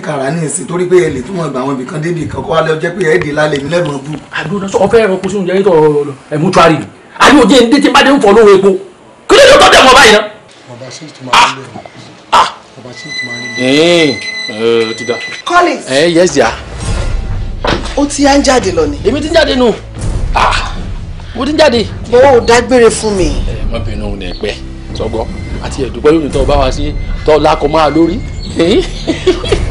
tí kàrà ní ìsìn torí pé ẹ lè túmọ̀ gbà àwọn ibì kan débi kan kó wá lọ jẹ́ pé ẹ dè lálẹ́ mi lẹ́nu bú. àdúrà sọ ọfẹ ẹranko sínú jẹrìí tọ ẹ mú tuari àbí òjì ẹni tí bá dé ń fọ lóore epo kí ló dé tó dẹ̀ mọ́ báyìí ná. bàbá sí ìtumọ̀ nílẹ̀ bàbá sí ìtumọ̀ nílẹ̀. ti da. Collins. ẹ yes dear. ó ti á ń jáde lọ ni. èmi ti ń jáde nù ah, mo ti ń jáde. mo ò dágbére fún mi. ẹ má bínú ní ẹgbẹ́ sọgbọ́ àti ẹ̀dùnkọ́ lónìí tó bá wa sí tó lákọ̀ọ́ máa lórí.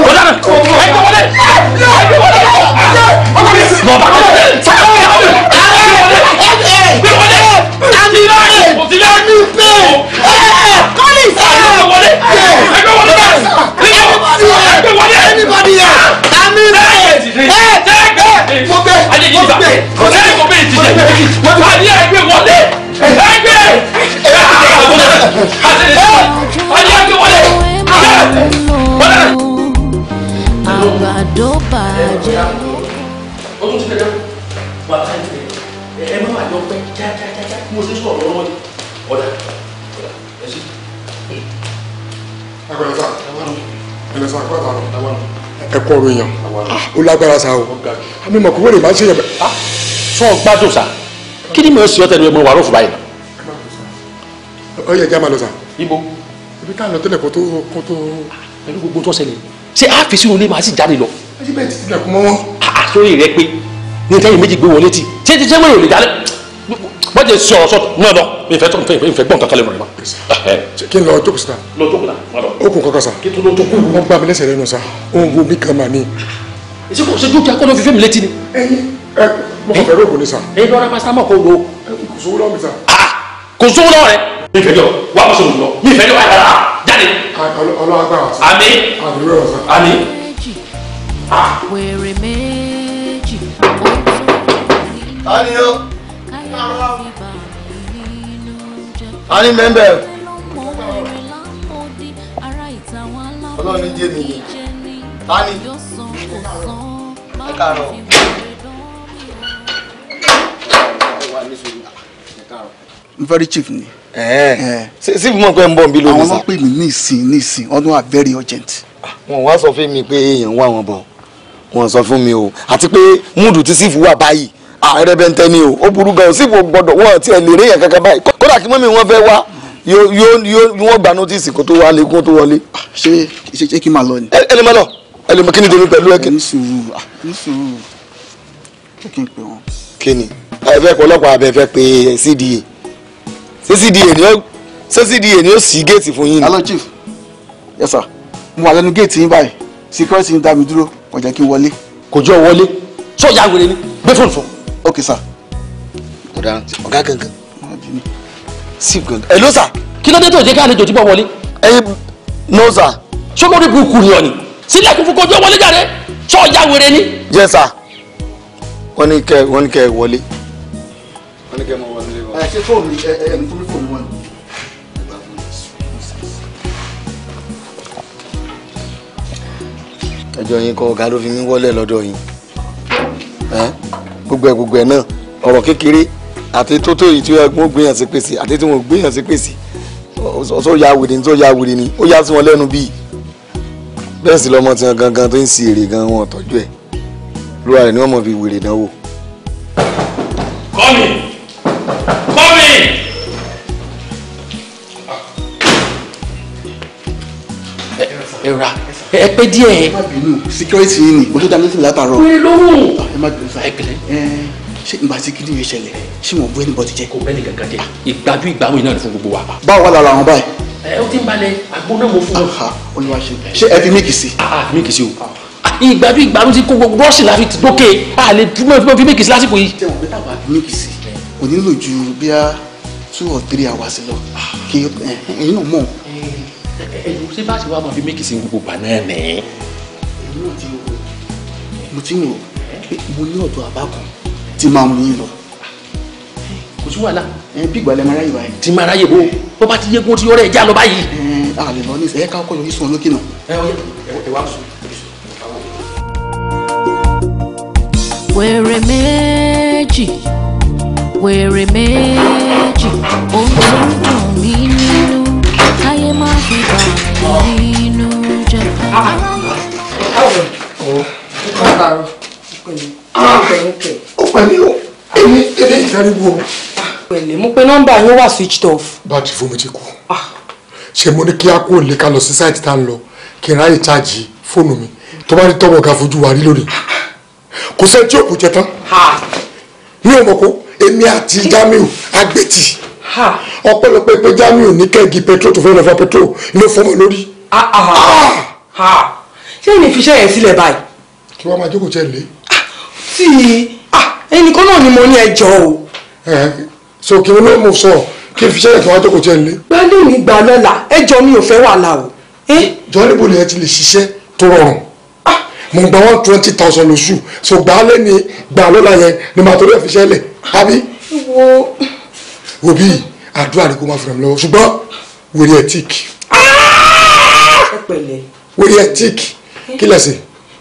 ọ̀daràn ẹgbẹ́ wọlé ẹgbẹ́ wọlé ọ̀daràn. sa o àmì mọ̀ kó wẹ́rẹ́ máa ń ṣe yẹn bẹ́ẹ̀. Ah, sọ gbádùn sa kí ni mo sì ọ́ tẹ̀lé mo wà lófù báyìí ọ yẹ jama lọ sa. ibo. ibi tá a lọ tẹ́lẹ̀ kó tó kó tó. pẹ̀lú gbogbo tó ṣẹlẹ̀ ṣé a fi sínú ilé máa sì jáde lọ. ẹ ti bẹ́ẹ̀ ti tilẹ̀ kún mọ́ wọn. àtúnyìn ah, ah, rẹ pé ní ìtẹ́yìn méjì gbé wọlé ti ṣé ti sẹ́wọ́n yóò lè jalè wọ́n ti sọ̀rọ̀ sọ̀tọ̀ náà lọ ìfẹ́ tó nfẹ́ ìfẹ́ gbọ́n kankan lẹ́nu rẹ̀ ma. Eh. kí n lọ jókòó sa. lọ jókòó la. o kun kankan sa. kí n tó lọ jókòó. wọ́n gbá mi lẹ́sẹ̀ lẹ́nu sa. ohun gbogbo mi kan mà ní ṣé kò ṣe dúkìá kọ́ ló fi létí ni. ẹ mọ fẹ́ rògbò ni sa. ẹyin lọ́ra pásítámọ̀ kò ro. kò sówó lọ́wọ́ mi sa. kò sówó lọ́wọ́ rẹ. mi ìfẹ́ jọ wà mọ̀ sọ̀rọ̀ lọ mi ìfẹ́ jọ wà yàrá jáde. ọlọ́wà gbà mẹ́mbẹ́. ọlọ́run jẹ́ mi ni ẹ káàárọ̀ n very chief ni. sífù mọ̀ pé ń bọ̀ ń bí lónìí sá. àwọn ọlọ́pàá mi ní ìsìn ní ìsìn ọdún are very urgent. Ah, wọn wá sọ fún mi pé èèyàn wà wọn bọ̀ wọn sọ fún mi o àti pé múùdù tí sífù wà báyìí ààrẹ bẹ́ẹ̀ ń tẹ́ ni o ó burú gan-an sífù gbọ́dọ̀ wọ́n ti ẹ̀ lè rí èèyàn kankan báyìí kódà kí mọ́mí wọn fẹ́ wá yóò yóò wọ́n gba notice kó tó wá lé kó tó wọlé. Ah, ṣé ṣé kí n máa lọ ni. ẹ ẹ lè máa lọ ẹlòmí kí ni tèmi pẹ̀lú ẹ kí. ní sùúrù ní sùúrù kí kí n pè wọn. kí ni ẹ fẹ́ pọ̀ ọlọ́pàá abẹ fẹ́ pé cda ṣé cda ni ó ṣé cda ni ó ṣí géètì fún yín hello chief yes sir mo wà lẹ́nu géètì yín báyìí security ń dá mi dúró kò jẹ́ kí n wọlé. kò jọ wọlé sọ́ọ̀yà wèrè ni gbé fóònù fún. ok sir. ọ̀daràn ọ̀gá gangan sip gangan. ẹ ló sà kí ló dé tó ìdíkà àlejò tí bọ́ wọlé. ẹ no sà. sọmọdé bukú ni ọ ni sílẹ̀ kún fún kojú wọlé jáde sọ́ọ̀jà wèrè ni. yes sir wọ́n ní kẹ́ wọ́n ní kẹ́ wọlé. wọ́n ní kẹ́ mọ wọlé lé wọn. ẹ ṣe fóònù ẹ ẹ ní fúnmi fóònù wọn. ẹjọ́ yín kọ́ ọ̀gá ló fi mí wọlé lọ́dọ̀ yín gbogbo ẹ̀ gbogbo ẹ̀ náà ọ̀rọ̀ kékeré àti tótó yìí tí wọ́n gbìyànjú pèsè àti tí wọ́n gbìyànjú pèsè ọ̀sọ̀ ya wèrè ní tó ya wèrè ní ó yá sí wọn lẹ́nu bíi bẹ́ẹ̀ sì lọ́mọ tiwọn gangan tó ń si èrè gan wọn tọ́jú ẹ̀ lóra rẹ̀ ni wọ́n mọ̀ fi wèrè dánwò. kọ́mi kọ́mi. ẹ ra ẹ pẹ́ díẹ̀. security yìí ni mo tó dá mi sí látàárọ̀. wọ́n lè lóhùn. ẹ má bínú sa ẹ pẹ̀lẹ́ ṣé ìgbà tí kí ni yẹn ṣẹlẹ̀ ṣé wọn bú ẹni bọ́ ti jẹ́. kò bẹ́ẹ̀ ni kankan jẹ ìgbàdú ìgbàwé náà ni fún gbogbo wa. báwo wà lára àwọn báyìí. ẹ o ti ń balẹ̀ àgbo náà mo fún wọn. olúwa ṣe ṣé ẹ fi méèkì sí. a ah, ah, fi méèkì sí o ah, ìgbàdú ìgbàwé ti kó gbogbo rọ́ọ̀ṣì láfi dókè a lè dúró fi méèkì sí lásìkò yìí. tẹ̀wọ̀n pé táwa fi méèkì sí kò nílò ju two or three hours lọ kí ẹ̀yin náà mọ̀. ẹ̀yin ṣé bá ṣe wá máa fi méèkì sí gbogbo bà náà nìyẹn. mo ti ń rò mo ní ọ̀dọ̀ àbá tí máa mú yín lọ. kò sí wàhálà bí ìgbà lẹ́mọ aráyè báyìí. tí máa ráyè bó bó bá ti yégun tí ọ̀rẹ́ ẹ já lọ báyìí. a lè lọ ní ká ọkọ yọrí sùn lókè náà. ẹ ẹ wá sùn. wèrè méjì wèrè méjì òun ń dùn mí nínú káyé má fi bà mí nínú jẹ́. báwo ni. ó ń bá a rọ pẹ̀lú ó pẹ̀lú o èmi èmi ìdáríwó o. pẹ̀lẹ́ mo pe nọ́mbà yín wà switched off. báàtì fóònù ti kú Ah. mo ní kí a kó lè ká lọ sí sáìtì tá a ń lọ kí n ráyè cháàjì fóònù mi tó bá rí tọ́wọ́ ga fojú wa rí lónìí kò sẹ́ni tí òkú jẹ tán mi ò mọ̀ kó èmi àti Jamiu agbẹ́tì ọpẹ́lọpẹ́ pé Jamiu ní kẹ́ẹ̀gì petrol tó fẹ́ lọ fọ Ah, ah, ah. lórí. ṣé ìní fi iṣẹ́ yẹn sílẹ̀ báyìí. kí wọ́n máa jókòó jẹ́ lé tí ah, ẹnìkan náà ni mo ní ẹjọ́ o. so kí ló mú sọ kí n fi ṣẹlẹ̀ kí wọ́n jókòó tiẹ̀ lé. gbálẹ̀ mi gbà lọ́la ẹjọ́ mi ò fẹ́ wàhálà o. jọ́ níbo ni ẹ ti lè ṣiṣẹ́ tó rọrùn ah! mo gba one twenty thousand lóṣù so gbálẹ̀ ni gbà lọ́la yẹn ni màá torí ẹ̀ fi ṣẹlẹ̀ àbí. wo. òbí àdúrà ni kò máa fìràn lọ́wọ́ ṣùgbọ́n wèrè ah! ẹ̀ tíìkì. wèrè ẹ̀ tíìkì kí lẹ̀ sí.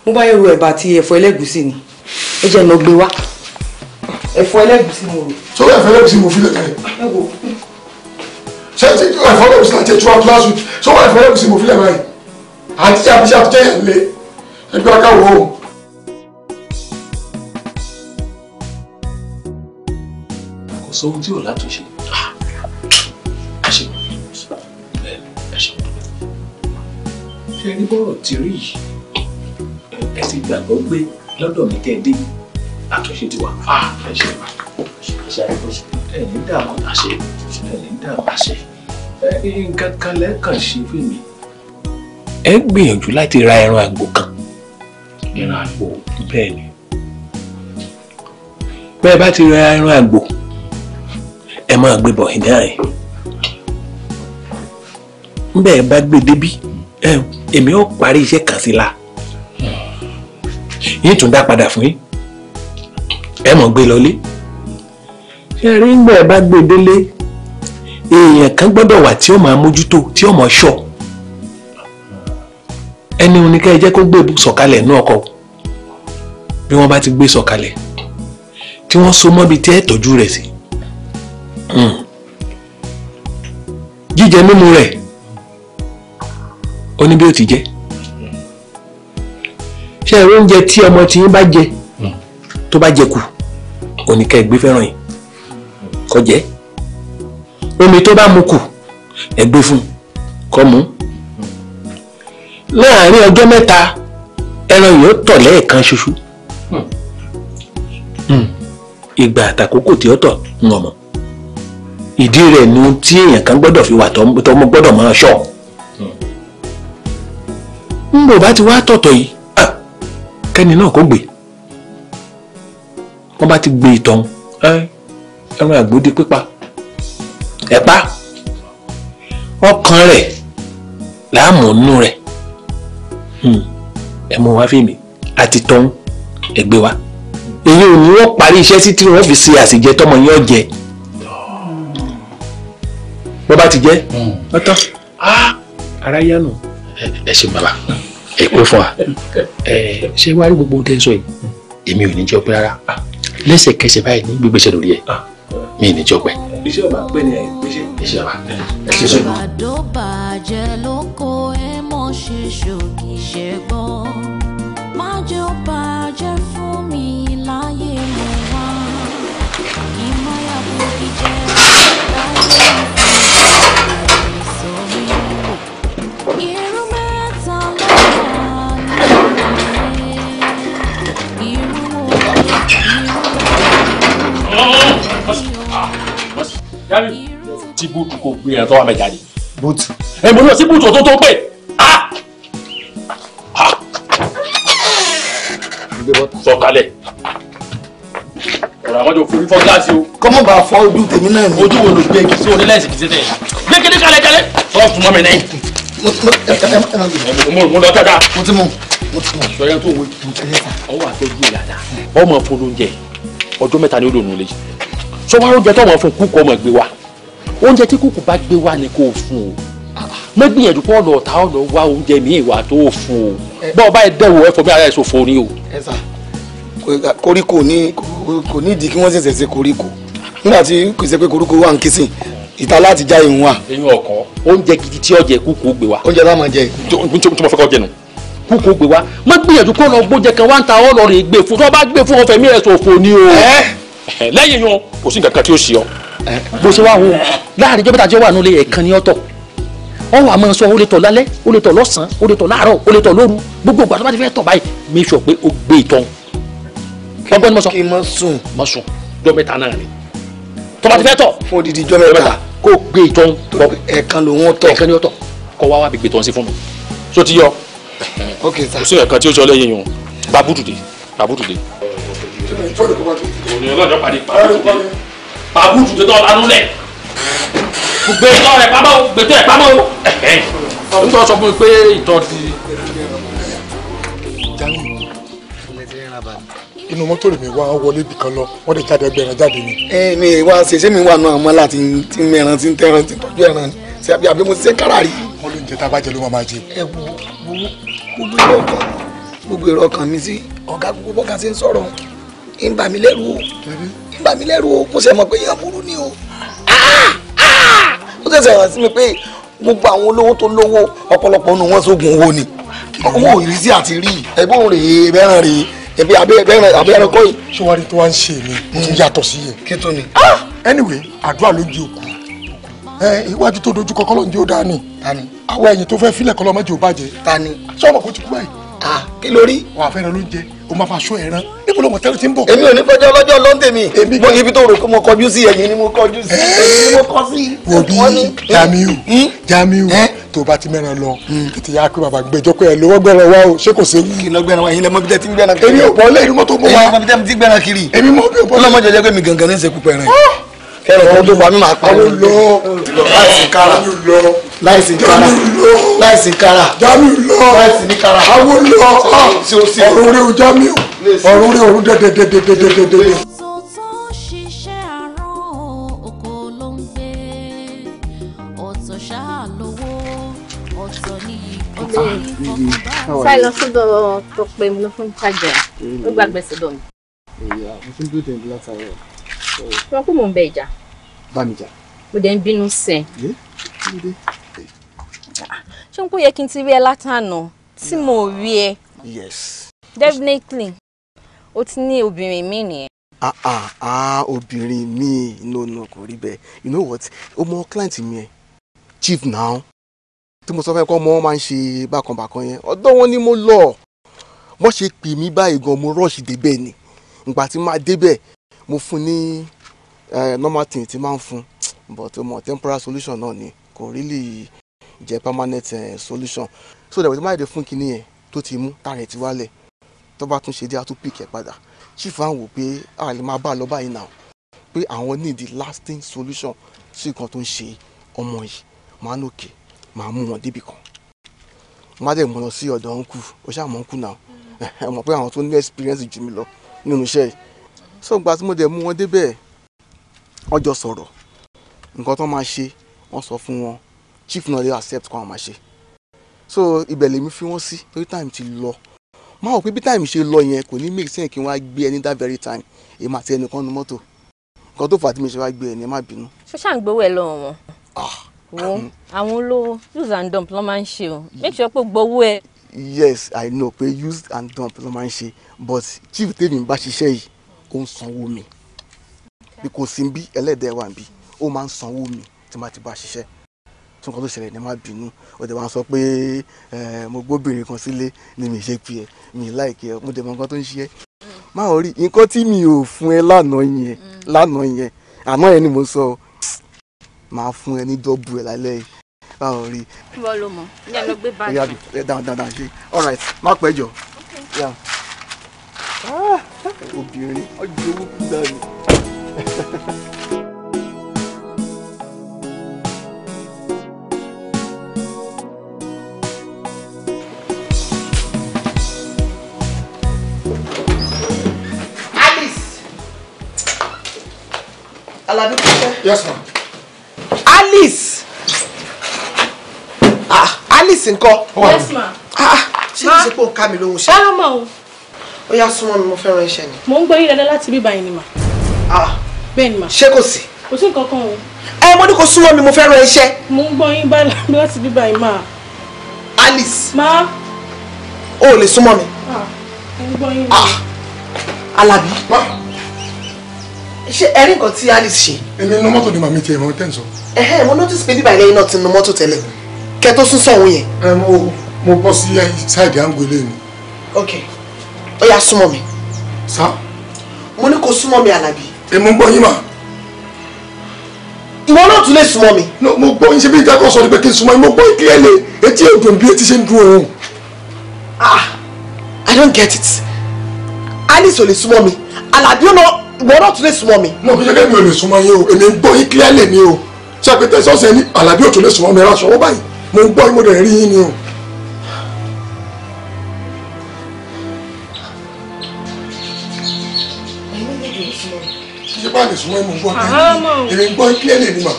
mo bá yẹ ru ẹ̀bà àti ẹ̀fọ́ ẹlẹ́gùsí ni ẹ jẹ́ mo gbé wá ẹ̀fọ́ ẹlẹ́gùsí mo rò. sọ́dọ̀ ẹ̀fọ́ ẹlẹ́gùsí mo fi lè kàn yín. ṣé ti ẹ̀fọ́ ẹlẹ́gùsí láti ẹ̀tú àtúlá sùn sọ́dọ̀ ẹ̀fọ́ ẹlẹ́gùsí mo fi lè báyìí àti àbíṣe àtúntẹ̀ yẹn lé ẹgbẹ́ akáwọ̀ o. kò sóhun tí ò látúnṣe. ṣe ní bọ́ọ̀rọ̀ tí rí yìí ẹ ti gbàgbọ́ pé lọ́dọ̀ mi tẹ́ ẹ dé àtúnṣe ti wà. ẹ ṣe wà ṣe àìkóso ẹ̀yìn dààmú àṣẹ ẹ̀yìn dààmú àṣẹ nǹkan kan lẹ́ẹ̀kan ṣe fún mi. ẹ gbìyànjú láti ra ẹran àgbò kan ẹran àgbò bẹ́ẹ̀ ni bẹ́ẹ̀ bá ti ra ẹran àgbò ẹ máa gbé bọ̀ ìdá ẹ̀ ń bẹ́ẹ̀ bá gbé débí èmi ó parí iṣẹ́ kan sí la yìí tún dá padà fún yín ẹ mọ̀ gbé lọlé ṣe rí ńgbà ẹ bá gbé délé èèyàn kan gbọ́dọ̀ wà tí ó máa mójútó tí ó máa ṣọ́ ẹni òní ká ẹ jẹ́ kó gbé sọ̀kalẹ̀ ní ọkọ̀ bí wọ́n bá ti gbé sọ̀kalẹ̀ tí wọ́n so mọ́bi tí ẹ tọ́jú rẹ̀ sí hmm. jíjẹ mímu rẹ̀ ó ní bí ó ti jẹ́ ṣe ẹ̀rọ oúnjẹ tí ọmọ tí yín bá jẹ hmm. tó bá jẹ kù òní kẹ́ ẹ gbé fẹ́ràn yìí kó jẹ omi tó bá mu kù ẹ gbé fún kó mu láàárín ọjọ́ mẹ́ta ẹran yìí ó tọ̀ lẹ́ẹ̀kan ṣoṣo hmm. Hmm. ìgbà àtàkókò tí ó tọ̀ ń ọmọ ìdí rẹ̀ ni tí èèyàn kan gbọ́dọ̀ fi wà tọ́mọ gbọ́dọ̀ máa ṣọ́ ń bò bá ti wá tọ̀tọ̀ yìí kẹ́ni náà kó gbé wọ́n bá ti gbé ìtọ̀hún ẹran àgbò di pípa ẹ̀pá ọkàn rẹ̀ láàmú nú rẹ̀ hmm. ẹ mọ wá fèmí àti tọ̀hún ẹgbẹ́ wa èyí ò ní wọ́n parí iṣẹ́ sí tí wọ́n fi ṣe àṣejẹ tọmọ yẹn ọ̀jẹ̀ bọ́ bá ti jẹ́ ọ̀tọ̀ hmm. ah! ara yánu. ẹ ṣe bàbá ẹ pẹ́ fún wa ṣé wàá rí gbogbo ohun tẹ́ ń sọ yìí èmi ò ní jẹ́ ọpẹ́ rárá ah, lẹ́sẹ̀kẹsẹ̀ báyìí ní gbígbèsè lórí ẹ̀ ah. mi ì ní jẹ́ ọpẹ́. iṣẹ́ ọba pẹ́ ni ẹ̀ gbéṣẹ́. iṣẹ́ ọba ẹ ṣe sọ́nà. àdó bàjẹ́ ló yàrá tí búùtù kò gbé ẹ̀ tó wà mẹ́jáde. búùtù. ẹ mo lọ sí búùtù tó tó pè. sọ̀kalẹ̀ ọ̀rọ̀ àwọn jọ forí fọ́ gíláàsì o. kọ́mọ́ bá fọ́ ojú tèmi náà ni. ojú wo ló gbé kí sí onílẹ̀sì kìí sẹ́tẹ̀. gbé kéde kalẹ̀ kalẹ̀. sọ́ọ̀sì mọ́ mi náà. mo mo lọ tata. mo ti mọ mo ti mọ. sọyá tó wé. ọwọ́ àtọ́jú ìyàtà ọmọ polonjẹ ọjọ́ mẹ́ta ni ó lò nulẹ̀ sọ wá oúnjẹ tó wọ́n fún kúkú ọmọ gbé wa oúnjẹ tí kúkú bá gbé wa ni kò fún o má gbìyànjú kó ọ̀nà ọ̀tá ọ̀nà wá oúnjẹ míì wà tó fún o bá ọba ẹ̀dẹ́wò ẹ̀fọ́ mi ara ẹ̀ sòfò ni o. koríko ní kò ní ìdí kí wọ́n ṣẹ̀ṣẹ̀ ṣe koríko nígbà tí kò ṣe pé koríko wà ń kí sìn ìta láti já ìhun wa. eyín ọkọ oúnjẹ gidi tí ọjẹ kúkú gbé wa. oúnjẹ láwọn jẹ. tí mo fẹ́ kọ́ jẹ nù kó kó gbé wá má gbìyànjú kó lọ gbójẹ kan wá ń ta ọ lọ rè gbé fún tó bá gbé fún ọfẹ mi rẹ ṣòfò ni o. lẹ́yìn yan kò sí nǹkan kan tí ó ṣe ọ. bó ṣe wá wo láàrin ìjọba tàjọ wà nílé ẹ̀kan ní ọ̀tọ̀ ọ wà máa sọ ó tọ̀ lálẹ́ ó tọ̀ lọ́sàn-án ó tọ̀ láàárọ̀ ó tọ̀ lóru gbogbo ìgbà tó bá ti fẹ́ tọ̀ báyìí mi sọ pé ó gbé ìtọ̀ kí mo sùn mo sùn jọ mẹ́ta náà ni tó bá ti fẹ́ tọ̀ fún odidi jọ mẹ́ta kó gbé ìtọ̀ ẹ̀kan lòun tọ̀ ẹ̀kan ni ó tọ̀ kọ́ wá wá gbé ìtọ̀ sí fún mi so ok sir. kò sí ẹ̀kan tí ó sọ lẹ́yìn yìí o babúdùdé babúdùdé. òní ọlọ́jọ́ pàdé babúdùdé babúdùdé tó lanú lẹ̀ gbẹ̀tọ̀ rẹ̀ pamọ́ gbẹ̀tọ̀ rẹ̀ pamọ́ o. n tọ́ sọ fún mi pé ìtọ́ ti. inú mọ́tò rẹ̀ mi wá wọlé bìkan lọ wọ́n lè jáde ẹgbẹ̀rún jáde ni. ẹ mi wá ṣe ṣé mi wà nù àwọn láti ti mẹ́ran ti ń tẹ́ran ti tọ́jú ẹran ṣe àbí àbí mo ṣe kára rí. wọ́n ló ń jẹ tábàjẹ́ ló máa jẹ. ẹ wo wo gbogbo ilé ọkọ gbogbo èrò ọkàn mi sí ọ̀gá gbogbo bọ́kà ṣe ń sọ̀rọ̀ ń bà mí lẹ́rù o ń bà mí lẹ́rù o kò sẹ̀ mọ̀ pé yẹn burú ni o ah, ah! ó sẹ̀sẹ̀ hàn sí mi pé gbogbo àwọn olówó tó lówó ọ̀pọ̀lọpọ̀ nu wọn sógun owó ni owó ìrísí àti rí ẹgbọ́n rèé bẹ́ràn rèé ẹbí abẹ́rẹ́ abẹ́rẹ́ kọ́ yìí. sọwari tó wá ń ṣe mi tó yàtọ̀ sí yẹn. kí tó ni. Ah! anyway àdúrà ló di òkú iwájú tó dojú kọkọ ló ń di ó dání. dání àwọn ẹ̀yìn tó fẹ́ filẹ̀ kọ́ lọ́mọdé ò bàjẹ́. ta ni. sọ́ọ̀mù kò ti kú báyìí. a kí lórí. wà á fẹ́ ràn ló ń jẹ o máa fa aṣọ ẹran níbo lọ́mọ tẹ́lẹ̀ ti ń bọ̀. èmi ò ní fẹjọ́ ọlọ́jọ́ lọ́ńdẹ̀ mi. èmi gan ibi tó rò pé mo kọjú sí ẹ̀yìn ni mo kọjú sí ẹ̀yìn ni mo kọ́ sí. òbí hmm? Jamiu hmm? Jamiu tó bá ti mẹ́ran lọ hmm. tètè yá pé bàbá gbẹjọ pé ẹ lówó gbẹran wa o ṣé kò séwu. kí ló gbẹran wa yín lẹ mọ bí tẹ ti ń kiri. èmi ò bọ́ lẹ́yìn mọ́tò mọ́ wa. èmi mọ́ bí ti gbẹran kiri. èmi mọ́ ò bọ́ kẹrọ ọmọ tó fami máa pariwo lọ láìsí kára láìsí kára láìsí kára jamiu lọ láìsí ní kára awo lọ ọrùn rẹ o jamiu ọrùn rẹ òun dẹdẹdẹdẹdẹdẹdẹ. sáì lọ sọ́dọ̀ tó pé mo fún chájà ó gbàgbé sọ́dọ̀ mi. èyí àwọn tó ń dúró dé ní látàrí ọ̀hún tí wọ́n kó mò ń bẹ ìjà. bá mi jà. mo dẹ̀ ń bínú sẹ́. ṣé n kò yẹ kí n ti rí ẹ látànà tí mo rí ẹ. yes. definitely o ti ní obìnrin mi nìyẹn. ah ah ah obìnrin mi no no kò rí bẹ́ẹ̀ you know what ọmọ client mi ẹ chief now tí mo sọ fẹ́ kọ́ ọmọ wọn máa ń ṣe bákanbàkan yẹn ọ̀dọ̀ wọn ni mo lọ wọ́n ṣe pè mí báyìí gan mo rush débẹ̀ ni ìgbà tí máa débẹ̀ mo fún ní normal thing tí máa ń fún but mo temporary solution náà ni kò really jẹ́ permanent solution so dẹ̀ wọ́n ti máa dé fún kinní yẹn tó ti mú tààrẹ̀ ti wálẹ̀ tó bá tún ṣe dé àtún pìkẹ́ padà chief á wò pé a lè máa bá a lọ báyìí náà pé àwọn need the lasting solution sí nǹkan tó ń ṣe ọmọ yìí máa ń òkè máa mú wọn débì kan má dẹ̀ mọ̀ lọ sí ọ̀dọ̀ ọ̀nkù ó ṣáà mọ̀ ọ̀nkù náà ẹ̀ mọ̀ pé àwọn tó ní experience jù mí lọ nínú iṣẹ́ yìí so ìgbà tí mo dẹ̀ mú wọn débẹ̀ ọjọ́ sọ̀rọ̀ nǹkan tó máa ṣe wọ́n sọ fún wọn chief náà lè accept kó àwọn máa ṣe so ibẹ̀ lèmi fi wọ́n sí torí time ti lọ máa wò pé bí time ṣe lọ yẹn kò ní make sense kí wọ́n á gbé ẹni that very time èmi àti ẹnìkan nu mọ́tò nǹkan tó fà á tí mi ṣe wá gbé ẹni ẹ má bínú. ṣọ́ṣà gbowó ẹ lọ́wọ́ wọn. Ah. àwọn olówó use and dump ló máa ń ṣe o make sure pé gbowó ẹ. yes i know pé use and dump ló máa ń ṣe but chief tèmi bá ṣiṣẹ́ yìí ó ń sanwó mi bí kò sí bí ẹlẹ́dẹ̀ wà bí ó máa ń sanwó mi tí màá ti bá ṣiṣẹ́ tí nǹkan tó ṣẹlẹ̀ ní má bínú ó dẹ̀ máa sọ pé mo gbóbìnrin kan sílé ni mi ṣe pè é mi láìkẹ́ ẹ mo dẹ̀ mọ nǹkan tó ń ṣe é má ò rí nǹkan tí mi ò fún ẹ lánàá yẹn lánàá yẹn àná yẹn ni mo sọ máa fún ẹ ní dọ́bù ẹ lálẹ́ yìí má ò rí. wọ́n ló mọ̀ ní ẹ lọ gbé báàgì. dáadáa all right má pẹ́ jọ. Okay. Yeah obìnrin ọjọ́ owó dání. Yes ma'am. Alice. Ah, Alice ńkọ́. Yes ma'am. Ah, ṣé kìí ṣe pé o ká mi lóhùn ṣe? Rárá mọ̀ o ó yá súnmọ́ mi mo fẹ́ràn iṣẹ́ ni. mò ń gbọ́ yín dáadáa láti bíbá yín ni mà. Ah. bẹ́ẹ̀ ni mà. ṣé kò sí. kò sí nǹkan kan o. ẹ mo ní kó súnmọ́ mi mo fẹ́ràn iṣẹ́. mò ń gbọ́ yín láti bíbá yín mà. Alice. ma. o ò lè súnmọ́ mi. ẹ ń gbọ́ yín mà. Ah. Alabi. ma. ṣé ẹ rí nǹkan tí Alice ṣe. èmi inú mọ́tò ni màmí tiẹ̀ mọ́ tẹ́ ń sọ. ẹ̀hẹ́ mo notice pé bíbá ilé iná ti nu mọ́tò tẹ́lẹ̀ kẹ́ tó sún sọ̀hún yẹn. ẹ mo bọ́ sí ṣáìdì àǹgó ilé okay ó yá súnmọ́ mi. sá. mo ní kó súnmọ́ mi àlàbí. èmi ń gbọ́ yín mà. ìwọ náà tún lè súnmọ́ mi. mo gbọ́ yín ṣe bí ìdákọ̀ sọ ni pé kí n súnmọ́ yín mo gbọ́ yín kílẹ̀ lè etí èdùn bí etí ṣe ń dún òun. ah i don't get it alice ò lè súnmọ́ mi àlàbí ọ̀nà ìwọ náà tún lè súnmọ́ mi. mo fi ṣẹ́gẹ́ mi ò lè súnmọ́ yín o èmi ń gbọ́ yín kílẹ̀ lè ni o ṣàpètẹ́ sọ́ọ̀sì ẹni àlàbí ò tún lè súnmọ́ mi rà ṣọwọ́ báyìí mo wà ní súnmọ́ ìmọ̀ gbọ́ kí èmi gbọ́ kí ẹ̀lẹ́ mi mà.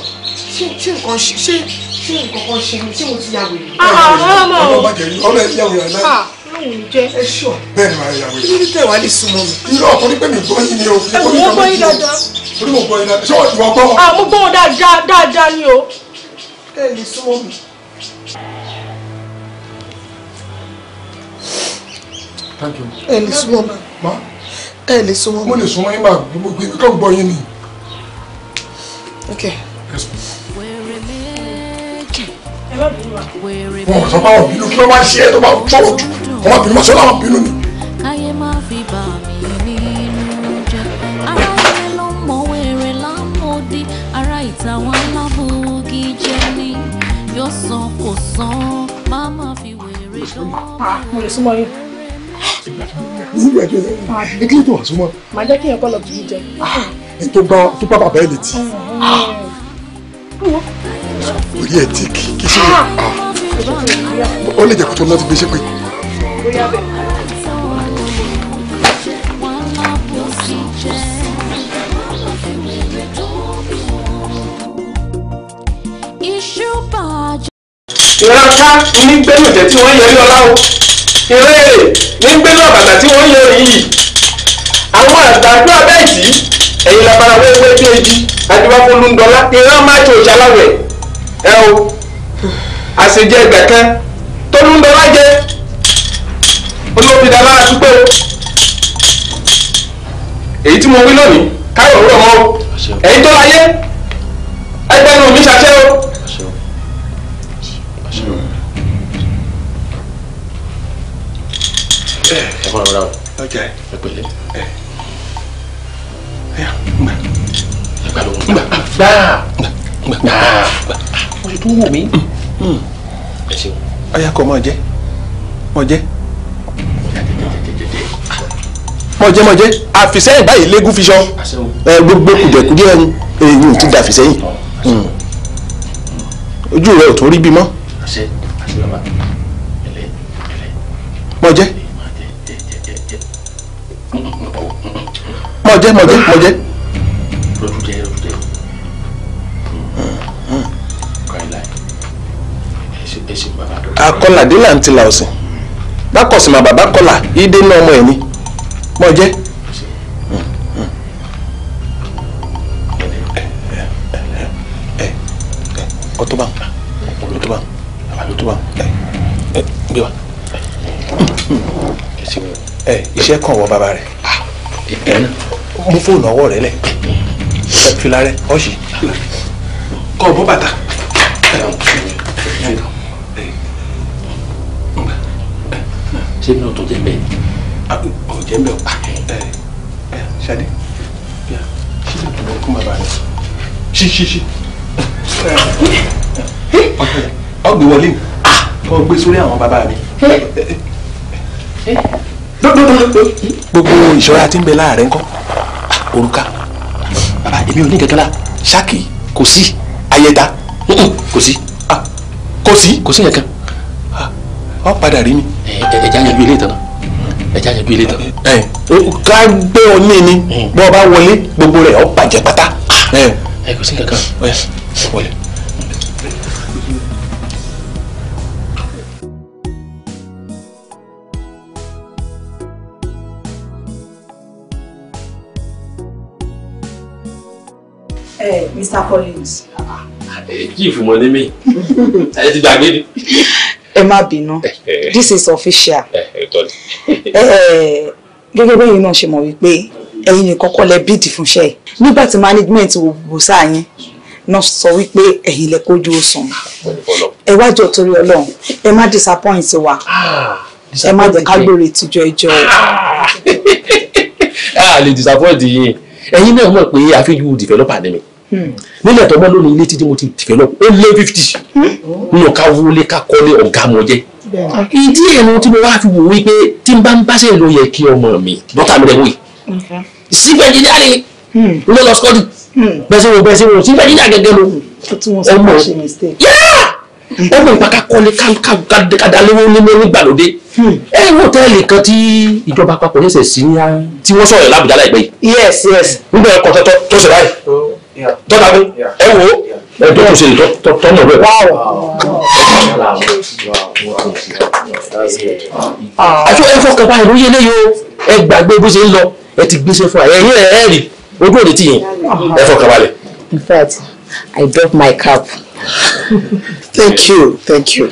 ṣé nǹkan ṣe ṣé nǹkan ṣe mi mo ti ya wèrè. ọmọ ọmọ jẹ ọmọ ẹ ya wèrè náà. ẹ ṣọ bẹ́ẹ̀ ni màá ya wèrè. kí ló tẹ̀ wá lè súnmọ́ mi. irọ́ ọkọ ní pé mi gbọ́ yín ni o. ẹ wọ́n gbọ́ yín dáadáa. orí mo gbọ́ yín dáadáa ṣé ìwọ gbọ́. àmú gbọ́ dáadáa ni o. ẹ lè súnmọ́ mi. ẹ lè súnmọ́ mi ẹ lè súnmọ́. mo lè súnmọ́ yín máa gbogbo pé kí gbọ́ yín ni. ok. wọn ò sọ pé àwọn bínú kí ló máa ṣe ẹ tó máa sọ̀rọ̀ jù àwọn bínú máa ṣe láwọn bínú ni. Ah, mo lè súnmọ́ yín ìsìnkú ẹjọ́ ẹ kí ló tó wà súnmọ́. màá jẹ́ kí èèyàn lọ kì jẹ. Ah, tó bá tó bá bàbá ẹ lè tì. orí ẹ ti kì í ṣe ah! Ah, ó lè jẹ́ kó tó láti gbé ṣépè. bóyá bẹ́ẹ̀. ìran ká tí wọ́n yẹrí ọlá o eré ń gbé náà bàtà tí wọ́n ń yọ yìí àwọn àgbàdo abẹ́ẹ̀tì ẹ̀yìn labara wẹ́wẹ́ bí ebi adébáfólú ń ìran máàtì òṣàlàwẹ̀ ẹ o àṣejẹ ẹgbẹ̀kan tó jẹ olóbìdá lára túpẹ́ o èyí tí mo wí lónìí káyọ̀ òwúrọ̀ mọ́ o èyí tó láyé ẹgbẹ́ nu mi ṣàṣẹ o. ẹ kọ́ ọ̀rọ̀ o ẹ pẹ̀lẹ́ ẹ gbà ló ń gbà gbà gbà gbà o ṣe tó wù mí ẹ ṣeun. ọyá kọ mọ jẹ mọ jẹ mọ jẹ mọ jẹ àfìsẹ́yìn báyìí lẹ́gùn fi sọ gbogbo kùdẹ̀kùdẹ̀ ẹ̀yìn ò ti dà fìsẹ́yìn mm. ojú rẹ ò tún rí bí mọ́ mọ jẹ. mọ̀jẹ́ mọ̀jẹ́ mọ̀jẹ́. lọ́dúnjẹ́ lọ́dúnjẹ́ akọ́làdé là ń tilà ọ̀sìn bákọ̀sìmọ̀ bàbá kọ́là ìdè náà ọmọ ẹ̀ ni mọ̀jẹ́. ọtúbà ọtúbà ọtúbà ẹ gbé wa ẹ iṣẹ́ kan wọ bàbá rẹ̀. Ah, mú fóònù ọwọ́ rẹ lẹ̀ fìlà rẹ ọ̀ṣì kọ́ ọ̀bọ bàtà. ṣé mi ò tó jẹ́ ọ̀ jẹ́ bẹ́ẹ̀ o ṣadé ṣíṣe tó lọ kún bàbá rẹ ṣí ṣí ṣí ọgbẹ wọlé mi kọ gbé sórí àwọn bàbá mi gbogbo ìṣọ́ra tí ń bẹ láàrin kọ́ òrùka bàbá èmi ò ní kankan la ṣáàkì kò sí ayẹda ah, kò sí kò sí kò sí kankan ah, ọ padà rí mi. ẹja yẹn bí ilé ìtàn ẹja yẹn bí ilé ìtàn. ká gbé ọ ní ni mm. bọ́ọ̀ bá wọlé gbogbo rẹ̀ ọ bàjẹ́ pátá. Ah, ẹ kò sí kankan wọlé. Mr. Collins. Chief mo ní mi, ẹ ti gbàgbé ni. Emma, má bínú, this is official. Gẹ́gẹ́ bẹ́yìn náà ṣe mọ̀ wípé ẹ̀yin nìkan kọ́ lẹ bíìdì fúnṣẹ́ yìí. Nígbà tí management wò bò sáà yín, náà sọ wípé ẹ̀yin lẹ kójú òsùn. Ẹ wá jọ̀ọ́ torí Ọlọ́run, ẹ má disappoint wa. Ẹ má jẹ́ ká gbèrè tíjọ ìjọ. A lè disappoint yín. Ẹ̀yin náà mọ̀ pé àfihàn developer ni mi nílẹ̀ tọ́gbọ́n lónìí ilé títí mo ti tìfẹ́ lọ ó lé fifty nínú ká wọlé ká kọ́lé ọ̀gá mọ jẹ́ ìdí ẹ̀rọ tí mo wá fi wò wípé tí n bá ń báṣẹ́ ló yẹ kí ọmọ mi bọ́tà mi rẹ̀ wò yìí síbẹ̀ jíjà rẹ̀ ló lọ sọ́ọ̀dì hmm. bẹ́sẹ̀ wo bẹ́sẹ̀ wo síbẹ̀ jíjà gẹ́gẹ́ ló ọmọ ọmọ ìpàkà kọ́lé kádàlẹ́wọ́ nílé nígbàlódé hmm. ẹ wò tẹ́ẹ̀lì kan tí ìjọba àpapọ̀ yẹsẹ̀ sí ní tí tọ́ta mi ẹ wo ẹ tó kù sí i tọ́nà rẹ. àti ẹ fọkàn báyìí lóye eléyìí o ẹ gbàgbé bó ṣe ń lọ ẹ ti gbéṣẹ́ fún àyẹ̀ yín ẹ rí ojú òde tì ẹ fọkàn balẹ̀. in fact i drop my cap. thank you thank you.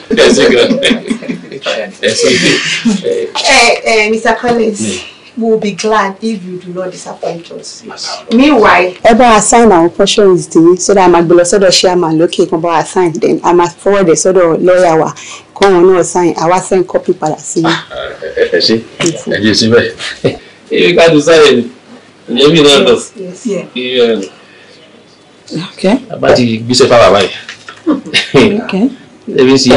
ẹ ẹ Mr. Collins. Yeah. Hmm. We will be glad if you do not disappoint us. Meanwhile, ẹ assign our portion portions tí so that I might be gbé lọ sọ́dọ̀ chairman lókè about bá sign. then I must forward ẹ̀ sọ́dọ̀ lọ́ọ̀yà wa come wọn náà sign I àwa send copy padà sí. ẹ ṣe ẹ jẹ síbẹ̀ èmi ká ju Yes. ni èmi náà lọ sí. bá ti gbéṣẹ́ fáwọn àbáyé ẹbí sí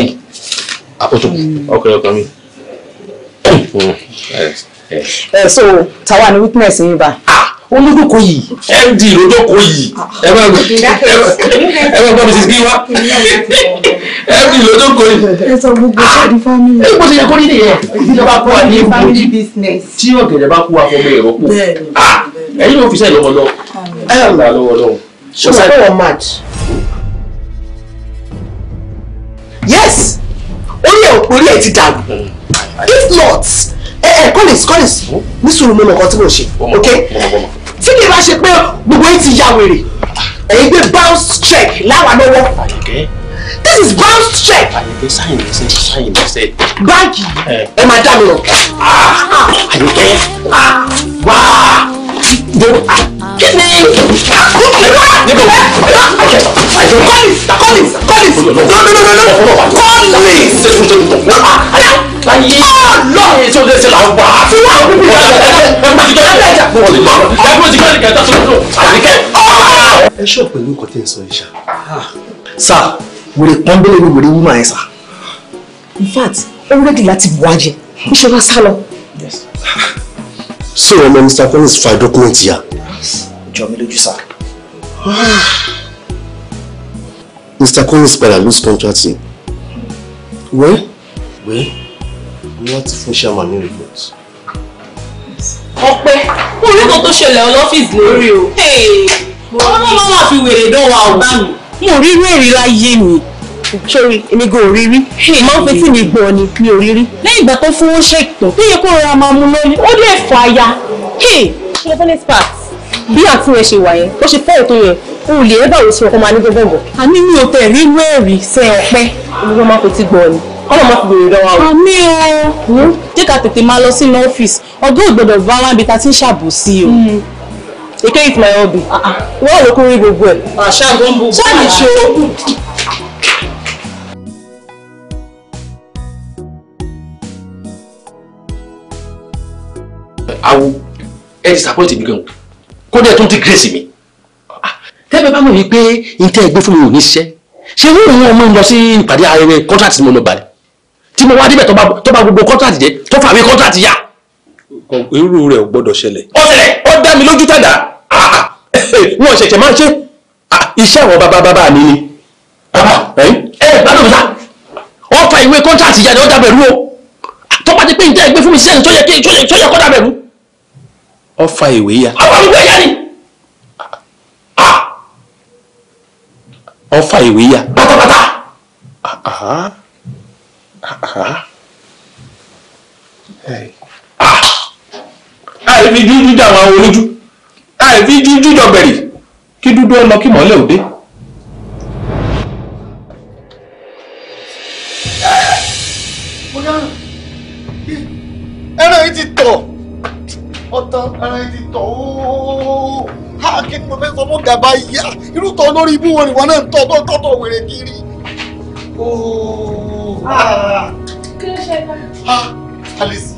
àkótó Okay, okay, mi. Mm. Mm ẹ eh, so tàwa ni witness yín bá. olódòkó yìí md lódòkó yìí ẹ bá gbọ́ mrs giwa md lódòkó yìí. ẹ sọ gbogbo ṣáàdì family. ẹ bó ṣe yẹ kó rí nìyẹn ìjọba kó wa ní ìbòjì tí ọ̀gẹ̀dẹ̀ bá kó wa fọmọ ẹ̀rọ kù ẹ̀yin ló fi sẹ́yìn lọ́wọ́ lọ́wọ́ ẹ̀ ẹ̀ là lọ́wọ́ lọ́wọ́. ṣé o yes orí ẹ̀ orí ẹ̀ ti dàrú if not ẹ eh, ẹ eh, Collins Collins ní sùúrù mú nǹkan tí mo ṣe ok tí kì í bá ṣe pé gbogbo yìí ti ya wèrè ẹ̀yin gbé bounce check láwa lọ́wọ́ this is bounce check. àyẹ̀kẹ́ sáyìn lẹ́sẹ̀ sáyìn lẹ́sẹ̀. báńkì ẹ máa dá mi lọ. Ah, àyẹ̀kẹ́ ah, wá. Ah, kí ni Collins Collins Collins no no no no Collins láyé lọ èso lè ṣe làwọn wà á fi wà á fi wà á fi jọ ẹ jà kó wọlé mọ ẹ bó ti gbọ́dọ̀ kẹta tó tó àdìkẹ́. ẹ ṣọ́ pẹ̀lú nǹkan tí ń sọ yìí ṣá ah. sá wèrè pọ́nbélé ni wèrè wúmọ̀ ẹ̀ sá. in fact ó rẹ́dì láti bu ajẹ́ iṣẹ́ wa sá lọ. Ah ṣé ọmọ Mr. Collins fa dọ́kúmẹ̀ntì ya. jọ mi lójú sá. Mr. Collins padà lose contract yìí. wẹ́ wẹ́ wọ́n ti fún chairman ní report. ọpẹ́ orí kan tó ṣẹlẹ̀ ọlọ́fíìsì lórí o. ọlọ́mọ máa fi wèrè dán wa ò bá mi. mo rí irú láyé mi sórí èmi gan òrírí máa ń fi tí mi gbọ́ ni mi ò rírí lẹ́yìn ìgbà tó fowó ṣètò tó yẹ kó rọra máa mú lórí ó dé ẹ̀fọ́ aya ṣe fẹ́lẹ́ spark bí àti rẹ̀ ṣe wà yẹn bó ṣe fẹ́ ètò yẹn o lè ẹ́ báwo sí ọkọ máa ní gbọ́ngbọ̀ngbọ̀. àní mi ò tẹ̀ rí inú ẹ̀rí sẹ́ ọpẹ́ olùkọ́ máa kò ti gbọ́ ni ọlọ́ máa fi bèrè lọ́wọ́ àwọn. àmì o jẹ́ ká tètè máa lọ sínú ọ́fíìsì ọgá ògbọ́dọ̀ bá wá níbi tá a ti ń ṣàbòsí o. Hmm. ike is my hobby. Ah, ah. wọ́n ò lókun rí gbogbo ẹ̀. àṣà ah, gbọ́ngbò. ṣáà ní ṣe o. awo ẹ disappoint mi gan kódà ẹ tún ti grace mi ah, tẹ́lẹ̀ bá mọ̀ wípé n tẹ́ ẹ gbé fún mi ò ní ṣiṣẹ́ ṣé wọ́n ràn ọmọ lọ sí ìpàdé ayẹyẹ contract tí mo lọ balẹ̀ tí mo wá débẹ̀ tó bá gbogbo contract jẹ́ tó fàwé contract yá. irú rẹ̀ ò gbọ́dọ̀ ṣẹlẹ̀. ó ṣẹlẹ̀ ó dá mi lójú tàdá ah, ah, wọn ṣẹ̀ṣẹ̀ máa ń ṣe iṣẹ́ àwọn bàbá bàbá mi ni. ẹ gbádùn sá ọ fa ìwé contract yá ni ó dábẹ̀rú o tó bá ti pín in tẹ́ ẹ gbé fún mi ṣiṣẹ́ ni tó yẹ kó dábẹ̀rú ọ fa ìwé ya. ọ fa ìwé ya ni. ọ fa ìwé ya. pátápátá. Ah. àìfi jújú jà wọn olójú àìfi jújú jọgbẹ̀rì kí dúdú ọlọ kí mọ́lẹ̀ òde. ẹran yìí ti tọ̀ ọ̀tàn ara ẹni tọ̀ ooo ha kí ni mo fẹ́ sọ fún gàba ìyá irú tọ̀ lórí ibú wọn ìwọ náà ń tọ̀ tó tọ̀tọ̀ wèrè kiri ooo ha. kí ló ṣe é ká. ha Alice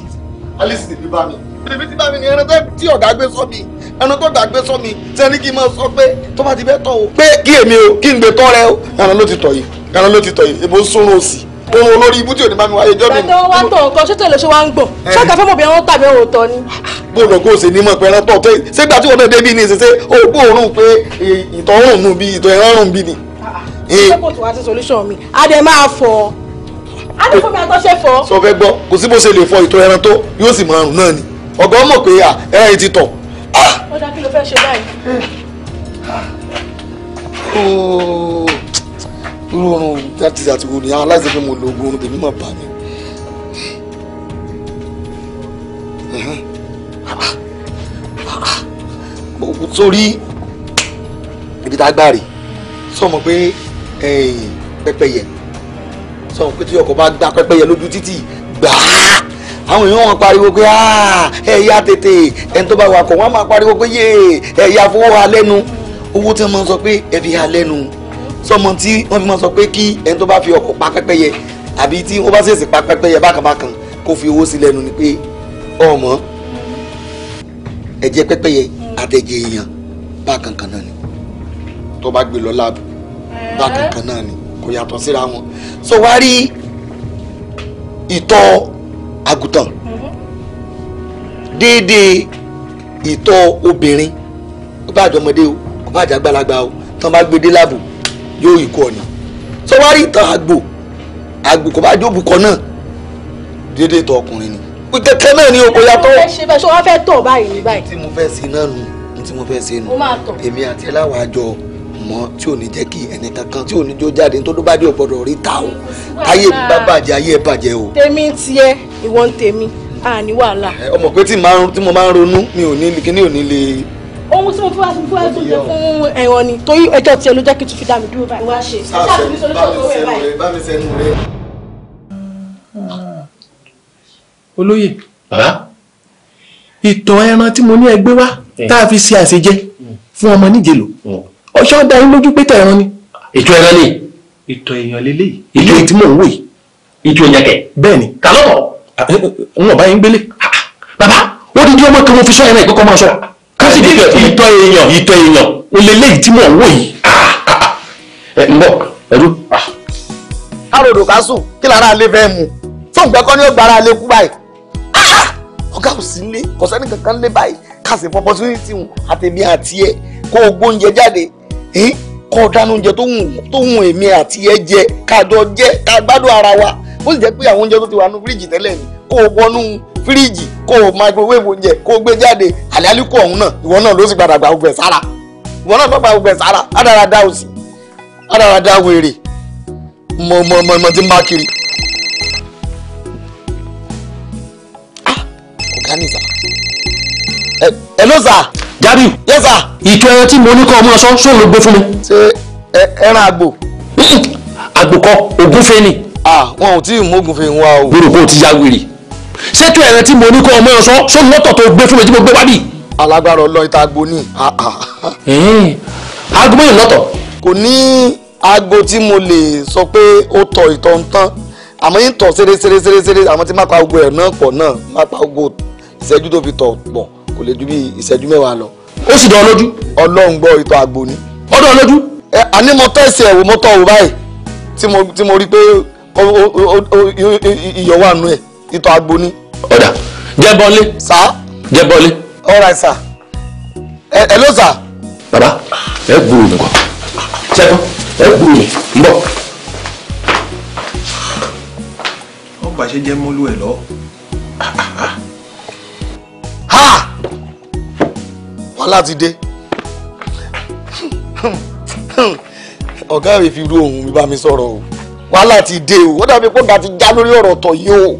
Alice tèmi bá mi tèmi ti bá mi ni ẹran tí ọ̀gá gbé sọ mi ẹran tó gbàgbé sọ mi sẹ́ni kí n máa sọ pé tó bá ti bẹ́ tọ̀ o. pé kí èmi o kí n gbé tọ́ rẹ o ẹran ló ti tọ̀ yìí ẹran ló ti tọ̀ yìí èbó ń sún òsì òun olórí ibú tí ò ní bá mi wáyé jọ́ mi. bàtà wọn wá tọ̀ ọ̀tọ̀ ṣé tẹ̀lé ṣé wàá ń gbọ̀n ṣé àgbà fẹ́ mọ̀ bí wọ́n tàbí òótọ́ ni bóòlù kó o sì ní mọ̀ pé ẹran tọ̀ tẹ́ ṣégbà tí wọn náà débi ní ìṣẹ́ṣẹ́ ó gbóòórùn pé ìtọ̀ nù bí ìtọ̀ ẹran bí ni. Ah, ah. Eh. sọ fẹ́ gbọ́ kò sí bó ṣe lè fọ ìtọ̀ ẹran tó yóò sì máa rùn náà ni ọ̀gá mọ̀ pé ẹran yìí ti tọ̀. Ah. ó kí ló fẹ́ ṣe báyìí irú oorun láti àtìwò ni àwọn aláìsàn pé mo lo oògùn oorun tèmi mọ̀ bá mi. sórí ibi tá a gbà rè sọmọ pé pẹ́pẹ́yẹ sọmọ pé tí ọkọ bá gba pẹ́pẹ́yẹ lójú títì gbàá àwọn èèyàn wọn pariwo pé ah, ẹ̀yà tètè ẹni tó bá wakọ̀ wọn máa pariwo pé yéè ẹ̀yà fowó wa lẹ́nu owó tí wọ́n máa sọ pé ẹ fi ha lẹ́nu sọmọ tí wọ́n fi máa sọ pé kí ẹni tó bá fi ọkọ̀ pa pẹ́pẹ́yẹ àbí tí wọ́n bá ṣèṣì pa pẹ́pẹ́yẹ bákanbákan kó fi owó sí lẹ́nu ni pé ọmọ ẹ jẹ pẹ́pẹ́yẹ adẹ́jẹ èèyàn bákan kan náà ni tó bá gbé lọ láàbù bákan kan náà ni kò yàtọ̀ síra wọn so wá rí ìtọ̀ àgùntàn déédéé ìtọ̀ obìnrin ó bá àjọmọdé o ó bá àjàgbàlagbà o tán bá gbé dé láàbù yóò yìí kú ọ ni so wá rí ìtọ̀ àgbò àgbò kò bá jóbù kan náà déédéé ìtọ̀ ọkùnrin ni kẹ̀kẹ́ náà ni oko yàtọ̀. ẹ ṣé wọ́n fẹ́ tọ̀ báyìí báyìí. tí mo fẹ́ ṣe náà nù tí mo fẹ́ ṣe nù. mo máa tọ̀. èmi àti ẹ jọ mọ tí ò ní jẹ́ kí ẹnì kankan tí ò ní jó jáde tó bá dé ọ̀gbọ́dọ̀ rí ta o ayé mi bá bàjẹ́ ayé ẹ bàjẹ́ o. tèmi ń tiẹ ìwọ ń tèmi a ní wàhálà. ọmọ pé tí mo máa ń ronú mi ò ní kíní ò ní le. ohun tí mo fẹ́ wá sí fún ẹ̀sùn tó fún ẹ̀wọ̀n ni torí ẹjọ́ tiẹ̀ ló jẹ́ kí tún fi dá mi dúró báyìí. wá ṣe ṣáà tún ní solution tó wẹ̀ bá mi sẹ́nu rẹ̀. Hmm olóyè ìtọ̀ ẹran tí mo ní ẹgbẹ́ wá hmm. tá a fi ṣe àṣejẹ hmm. fún ọmọ níje lò hmm. ọṣọ da yín lójú pé tẹ̀ ẹran ni. ìtọ̀ ẹran ni. ìtọ̀ èèyàn lélẹ́yìí. ìtọ̀ èyí tí mò ń wò yìí. ìtọ̀ èèyàn kẹ̀. bẹ́ẹ̀ ni ta lọ́tọ̀. n ò bá yín gbélé. bàbá ó di ọmọ kan mo fi sọ ẹran ìkọ́kọ́ máa sọ. kásì ní ìtọ̀ èèyàn ìtọ̀ èèyàn ó lélẹ́yìí tí mò ń wò yìí. n bọ ẹdú. arodò kásù kí lára alẹ́ fẹ́ mu fóun gbẹ́kọ́ ni ó gbára alẹ́ kú báyìí ọ̀gá ò sí lé kọ̀sẹ́nì kankan lé báyìí kàṣẹ fún opportunity wọn àtẹ̀mí àti ẹ̀ kó o gbóúnjẹ jáde kó o dáná oúnjẹ tó hùn èmi àti ẹ jẹ kájọ jẹ ká gbádùn ara wa bó sì jẹ́ pé àwọn oúnjẹ tó ti wà nú fíríjì tẹ́lẹ̀ ni kó o wọnú fíríjì kó o microwave oúnjẹ kó o gbé jáde àlálùkù ọ̀hún náà ìwọ náà ló sì gbàdàgbà ọgbẹ̀ sára ìwọ náà gbàgbà ọgbẹ̀ sára ádáradá òsì ádáradá wèrè mọ̀mọ̀mọ̀ ti ń bá kiri. kánì sà. ẹ ló sà. Jamiu. yẹ sà. ìtọ́ ẹran tí mo ní kọ́ ọmọ ọsán sóun ló gbé fún mi. ṣe ẹran àgbò. àgbò kọ ògúnfe ni. wọn ò tí ì mú ògúnfe wá o. gbọ́dọ̀ kó o ti ya wèrè. ṣètò ẹran tí mo ní kọ́ ọmọ ọsán sóun lọ́tọ̀ tó gbé fún mi tí mo gbé wá bì. alágbára ọlọ́yin tá a gbó ní. aago mẹ́rin lọ́tọ̀. kò ní aago tí mo lè sọ pé ó tọ ìtọ̀ ń tán àmọ́ yín tọ̀ ṣeré ṣeré ṣeré ṣeré àmọ́ tí má pa gbogbo ẹ̀ náà pọ̀ náà má pa gbogbo ìṣẹ́jú tó fi tọ̀ pọ̀ kò lè ju bí ìṣẹ́jú mẹ́wàá lọ. ó sì dán lójú. ọlọ́run gbọ́ ìtọ̀ àgbo ni. ó dán lójú. ẹ àní mo tọ́ ẹsẹ̀ ẹ̀wò mo tọ́ ọ̀wò báyìí tí mo tí mo rí pé iyọ̀ wà nù ẹ̀ ìtọ̀ àgbo ni. ọ̀dà jẹ́ bọ́lé. sá. jẹ́ bọ́lé. all right sir. ẹ ẹ ló sà. bàbá ẹ gbúrò nìkan ṣẹ́gbọ́n ẹ gbúrò mi ń bọ̀. ó bàṣẹ jẹ́ mọ́lú ẹ̀ lọ. wàhálà ti dé ọ̀gá rẹ̀ fi ru ohun mi bá mi sọ̀rọ̀ o wàhálà ti dé o wọ́n dàbí pé ọ̀gá ti já lórí ọ̀rọ̀ ọ̀tọ̀ yìí o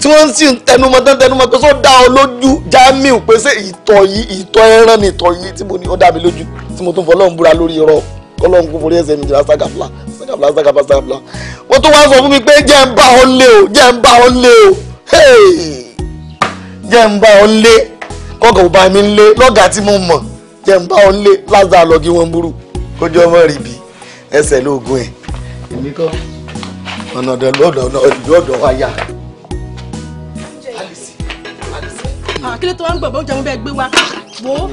tí wọ́n sì ń tẹnumọ́ tán tẹnumọ́ pé sọ dá ọ lójú Jamiu pé ṣé ìtọ̀ yìí ìtọ̀ ẹran ni ìtọ̀ yìí tí mo ní ó dá mi lójú tí mo tún fọ ọlọ́run búra lórí ọ̀rọ̀ ọlọ́run kò forí ẹsẹ̀ mi jìnnà ságàfúlà ságàfúlà ságàfúlà ságàfúlà wọ́n tún wá sọ fún mi pé jẹ́ ń bá ọ lé o jẹ́ ń bá ọ lé o jẹ́ ń bá ọ lé kọ́kọ́ ò bá mi ń lé lọ́gà tí mo mọ̀ jẹ́ ń bá ọ ń lé lázà lọ kí wọ́n burú kójú ọmọ rì bí ẹsẹ̀ lóògùn ẹ̀ èmi kọ́ ọ̀nà ọ̀dọ̀ lọ́dọ̀ ọ̀dọ̀ ọ̀dọ̀ wa yá. àkílẹ̀ tó wá ń gbọ̀ngbọ̀n jẹun bẹ́ẹ̀ gbé wa wò ó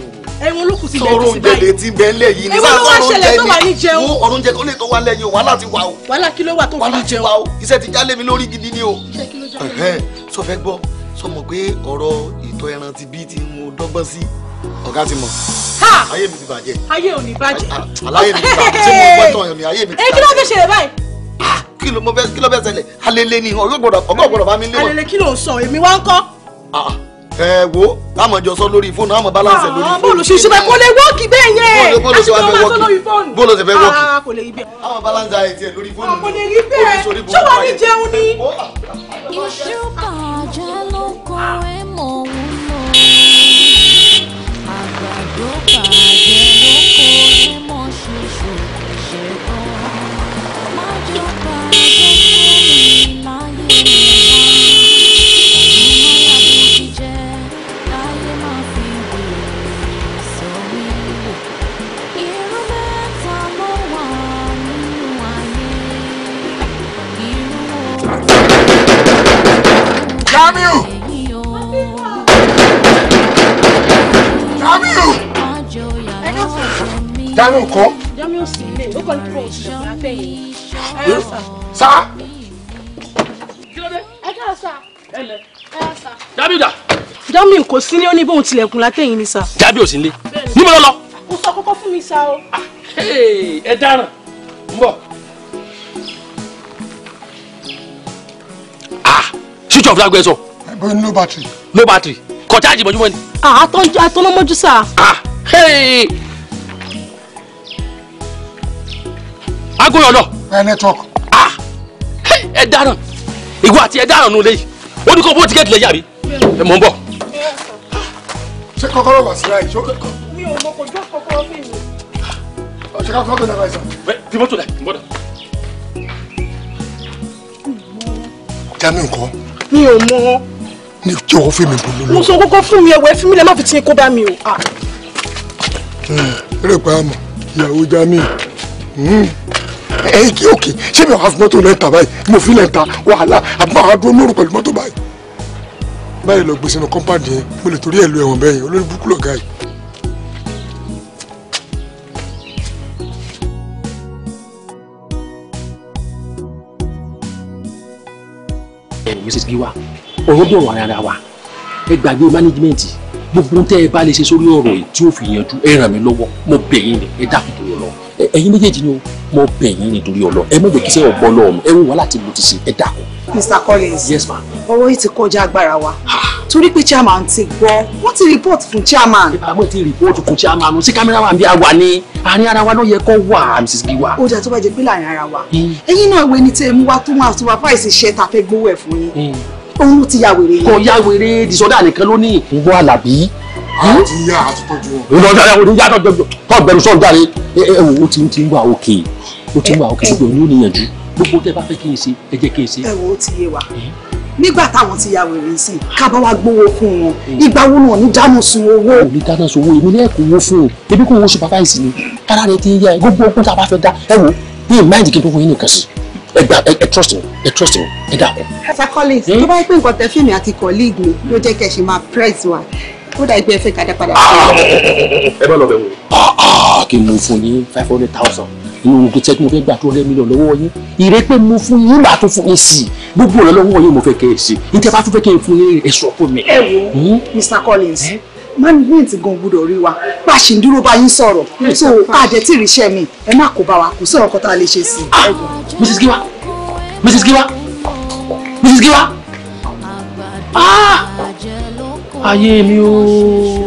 ẹ̀wọ̀n ló kù sí lẹ́yìn sí báyìí. sọ̀rọ̀ òǹdẹ̀dẹ̀ ti bẹ lẹ́yìn ní sáà sọ̀rọ̀ òǹdẹ̀ ni mú ọ̀rọ̀ oúnjẹ kọ́lé tó wá lẹ́yìn wàhálà ti wà o. wàhálà kí ló wà tó fi jẹun. wàhálà ti wà o iṣẹ́ ti já lé mi lórí gidi ni o. sọ fẹ́ gbọ́ sọ mọ̀ pé ọ̀rọ̀ ìtọ̀ ẹran ti bí ti mo dọ́gbọ́n sí ọ̀gá ti mọ̀. ayé mi ti bàjẹ́. ayé ò ní bàjẹ́. aláyé mi ti bàjẹ́ ṣé mo gbọ́ tán ẹ̀mí ayé mi ti bàjẹ́. ẹ kí ló fẹ́ ṣẹlẹ̀ báyìí kí ló fẹ́ ṣẹlẹ̀ alele ni ọgọ́ gbọ́dọ̀ bá mi lé wọn. alele kí ló ń sọ èmi wá ń kọ́ ẹ wo àmọ jọ sọ lórí fóònù àmọ balance lórí ah, fóònù. bọ́ọ̀lù ṣe ṣẹlẹ̀ kò lè wọ́ọ̀kì bẹ́ẹ̀ yẹn bọ́ọ̀lù ṣe wá fẹ́ wọ́ọ̀kì bọ́ọ̀lù ṣe fẹ́ wọ́ọ̀kì àmọ ah, balance ayé tiẹ̀ lórí fóònù. Ah, kò lè rí bẹ́ẹ̀ ṣé wàá jẹun ni. iṣu bàjẹ́ ló kọ ẹ̀ mọ̀ wúlò àgbàdo bàjẹ́. Jamiu. Jamiu. Jamiu kọ́. Jamiu sì lè ó kàn kúrò òṣìṣẹ́ fún abẹ́ yìí. Ẹ sà. Sá. Kí ló dé? Ẹ ká sà. Ẹ lẹ. Ẹ sà. Jamiu dà. Jamiu kò sí ní ó ní bóun tilẹ̀kùn látẹ̀yìn ni sà. Jamiu ò sí nílé. Níbo lọ lọ? Kò sọ kókó fún mi sá o. Ah, ẹ dáràn. Ń bọ̀. switch off lágbẹ́ sọ. ẹ̀bùn no battery. no battery kọ chaajì mọ́júmọ́ ni. àtọ́nà mọ́jú sá. aago ah, yọ̀ lọ. ẹ network. Ah, ẹ dáràn ìwọ àti ẹ dáràn nù lẹ́yìn ó ní kó bó ti gẹ́tù lẹ́yìn àbí ẹ mọ̀ ń bọ̀. ṣé kọ́kọ́rọ́ wà sí láì ṣókè kan. mi ò mọ kò jọ́ kọ́kọ́rọ́ fún mi. ọ̀ṣẹ́ ká fọ́tò lẹ́ka ìsàn. bẹ́ẹ̀ tí mọ́tò dà ń bọ̀ jamiu kọ́ mi ò mọ. ní jọ̀wọ́ fún mi bolo lọ. mo sọ kókó fún mi ẹwọ ẹ fún mi lẹ má fi tí kó bá mi o. rẹ pa àmọ́ ìyàwó jami ẹyìn hmm. eh, eh, kí òkè ṣé mi ò hafi mọ́tò lẹ́ńtà báyìí mo fi lẹ́ńtà wàhálà àbúrò àwọn adúró lóru pẹ̀lú mọ́tò báyìí báyìí lọ gbèsè ní kọ́mpáàdì yẹn mo lè torí ẹ̀ lu ẹ̀wọ̀n bẹ́ẹ̀ yẹn olórí burúkú lọ̀gá yìí. bí wa ọ̀rọ̀ dọ̀rọ̀ ara wa ẹ gbàgbé management gbogbo tẹ́ ẹ bá lè ṣe sórí ọ̀rọ̀ yìí tí ó fi yanjú ẹ ràn mí lọ́wọ́ mo bẹ̀ yín ni ẹ dákun tó ẹ̀yin méjèèjì ni o mo bẹ̀ yín nítorí ọlọ́run ẹ mọ̀gbẹ́ kíṣẹ́ ọ̀gbọ́n lọ́run ẹ wò wá láti mo ti ṣe ẹ dàkún. Mr Collins yes ma. ọ̀rọ̀ yìí ti kọjá agbára wa torí pé chairman ti gbọ́ wọ́n ti report fún chairman. àmọ́ ti report fún chairman sí cameraman bí a wà ní àárín ara wa náà yẹ kó wà Mrs Giwa. ó jà tó bá jẹ pé láàrin ara wa hmm. ẹ̀yin náà wo ẹni tẹ mú wa tó máa supervise iṣẹ́ ta fẹ́ gbowó ẹ̀ fún yín hmm. òun ló ti ya wèrè yẹn. kò ya wèrè disorder nìkan ló ní. ń gbọ́ àlàbí a ti yá a ti tọ́jú wọn. ìlú ọjà yà wọ́n ti yá tọ́jú kọ́ bẹ̀rù sọ̀rọ̀ jáde ẹ wò ó ti ń ti ń wà òkè ó ti ń wà òkè gbogbo yóò níyànjú gbogbo tẹ bá fẹ́ kí n ṣe ẹ jẹ́ kí n ṣe. ẹ wo ti yé wa nígbà táwọn ti ya wèrè sí kábọ̀ wá gbowó fún wọn ìgbà wo náà ní dáná sun owó. ò ní dáná sun owó èmi náà kò wó fún o ebi kò wó supervise ni kára rẹ ti ń yá ẹ gbogbo ogun tá a bá fẹ́ dá ẹ wò ní ìmáìdì kí n tó fún yín nìkan sí ẹ gba ẹ trust me ẹ trust me ẹ dà kú. sir collins tó bá yẹ pé nǹkan tẹ fíìmù àti colleague mi ló jẹ́ kẹ́ ṣe máa press wa ó dà ìgbẹ́ fẹ́ ká padà. ẹ bá lọ bẹ̀ wò. Ah, kí n mú fún yín five hundred thousand inú ogun tẹ́kùn fẹ́ gbà tó rẹ́ mílíọ̀nù lọ́wọ́ yín ìrẹ́ pé mo fún yín bá tó fún yín sí i gbogbo ọ̀rẹ́ lọ́wọ́ yín mo fẹ́ kẹ́ ẹ̀ sí i níta bá tún fẹ́ kẹ́ ẹ̀ fún yín ẹ̀sùn ọ̀pọ̀ mi. ẹ wo Mr hmm? Collins eh? management gan gbọ́dọ̀ rí wa bá a ṣì ń dúró bá yín sọ̀rọ̀ so káàdẹ tí ìrìṣẹ mi ẹ má kó bá wa kò sí ọkọ tá a lè ṣe sí i. Ah! Mrs Giwa Mrs Giwa Mrs Giwa ah ayé mi o.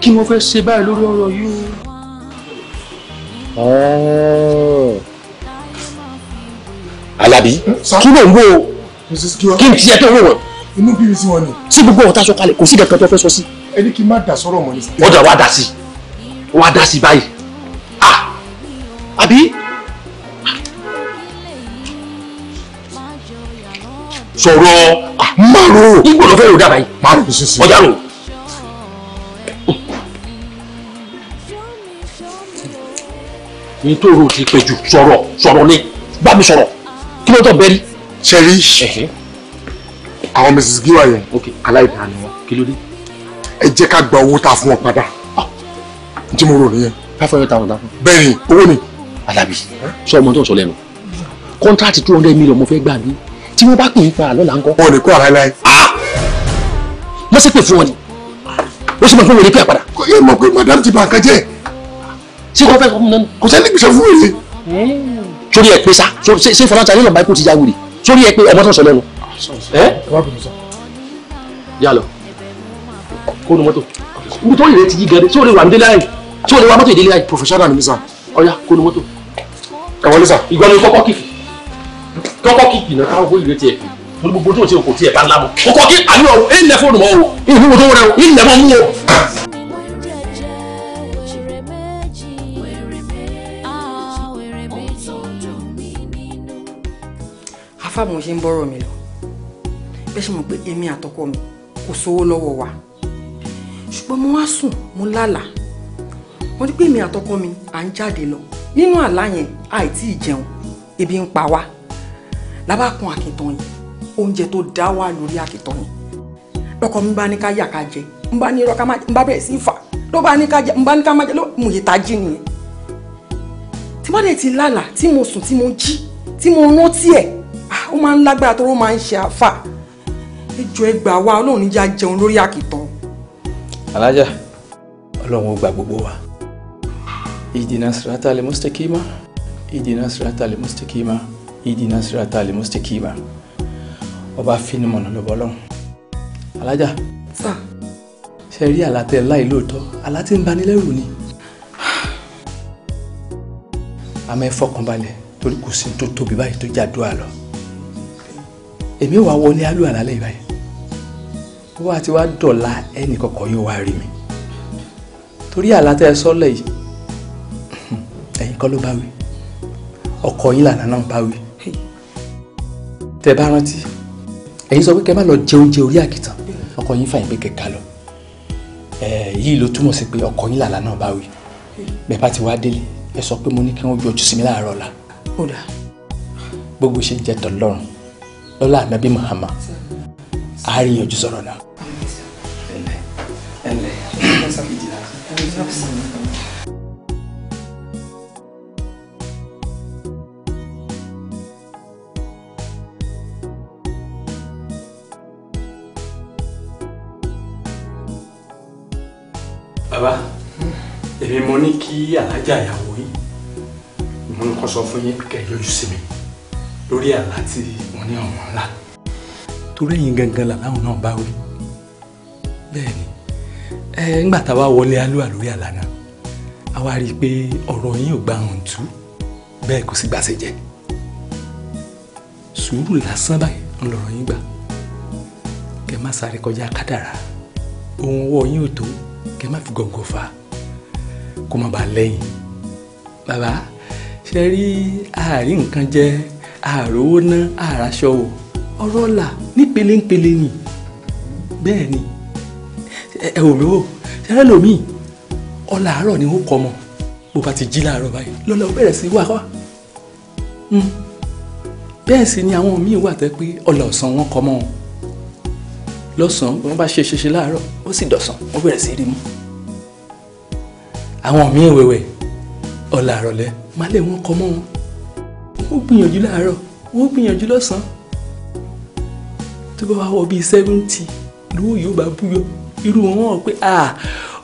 kí mo fẹ́ ṣe báyìí lórí ọ̀rọ̀ yìí o. Oh. Alábí kí ló ń wò ó kí n tiẹ̀ tó wò wọ́n. inú bíbí sí wọn ni. sí gbogbo ọ̀tá aṣọ kalẹ̀ kò sí kankan tó fẹ́ sọ sí. ẹni kí n má dà sọ́rọ̀ mọ́ ni. ọjà wa dà sí wa dà sí báyìí ah! àbí. sọ̀rọ̀ márò igbó ló fẹ́ rò dábàá yìí márò ọjà rò. nítorí o ti pè jù sọ̀rọ̀ sọ̀rọ̀ ni bá mi sọ̀rọ̀ kí ló tọ̀ bẹ́ẹ̀ rí. ṣẹ́rí àwọn mrs giwa yẹn aláìdáa ni wọn kí ló dé. ẹ jẹ́ ká gba owó tá a fún wọn padà ah. n tí mo rò nìyẹn. káfọ́ yóò ta ọ̀dà fún. bẹ́ẹ̀ ni owó ni. Alábí sọ ọmọ tó ń sọ lẹ́nu kọ́ńtráàtì two hundred million mo fẹ́ gbà bí tí wọ́n bá pè é pa àlọ́ là ń kọ́. wọn ò lè kó ara láì. wọ́n ṣe pè fún wọn ni ó ṣe mọ̀ pé wọ́n lè pè àpàdà. kò yẹ mọ̀ pé madam ti bà nǹkan jẹ́. ṣé kò fẹ́ kọ́ mọ́ kò sẹ́ni gbèsè fún wèrè. sórí ẹ pé sá ṣé fọláńtà nílò báyìí kò ti já wèrè sórí ẹ pé ọmọ tó ń sọ lẹ́nu. yà lọ kó nu mọ́tò ibi tó yẹrẹ ti yí gẹrẹ tí o lè wà nílé láì tí o lè wà mọ́tò ìdílé láì. professional ni mi kó nu mọ́tò. ẹ kọ́kọ́ kìkì kọ́kọ́ kíkì náà káwọn kóyè tiẹ̀ torí gbogbo tó ti kò tiẹ̀ bá lámọ̀ kọ́kọ́ kí àlọ́ ọ̀rọ̀ èyí lẹ fóònù mọ́ ìhun tó wọlé o ìlẹ̀ mọ́ mú o. afáàmù ṣe ń bọ́rọ̀ mi lọ bẹ́ẹ̀ ṣe mọ̀ pé èmi àtọkọ mi kò sówó lọ́wọ́ wa ṣùgbọ́n mo wá sùn mo lálàá mo rí pé èmi àtọkọ mi à ń jáde lọ nínú àlá yẹn àìtí ìjẹun ebi ń pa wá lábàkún àkìtàn yìí oúnjẹ tó dá wà lórí àkìtàn yìí lọkọ mi bá ní ká yà ká jẹ n bá ní irọ́ ká má jẹ n bá bẹ̀rẹ̀ sí fà ló bá ní ká jẹ n bá ní ká má jẹ ló mú yìí tají nìyẹn tí má dẹ̀ ti lálàá tí mo sùn tí mo jí tí mo rántí ẹ̀ ah, ó máa ń lágbára tó ló máa ń ṣe àfà ẹjọ́ ẹgbàá wa ọlọ́run níjà jẹun lórí àkìtàn. alájà ọlọ́run ó gba gbogbo wa ìdìnnà sìrátà lè mọ́sítẹ́kì mọ́ ìdìnnà sìrátà lè mọ́sítẹ́kì mọ́ ìdínà sírata alimustikima ọba finimọ̀nà lọ́bọ̀ lọ́hùn. alájà ṣe rí àlàtẹ láì lóòótọ́ àlá tí ń banilẹ́rù ni. àmọ́ ẹ fọkànbalẹ̀ torí kò sí tó tóbi báyìí tó jàdúrà lọ. èmi wàá wọlé alú àlálẹ́ ìbáyìí wọ́n àti wá dọ̀la ẹnì kọ̀ọ̀kan yóò wá rí mi torí àlàtẹ sọ́lẹ̀ yìí ẹ̀yin kọ́ ló bá wí ọkọ yín lànà náà bá wí tẹ bá rántí ẹ̀yin sọ pé kẹ má lọ jẹ oúnjẹ orí àkìtàn ọkọ yín fàyìn pé kẹka lọ yìí ló túmọ̀ sí pé ọkọ yín làlá náà bá wí bẹ́ẹ̀ bá ti wá délé ẹ sọ pé mo ní kí wọ́n yọjú sí mi láàárọ̀ ọ̀la gbogbo ṣe jẹ tọlọ́run lọ́lá ànábì mahama a rí yọjú sọ̀rọ̀ náà. ẹnlẹ ẹnlẹ ẹnlẹ sábìjì náà. mo ní kí alájà ìyàwó yín mo ní kó sọ fún yín kẹ́ yọjú sí mi lórí àlá tí mo ní ọ̀wọ́n ńlá. torí ẹ̀yin gangan làláwọn náà bá wí bẹ́ẹ̀ ni ẹ ńgbà tá a wá wọlé alúwà lórí àlá náà a wá rí i pé ọ̀rọ̀ yín ò gba ohun tú bẹ́ẹ̀ kò sì gbàṣẹ jẹ sùúrù lásán báyìí ńlọrọ̀ yín gbà kẹ́ má sáré kọjá kádàrá ohun ọwọ́ yín ò tó kẹ́ má fi gọ̀ǹgọ̀ fà á kó má ba lẹ́yìn bàbá ṣe rí àárín nǹkan jẹ àròwó ná àràṣọ o ọ̀rọ̀ là nípele ńpele ni bẹ́ẹ̀ ni ẹ ò lówó ṣẹlẹ̀ lómi ọ̀la àárọ̀ ni ó kọ́ ọmọ bó bá ti jí láàárọ̀ báyìí lọ́la ó bẹ̀rẹ̀ sí wà wá hmm. bẹ́ẹ̀ sì ni àwọn míì wà tẹ́ pé ọ̀la ọ̀sán wọn kọ́ mọ́ wọn lọ́sàn-án bí wọ́n bá ṣe ṣe ṣe láàárọ̀ ó sì dọ̀sán wọ́n bẹ̀rẹ̀ sí rí mú àwọn míì wẹ̀wẹ̀ ọ̀la àrọ̀lẹ́ má lè wọ́n kọ́ mọ́ wọn wọ́n gbìyànjú láàárọ̀ wọ́n gbìyànjú lọ́sàn-án tó bá wá wọ bíi sẹ́fúntì lówó yóò bá búyọ irú wọn wọ́n pé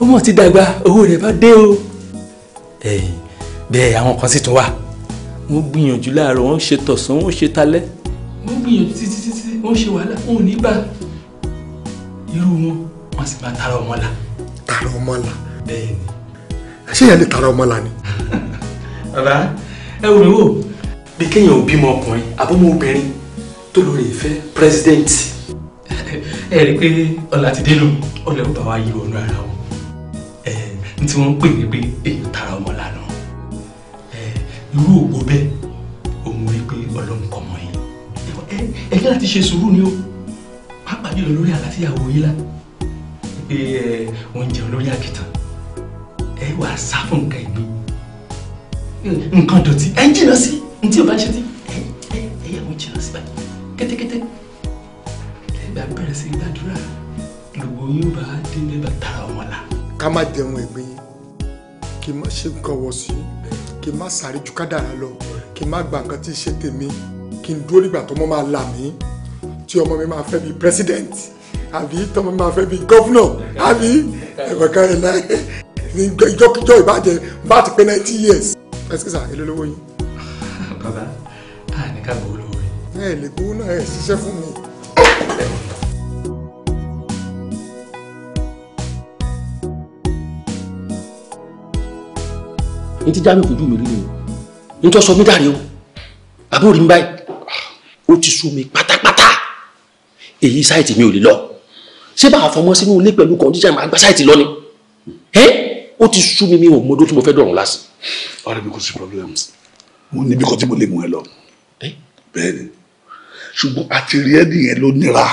ó mọ̀ ti dàgbà owó rẹ̀ bá dé o ẹ̀yìn bẹ́ẹ̀ àwọn kan sì tún wà wọ́n gbìyànjú láàárọ̀ wọ́n ṣe tọ̀sán wọ́n ṣe talẹ́ wọ́n gbìyànjú títí títí wọ́n ṣe wàhálà wọn ò ní bá irú wọn wọ́n sì máa tara ọmọ la. tara ọmọ la. bẹ́ẹ̀ ni ṣé yẹn lè tara ọmọ là ni. bàbá ẹ wò mí wò bí kéèyàn ò bímọ ọkùnrin àbọ̀mọ obìnrin tó lórí ìfẹ́ president ẹ rí i pé ọ̀là ti dé lò ọ̀là ó bá wa yí ọ̀nà ara wọn ẹ ní tí wọ́n ń pè ní pé èyí tara ọmọ lànà ẹ irú ògbó bẹ́ẹ̀ òun rí i pé ọlọ́run kọ́ mọ́ yín ẹ ẹ ní láti ṣe sùúrù ni ó pàápàá jùlọ lórí àlàáfíà òun pé ẹ oúnjẹ olórí àkìtàn ẹ wà sá fún nǹkan ìgbín nǹkan dọ̀tí ẹ ń jìnnà sí ní tí o bá ń ṣe tí ẹ ẹ yà wọ́n jìnnà sí báyìí kẹ́tẹ́kẹ́tẹ́ ẹgbà bẹ̀rẹ̀ sí gbàdúrà gbogbo yóò bá dé nígbà tara wọn la. ká má jẹun ẹ̀gbìn kí n má ṣe nǹkan wọ̀ sí kí n má sáré ju kádàrá lọ kí n má gba nǹkan tí ì ṣe tèmi kí n dúró nígbà tọmọ máa là mí tí ọmọ mi máa fẹ́ bí president àbí tọmọ mi máa fẹ́ bí governor àbí ẹ̀kọ́ kan ẹ̀ náà ìjọkíjọ ìbàjẹ́ bá ti pé ninety years. ẹsẹ̀ sà èlò lówó yín. bàbá a ní ká gbowó lówó yín. ẹ lè gbowó náà ẹ ṣiṣẹ́ fún mi. n ti jáwé fojú mi rí ni n tó sọ mí dàrí o àbúrò mi báyìí ó ti sú mi pátápátá èyí sáìtì mi ò lè lọ ṣé bá a fọmọ sínú ilé pẹ̀lú kọ́ndíṣà máa gba sáìtì lọ ni. Eh? O ti sú mi mi ò mọ ọdún tí mo fẹ́ dọ̀rùn lásì. ọ̀rẹ́ mi kò sí problem mo níbi kan tí mo lè mú ẹ lọ bẹ́ẹ̀ ni ṣùgbọ́n àti rí ẹ nìyẹn ló nira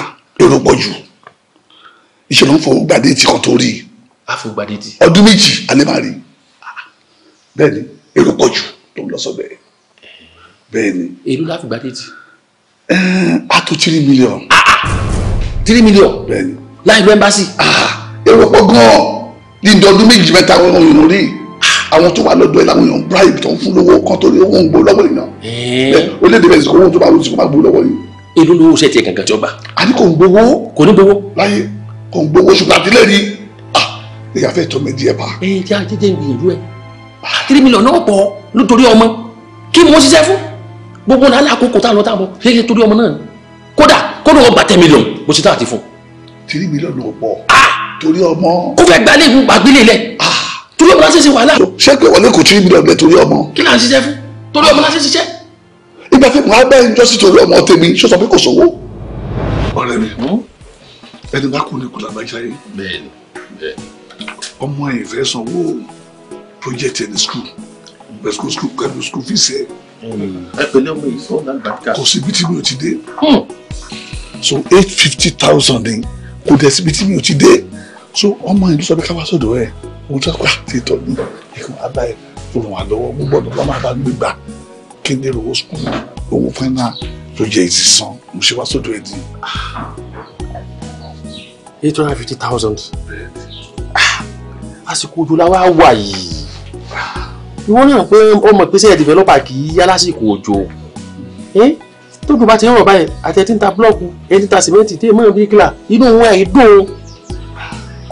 èrò pọ̀ jù ìṣòro ń fọwọ́ gbàdé ti kan tó rí i. àfọwọ́gbàdé ti. ọdún méjì alẹ́ máa rí i bẹ́ẹ̀ ni èrò pọ̀ jù tó ń lọ sọ bẹ́ẹ̀ bẹ́ẹ̀ ni. èlú láti gbàdé ti. a tó tírí mílíọ̀nù. Ah, ah. tírí mílíọ̀nù. bẹ́ẹ̀ láì lọ ẹ́mbásì. Ah, èrò pọ̀ gan-an dídí ọdún méjì mẹ́ta àwọn èèyàn rí àwọn tó wà lọ́dọ̀ ẹ̀ láwọn èèyàn bribe tó ń fún lówó kan tó lé owó ń gbó lọ́wọ́ èèyàn ó lé débẹ̀ ìsìnkú owó tó bá lóṣù kó má gbó lọ́wọ́ yìí. èló lówó ṣe tiẹ̀ kankan tí ó bá. a ní kò ń gbowó. kò ní gbowó. láyé kò ń gbowó ṣùgbọ́n àtìlẹ́ rí ah ìyá fẹ́ tọ́ méjì ẹ̀ bá. ẹ ẹ jẹ́ àjẹjẹ́ ìgbìyànjú ẹ̀ tírí mílíọ̀nù náà pọ̀ nítorí ọmọ kí mo ṣiṣẹ́ fún gbogbo náà lákòókò tá a lọ tá a bọ̀ ṣe é torí ọmọ náà kódà kódà ọgbà tẹ́ mílíọ̀nù mo ṣe tá a ti fún. ah torí ọmọ. ó fẹ́ gbalẹ̀ ìlú gbàgbélé lẹ̀ torí ọmọ láti ṣe wàhálà. ṣé pé wọlé kò tún ìbílẹ̀ ọ̀gbẹ́ torí ọmọ. kí là ń ṣiṣẹ́ fún torí ọmọ láti ṣiṣẹ́. ìgbà tí màá bá ẹjọ́ sí torí ọmọ tèmi ṣó sọ pé kò sówó. ọ̀rẹ́ mi hmm? ẹni bá kú ni kò làbá jáde. bẹ́ẹ̀ni bẹ́ẹ̀ni. ọmọ ẹ fẹ́ sanwó project ẹni school pẹ̀sùkú school pẹ̀lú school fees hmm. ẹ. ẹ pẹ̀lú ọmọ yìí sọ lágbàdìkà. kò síbi tí mi ò ti dé. Hmm. so eight fifty thousand ni kò dẹ̀ síbi tí mi ò ti dé so ọmọ ìlú sọ pé káwá sọ́dọ̀ ẹ mo sọ pé àti ìtọ́jú ìkùn àbá ẹ fòrùn wà lọ́wọ́ gbọ́dọ̀ lọ máa bá gbégbà kí n lérò skul owó fẹ́nà tó jẹ èsì san mo ṣe wá sọ́dọ̀ ẹ di. eight hundred and fifty thousand ah, àsìkò òjò la wá wà yìí ìwọ náà pé ọmọ ìpínlẹ̀ developer kì í yá lásìkò òjò eh? tó dùn bá ti ń rọ̀ báyìí àti ẹ̀ tí ń ta búlọ́ọ̀kù ẹ̀ tí ń ta sìmẹ́ǹtì tí èèmọ̀ bí kílà inú wọn ẹ̀ dùn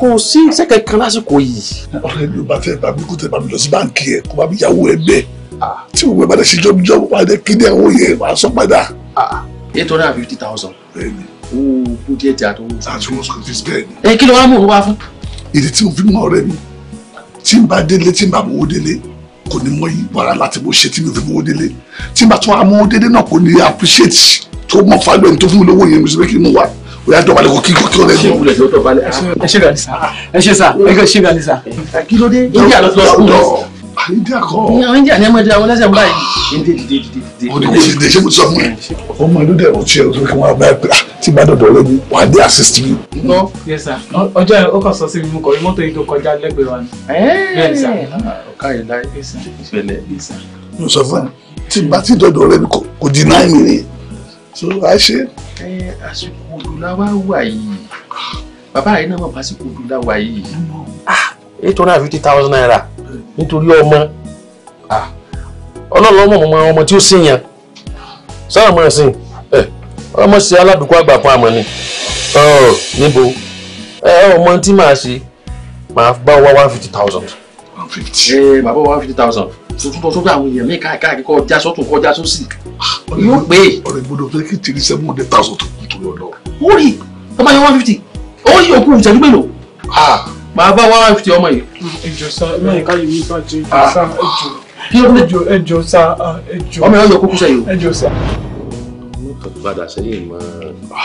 kò sí ìṣẹ́kẹ̀ kan lásìkò yìí. ọ̀rẹ́ mi ò bá fẹ́ bá mi kó tẹ̀ bá mi lọ sí báǹkì ẹ̀ kó bá mi yàwó ẹ bẹ́ẹ̀ tí òun bá dẹ̀ ṣe jọ́bíjọ́ wà á dẹ̀ kéde ẹ̀wọ̀ yẹn wà á sọ padà. eight hundred and fifty thousand. owó kú díẹ̀ tí a tó. àti wọn sọ fífi bẹ́ẹ̀ ni. ẹ kí ló wá mú òun wá fún. ìdí tí mo fi mọ ọ̀rẹ́ mi tí n bá délé tí n bá mọ owó délé kò ní mọ ìbára láti mo ṣe tí mi fi mọ owó délé tí n bá tún amọ owó délé náà kò ní appreciate tó mọ fálọ ẹni tó fún mi lówó yẹn mo sì fẹ́ kí n mú wa o y'a dọ̀bálẹ̀ ko kí kí ọ̀rẹ́ dùn. ẹ ṣe gàdí sa ẹ ṣe sa ẹ ṣe gàdí sa. kí ló dé india lọ sọ fún mi. india kọ. india ni ẹ máa di àwọn ẹlẹ́sẹ̀ báyìí. india dìde dìde dìde. o ní kò ṣe dé ṣé mo sọ fún ẹ. ọmọ ìlú o ṣe o kí wọ́n bá ẹ pè ah, tí bá dọ̀dọ̀ lẹ́yìn wà á dé assist mi. nọ yes sir ọjọ́ ẹ ó kàn sọ sí mi mú kọ mọ́tò yìí tó kọjá lẹ́gbẹ̀ẹ́ wa ni. bẹ́ẹ̀ sà ọ̀ka yìí láyé ìṣẹ̀lẹ̀ ìṣẹ̀lẹ̀. mo sọ fún ẹ tí bá ti dọ̀dọ̀ lẹ́yìn kò deny mi ni so a ṣe. ẹ àsìkò odò la wá wà yìí bàbá yìí náà mọ̀ pásìkò odò la wà yìí. Ah, eight hundred and fifty thousand naira nítorí ọmọ ah, ọlọ́run ọmọ ọmọ ọmọ tí ó sìn yẹn sọ́nà mọ̀ sí ọmọ sí aládùúgbò àgbà fún àmọ́ ni níbo ọmọ tí màá ṣe màá bá wá one fifty thousand. one fifty. ẹ bàbá one fifty thousand tuntun tó tó fún àwọn èèyàn mi káàkiri kọjá sọ́tún kọjá sósì yóò pé. ọ̀rẹ́ ìgbọ́dọ̀ fẹ́ kí tìrì seven hundred thousand tó kù torí ọ̀nà. ó rí ọmọ yẹn one fifty ó yí òkú ìṣẹ́jú mélòó. màá bá one fifty ọmọ yìí. ẹjọ sá mẹ́rin káyọ̀ mi bá jẹ ẹjọ sá ẹjọ ẹjọ ẹjọ sá ẹjọ. ọmọ yẹn yọ kókó sẹ́yìn o. ẹjọ sá. mọ́tò padà sẹ́yìn mọ́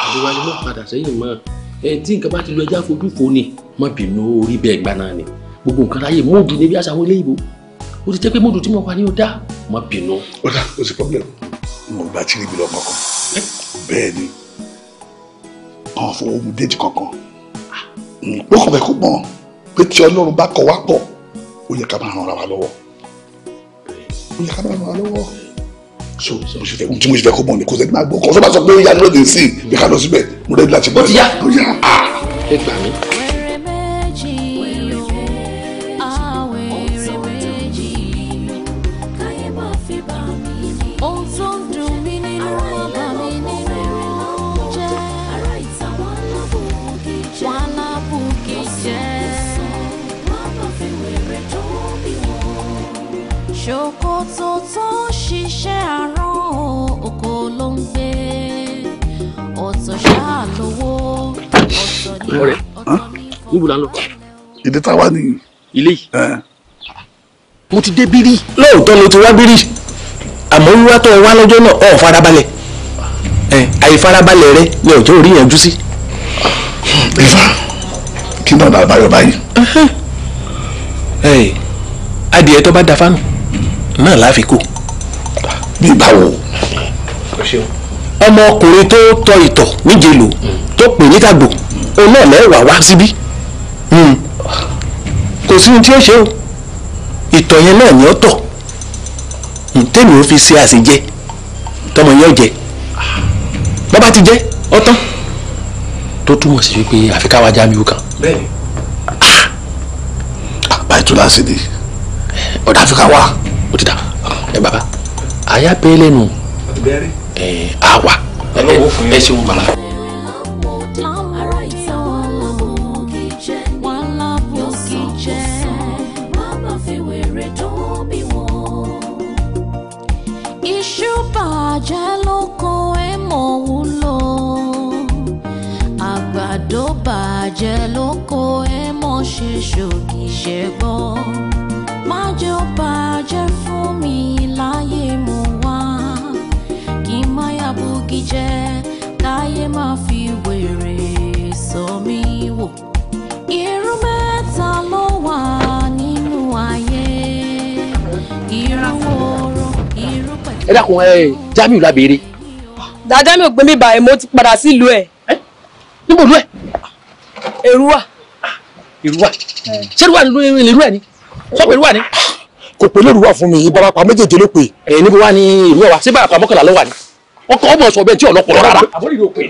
àdúrà ni mọ́tò padà sẹ́yìn mọ́ ẹ tí nǹkan bá ti lọ ẹja fojú fo ni má bínú orí bẹ́ẹ̀ gbaná ni gbogbo nǹkan láyé mọ́ọ̀dù ni bí àṣà wọlé ìbò o ti jẹ́ pé mọ́ọ̀dù tí mo wà ní o dá má bínú. ọ̀dà o sì pọ́blẹ̀mù mo gba chiribi lọ kankan bẹ́ẹ̀ ni kàn fún ohun déjì kankan ó kàn fẹ́ kó pọ̀ pé tí ọlọ́run bá kọ wá pọ̀ ó yẹ ká máa ran ara wa lọ́wọ́ ó yẹ ká máa ran ara lọ́wọ́ so mo ṣe fẹ́ ohun tí mo ṣe fẹ́ kó pọ̀ ni kò sẹ́ni máa gbọ́ kọ́ sọ́ba sọ pé ó yá lóde sí i bí ká lọ síbẹ̀ mo rẹ́ni láti gbọ́ ó ti yá ó yá. ẹ gbà mí. ọ̀rẹ́ hm? níbo la ń lọ. ìdí tá a wà ní. ilé yìí. mo ti dé biri. lóòótọ́ ló ti wá bírí àmọ́ wíwá tó wá lọ́jọ́ náà ọ̀ farabalẹ̀ àìfarabalẹ̀ rẹ ni ọ̀jọ́ orí yẹn jú sí. ìfà kí náà dàgbà yọ báyìí. adìyẹ tó bá da fánù náà láàfikò. bí báwo. o ṣeun ọmọkùnrin tó tọ ìtọ̀ níjẹ̀lò tó pè ní tàgbò òun náà lẹ́wàá wá síbí hmm. kò sí ohun tí ó ṣe o ìtọ̀ yẹn náà ni ó tọ̀ hmm, tèmi ò fi ṣe àṣejẹ tọmọ yẹn ò jẹ bàbá ti jẹ ọtán tó túmọ̀ sí wípé àfi káwa já mi wù kan. bẹ́ẹ̀ni. báyìí tún láti di ọ̀dà àfi káwa. ó ti dà ẹ bàbá àyà bẹ́ẹ̀ lẹ́nu. ọ̀dùbẹ́rẹ́. Eh, àwà ẹ ṣeun bàbá. iṣu bàjẹ́ lóko ẹ̀ mọ̀ wúlò àgbàdo bàjẹ́ lóko mọ̀ ṣe ṣòkì ṣe gbọ́ bàjẹ́ fún mi láyé. ẹ dákun ẹ Jamiu la béèrè. dàdá mi ò gbé mi báyìí mo ti padà sílùú ẹ. níbo lu ẹ. èrúwà. èrúwà ṣẹ́rúwà ni èrúwà ni sọ́pọ̀ èrúwà ni. kò pé lórí wà fún mi ìbára pa méjèèjì ló pè. ẹ níbo wà ní ìlú wa ṣé pa mọ́kànlá ló wà ni ọkọ ọmọ sọ bẹ́ẹ̀ tí ọlọpọlọ rárá. àbórí yóò pè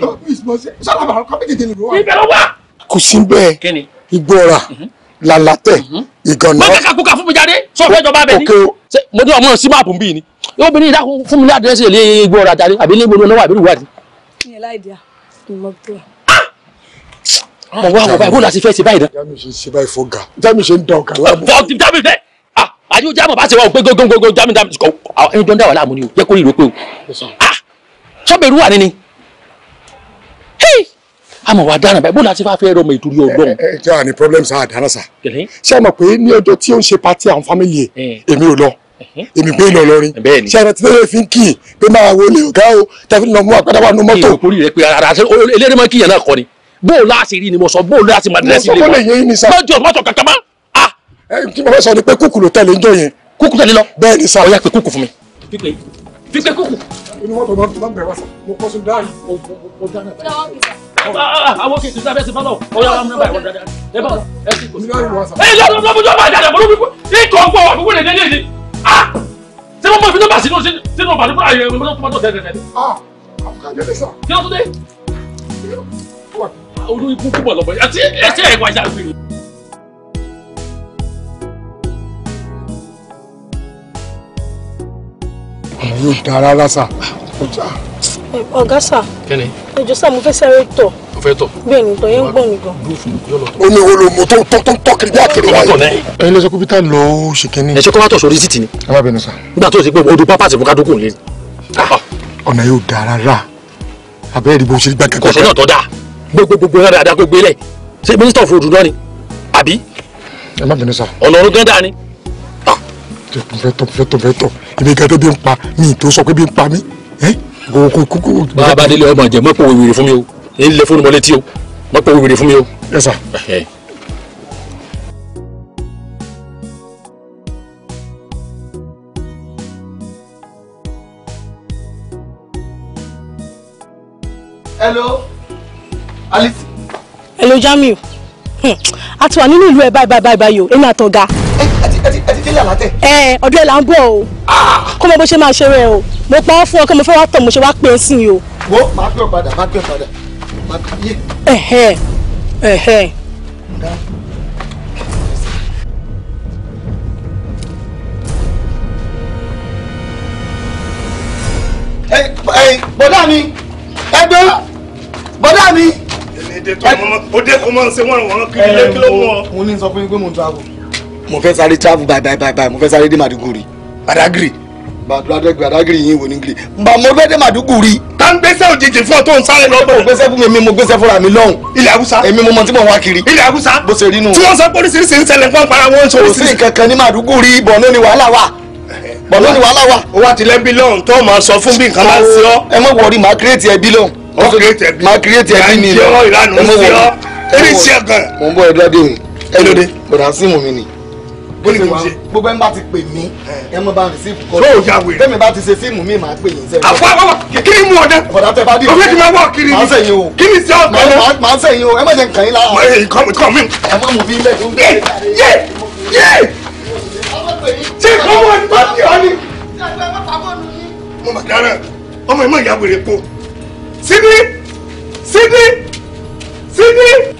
é. kò sí bẹ́ẹ̀ lalatẹ mhm. ìgànnà. wọ́n kẹ́kẹ́ kúkà fún mi jáde sọ fẹ́ jọba bẹ́ẹ̀ ni mo ní ọmọ sí máàpù bíi ni obìnrin ìdá fún mi ní àdírẹ́sì ilé igbó ọ̀rọ̀ àtàrí àbí ilé igbó olówó àbí ìwádìí. ọwọ́ àwọn ah! báyìí bó la fẹ́ ṣe báyìí náà. jami ṣe ṣe báyìí fún ga jami jami fẹ́ àyè jami bá ṣe wá òpé gógógógó jami jami kọ ah, ẹni tó ń dá wà láàmú ni o jẹ́ kó rí ìrópé o. sọ́bẹ̀rù ah! wà ní a mọ̀ wá dára báyìí bó la ti fà fẹ́ rọmọ ìtúrí ọlọ́run. ẹ ẹ jẹ́ àní problem sáà dára sà. ṣé ẹ pé ní ọjọ́ tí ó ń ṣe pati àwọn fámìlì ẹ̀ èmi ò lọ èmi gbé lọ lọrin ṣé ara ti tẹ́lẹ̀ fi ń kì í pé máa wọlé ọ̀gá o tẹ́fí lọ mú àpẹ́dá wà nù mọ́tò. èèyàn kúrì rẹ pé ara eléré máa ń kíyàn náà kọ ni bóò láti rí ni mo sọ bóò láti máa dẹ́sí lé wa lọ́jọ́ mọ́tò kankan má. kí mo fẹ́ sọ ni pé kúkú ló tẹ̀lé ń jọ yẹn. kúkú tẹ̀lé lọ. bẹ́ẹ̀ ni sá. ó yá pé kúkú fún mi. pípé pípé kúkú. inú mọ́tò náà ti máa ń bẹ̀rẹ̀ wá sá mo kọ́ sí dáhùn àwọn òkè tí sábẹ́ ti fọ́lọ̀ ọ̀yọ́ wa mú náà báyìí wọ́n dáadáa ẹ bá wọn ẹ sì kò sí. ẹ yọ ọdún lọ́mọdún ọba ìdájà mọ̀ lóbi ikọ̀ ọgbọ́n wà fúnwé lẹ́yìn lẹ́yìn ah ṣé wọ́n mọ̀ ìfínà bá sínú sínú ọ̀bà nípa ayẹyẹ ìwé mọ́tò mọ́tò dẹ́dẹ́dẹ́. ah àbùkàjẹ́ lè sà. kí ló tún dé. olú ikú kúbọ̀ lọ́bọ̀ àti ẹsẹ̀ ẹ̀wà ìjà gbìyànjú. ẹ̀yin ò dára rárá sà ọ̀gá sà. kẹ́ni. ẹjọ sà mo fẹ́ sáré tọ̀. o fẹ́ tọ̀. bẹ́ẹ̀ ni tọ̀ yẹn ń gbọ̀n mi gan. o ní wo ló mo tó tó tó tó kiri bí àkèrè wáyé. ẹyin lẹsẹ kúpítà lọ ṣe kínní. ẹsẹ kọ́ bá tọ̀ sórí títì ni. ẹ má bẹnu sà. nígbà tó o ti pé odò pápá àtìfún kádókò lé. Ah, ah. ọ̀nà yóò da rárá abẹ́ ìdìbò ṣe gbà kẹ́kọ̀ọ́. ọ̀sẹ̀ náà tọ́ da gbogbogbò rẹ̀ àdá gbogbo ilẹ̀ ṣé mínísítà fún odò náà ni àbí. ẹ má bẹnu sà. ọ̀nà ọ̀run gán ni. Ah, tó fẹ́ tọ̀ fẹ́ tọ̀ fẹ́ tọ̀ ibi gẹ́gẹ́ bí ń pa mi tó sọ pé bí ń pa mi kò kúkú. bá ọmọ jẹ mọ́pọ̀ wèrè fún mi o èyí lè fóònù mọ́lẹ́tì o mọ́pọ̀ wèrè fún mi o. ẹ sà. hello alice. hello jamiu hmm. a ti wà nínú ìlú ẹ báyìí báyìí báyìí o èmi àtọ̀gá. ẹ ẹ ti látẹ̀. ẹ ọdún ẹ là ń bọ̀ o ah! kó mọ bó ṣe máa ṣe rẹ o mo pa ọ́ fún ọ kí mo fẹ́ wá tọ̀ mo ṣe wá pé sí i o. wo máa pẹ́ padà máa pẹ́ padà máa pẹ́ yé. ẹ̀hẹ̀ ẹ̀hẹ̀. bọ́dá mi ẹgbẹ́ bọ́dá mi. èdè tó o dé kó mọ̀ ṣe wọ́n wọ́n kiri lé kí ló mú ọ. mo ní sọ fún yín pé mo ń travel mo fẹ́ sáré travel bye bye bye bye mo fẹ́ sáré dé Maduguri Badagry Badagry yín wo ní gírí mbà mo fẹ́ dé Maduguri. tá n gbèsè òjijì fún ọ tó ń sáré lọ bọ̀. mo gbèsè fún mi mo gbèsè fúnra mi lọ́hùn. ilẹ̀ haúsá èmi mo mọ tí mo wá kiri. ilẹ̀ haúsá bó ṣe rí nù. tí wọ́n sọ pé oríṣiríṣi ń ṣẹlẹ̀ fún ọ̀pára wọn ń ṣe oríṣiríṣi. kò sí nǹkan kan ní Maduguri bọ̀ọ̀nù ni wàhálà wà bọ̀ọ̀nù ni wàhálà wà. o wa tilẹ̀ bí lọ́hùn tó máa sọ fún bí nǹkan bá ń ṣe ọ́. ẹ mọ̀ wọ̀rí máa kírètì ẹbí lọ́hùn. ó kírètì ẹbí máa mi lọ. ẹ mọ̀ wọ̀rí ẹ bó ṣe gbogbo ẹ̀ ń bá ti pè mí ẹ̀ mọ́ bá rìsíìfù kọ́ tó yà wèrè tẹ́mi bá ti ṣe fíìmù mi máa pè yín sẹ́yìn. àwa àwa kí ni mu ọ̀dẹ. ọ̀dà tẹ bá dì òfin kì máa wọ kiri ni kí ni sí ọgbà náà. màá sẹ́yìn o ẹ má jẹ́ nǹkan yín lára. kọ́ mi. ẹ má mú bí ilé tó ń gbé. yé yé ṣé kọ́mọ ni bá ti ọ ni. mo mà dára ọmọ ẹ má yà wèrè po sídìí sídìí sídìí.